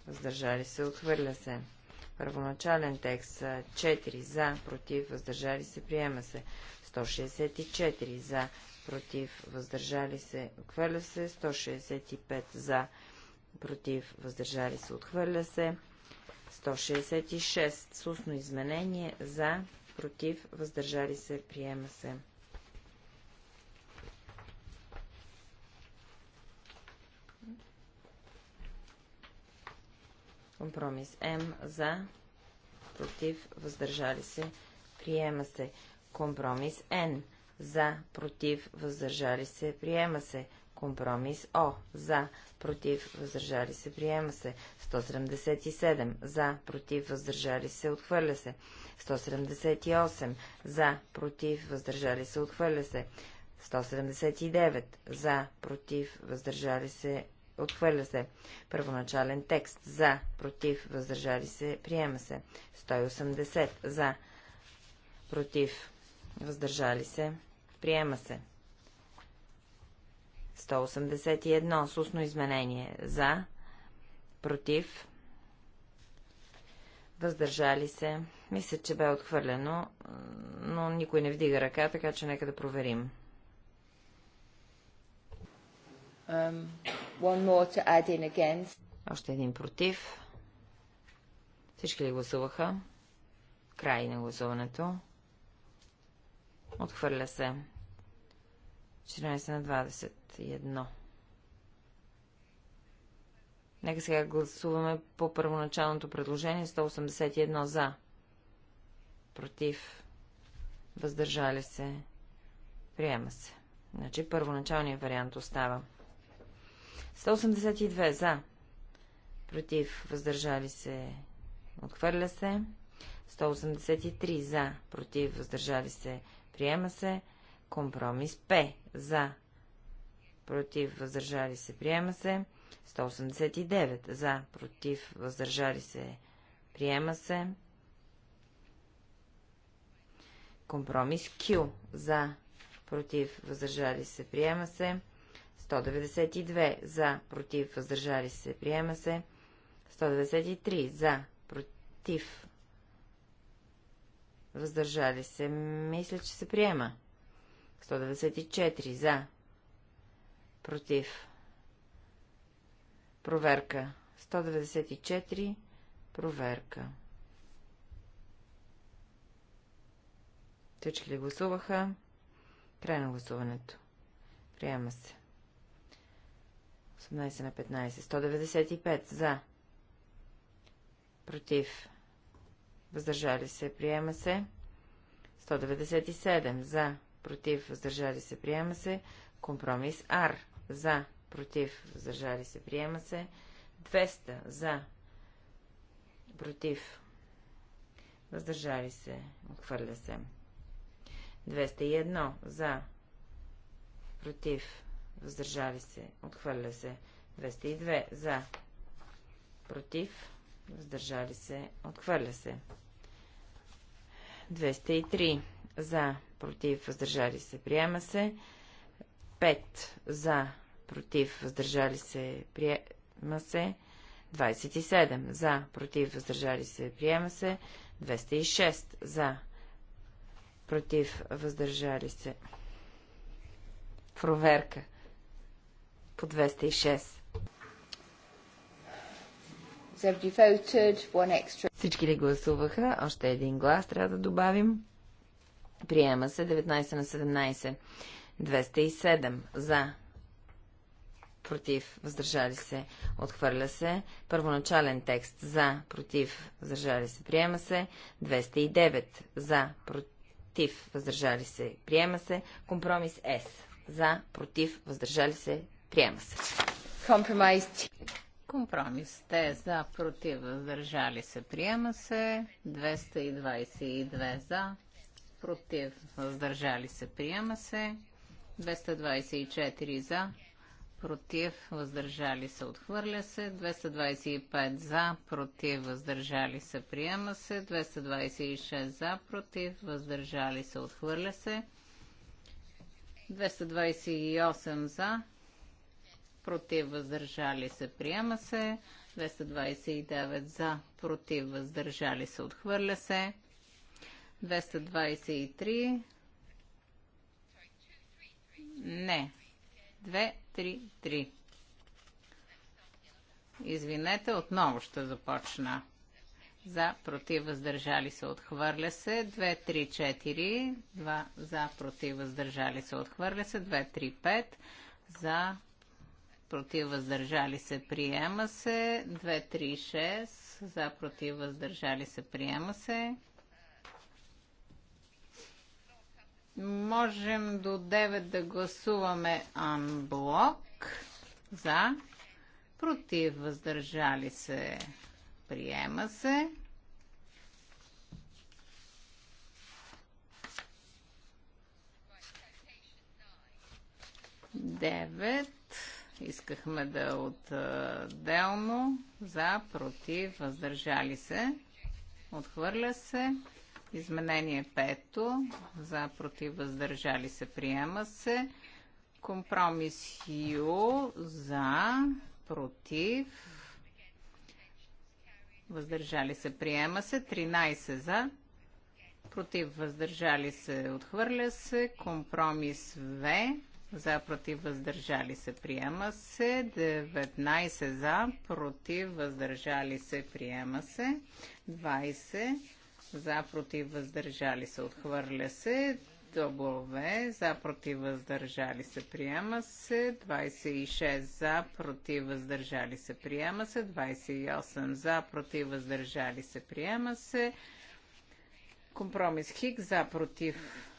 въздържали се, отхвърля се. Първоначален текст 4 за, против, въздържали се, приема се. 164 за, против, въздържали се, отхвърля се. 165 за, против, въздържали се, отхвърля се. 166 с устно изменение за, против, въздържали се, приема се. Компромис М за, против, въздържали се, приема се. Компромис Н за, против, въздържали се, приема се. Компромис О. За, против, въздържали се, приема се. 177. За, против, въздържали се, отхвърля се. 178. За, против, въздържали се, отхвърля се. 179. За, против, въздържали се, отхвърля се. Първоначален текст. За, против, въздържали се, приема се. 180. За, против, Въздържали се. Приема се. 181. Сусно изменение. За. Против. Въздържали се. Мисля, че бе отхвърлено, но никой не вдига ръка, така че нека да проверим. Um, Още един против. Всички ли гласуваха? Край на гласуването. Отхвърля се. 14 на 21. Нека сега гласуваме по първоначалното предложение 181 за. Против. Въздържали се. Приема се. Значи първоначалният вариант остава. 182 за. Против. Въздържали се. Отхвърля се. 183 за. Против. Въздържали се. Приема се. Компромис П. За. Против. Въздържали се. Приема се. 189. За. Против. Въздържали се. Приема се. Компромис Q. За. Против. Въздържали се. Приема се. 192. За. Против. Въздържали се. Приема се. 193. За. Против. Въздържали се. Мисля, че се приема. 194 за. Против. Проверка. 194. Проверка. Всички ли гласуваха? Край на гласуването. Приема се. 18 на 15. 195 за. Против въздържали се, приема се. 197 за, против, въздържали се, приема се. Компромис Р за, против, въздържали се, приема се. 200 за, против, въздържали се, отхвърля се. 201 за, против, въздържали се, отхвърля се. 202 за, против, въздържали се, отхвърля се. 203 за, против, въздържали се, приема се. 5 за, против, въздържали се, приема се. 27 за, против, въздържали се, приема се. 206 за, против, въздържали се. Проверка по 206. Всички ли гласуваха? Още един глас трябва да добавим. Приема се 19 на 17. 207 за. Против. Въздържали се. Отхвърля се. Първоначален текст. За. Против. Въздържали се. Приема се. 209 за. Против. Въздържали се. Приема се. Компромис С. За. Против. Въздържали се. Приема се. Компромис Компромис Те за, против, въздържали се, приема се. 222 за, против, въздържали се, приема се. 224 за, против, въздържали се, отхвърля се. 225 за, против, въздържали се, приема се. 226 за, против, въздържали се, отхвърля се. 228 за, против въздържали се, приема се. 229 за, против въздържали се, отхвърля се. 223 не. 233. 3, Извинете, отново ще започна. За, против, въздържали се, отхвърля се. 2, 4. 2, за, против, въздържали се, отхвърля се. 23,5 За, против въздържали се, приема се. 236 за против въздържали се, приема се. Можем до 9 да гласуваме анблок за против въздържали се, приема се. Девет искахме да е отделно, за, против, въздържали се, отхвърля се. Изменение 5, за, против, въздържали се, приема се. Компромис Ю, за, против, въздържали се, приема се. 13 за, против, въздържали се, отхвърля се. Компромис В, за, против, въздържали се, приема се. 19 за, против, въздържали се, приема се. 20 за, против, въздържали се, отхвърля се. Добове, за, против, въздържали се, приема се. 26 за, против, въздържали се, приема се. 28 за, против, въздържали се, приема се. Компромис Хик за, против,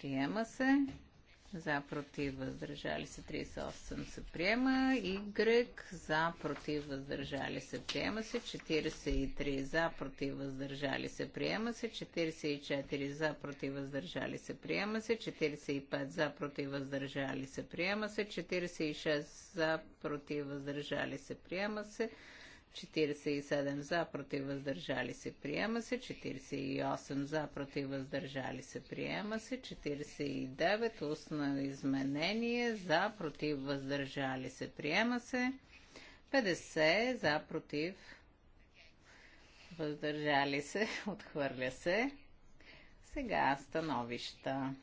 Приема се. За, против, въздържали се 38 се приема. Y. За, против, въздържали се приема се. 43 за, против, въздържали се приема се. 44 за, против, въздържали се приема се. 45 за, против, въздържали се приема се. 46 за, против, въздържали се приема се. 47 за, против въздържали се, приема се. 48 за, против въздържали се, приема се. 49 устно изменение за, против въздържали се, приема се. 50 за, против въздържали се, отхвърля се. Сега становища.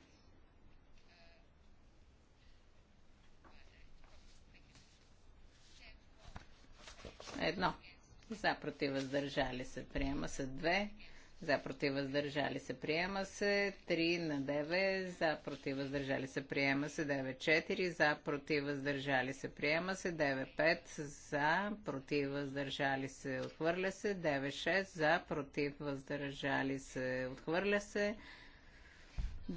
Едно. За против въздържали се приема се 2. За против въздържали се приема се Три на 9. За против въздържали се приема се 9 4. За против въздържали се приема се 9 5. За против въздържали се отхвърля се 9 6. За против въздържали се отхвърля се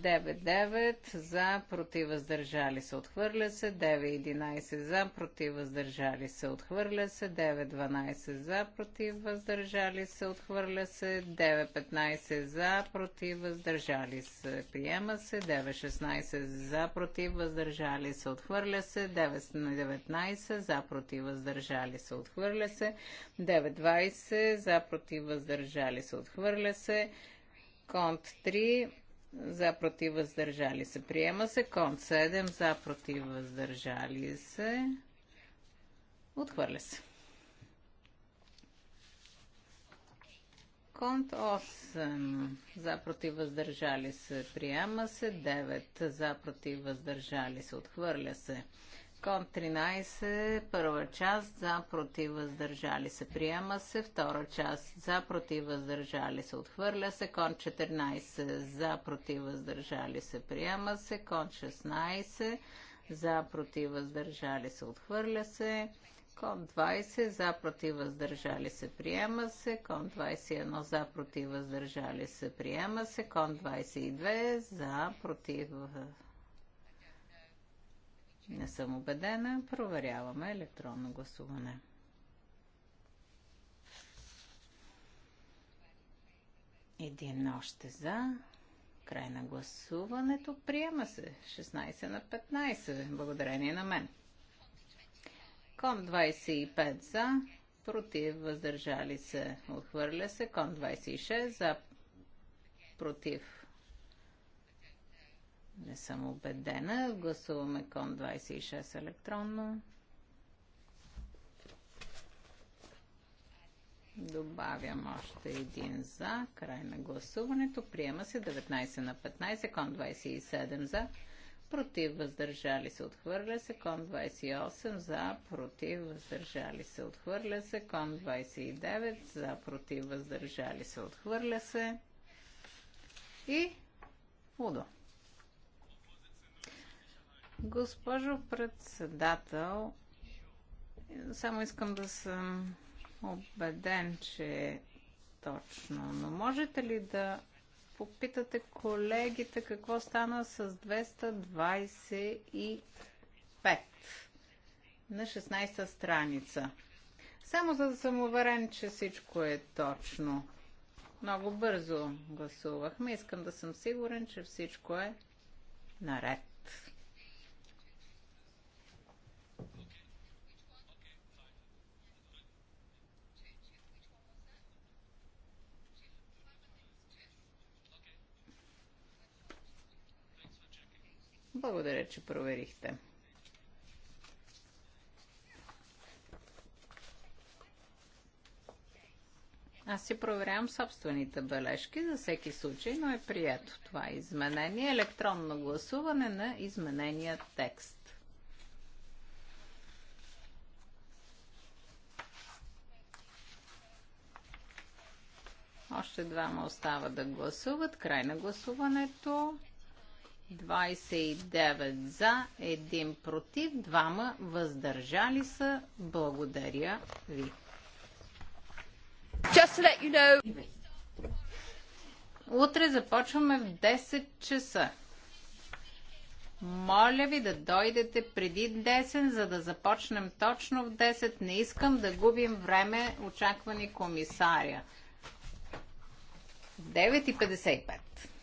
9-9 за, против въздържали се, отхвърля се. 9-11 за, против въздържали се, отхвърля се. 9-12 за, против въздържали се, отхвърля се. 9-15 за, против въздържали се, приема се. 9-16 за, против въздържали се, отхвърля се. 9-19 за, против въздържали се, отхвърля се. 9-20 за, против въздържали се, отхвърля се. Конт 3 за против въздържали се. Приема се конт 7 за против въздържали се. Отхвърля се. Конт 8 за против въздържали се. Приема се 9 за против въздържали се. Отхвърля се. Кон 13, първа част за против въздържали се. Приема се. Втора част за против въздържали се. Отхвърля се. Кон 14 за против въздържали се. Приема се. Кон 16 за против въздържали се. Отхвърля се. Кон 20 за против въздържали се приема се. Кон 21 за против въздържали се приема се. Кон 22 за против не съм убедена. Проверяваме електронно гласуване. Един още за. Край на гласуването. Приема се 16 на 15, благодарение на мен. Кон 25 за, против, въздържали се, отхвърля се. Кон 26 за, против, не съм убедена. Гласуваме кон 26 електронно. Добавям още един за. Край на гласуването. Приема се 19 на 15. Кон 27 за. Против въздържали се. Отхвърля се. Кон 28 за. Против въздържали се. Отхвърля се. Кон 29 за. Против въздържали се. Отхвърля се. И удо. Госпожо председател, само искам да съм убеден, че е точно, но можете ли да попитате колегите какво стана с 225 на 16-та страница? Само за да съм уверен, че всичко е точно. Много бързо гласувахме. Искам да съм сигурен, че всичко е наред. Благодаря, че проверихте. Аз си проверявам собствените бележки за всеки случай, но е прието това изменение. Електронно гласуване на изменения текст. Още двама остава да гласуват. Край на гласуването. 29 за, 1 против, 2 въздържали са. Благодаря ви. Just to let you know. Утре започваме в 10 часа. Моля ви да дойдете преди 10, за да започнем точно в 10. Не искам да губим време, очаквани комисаря. 9.55.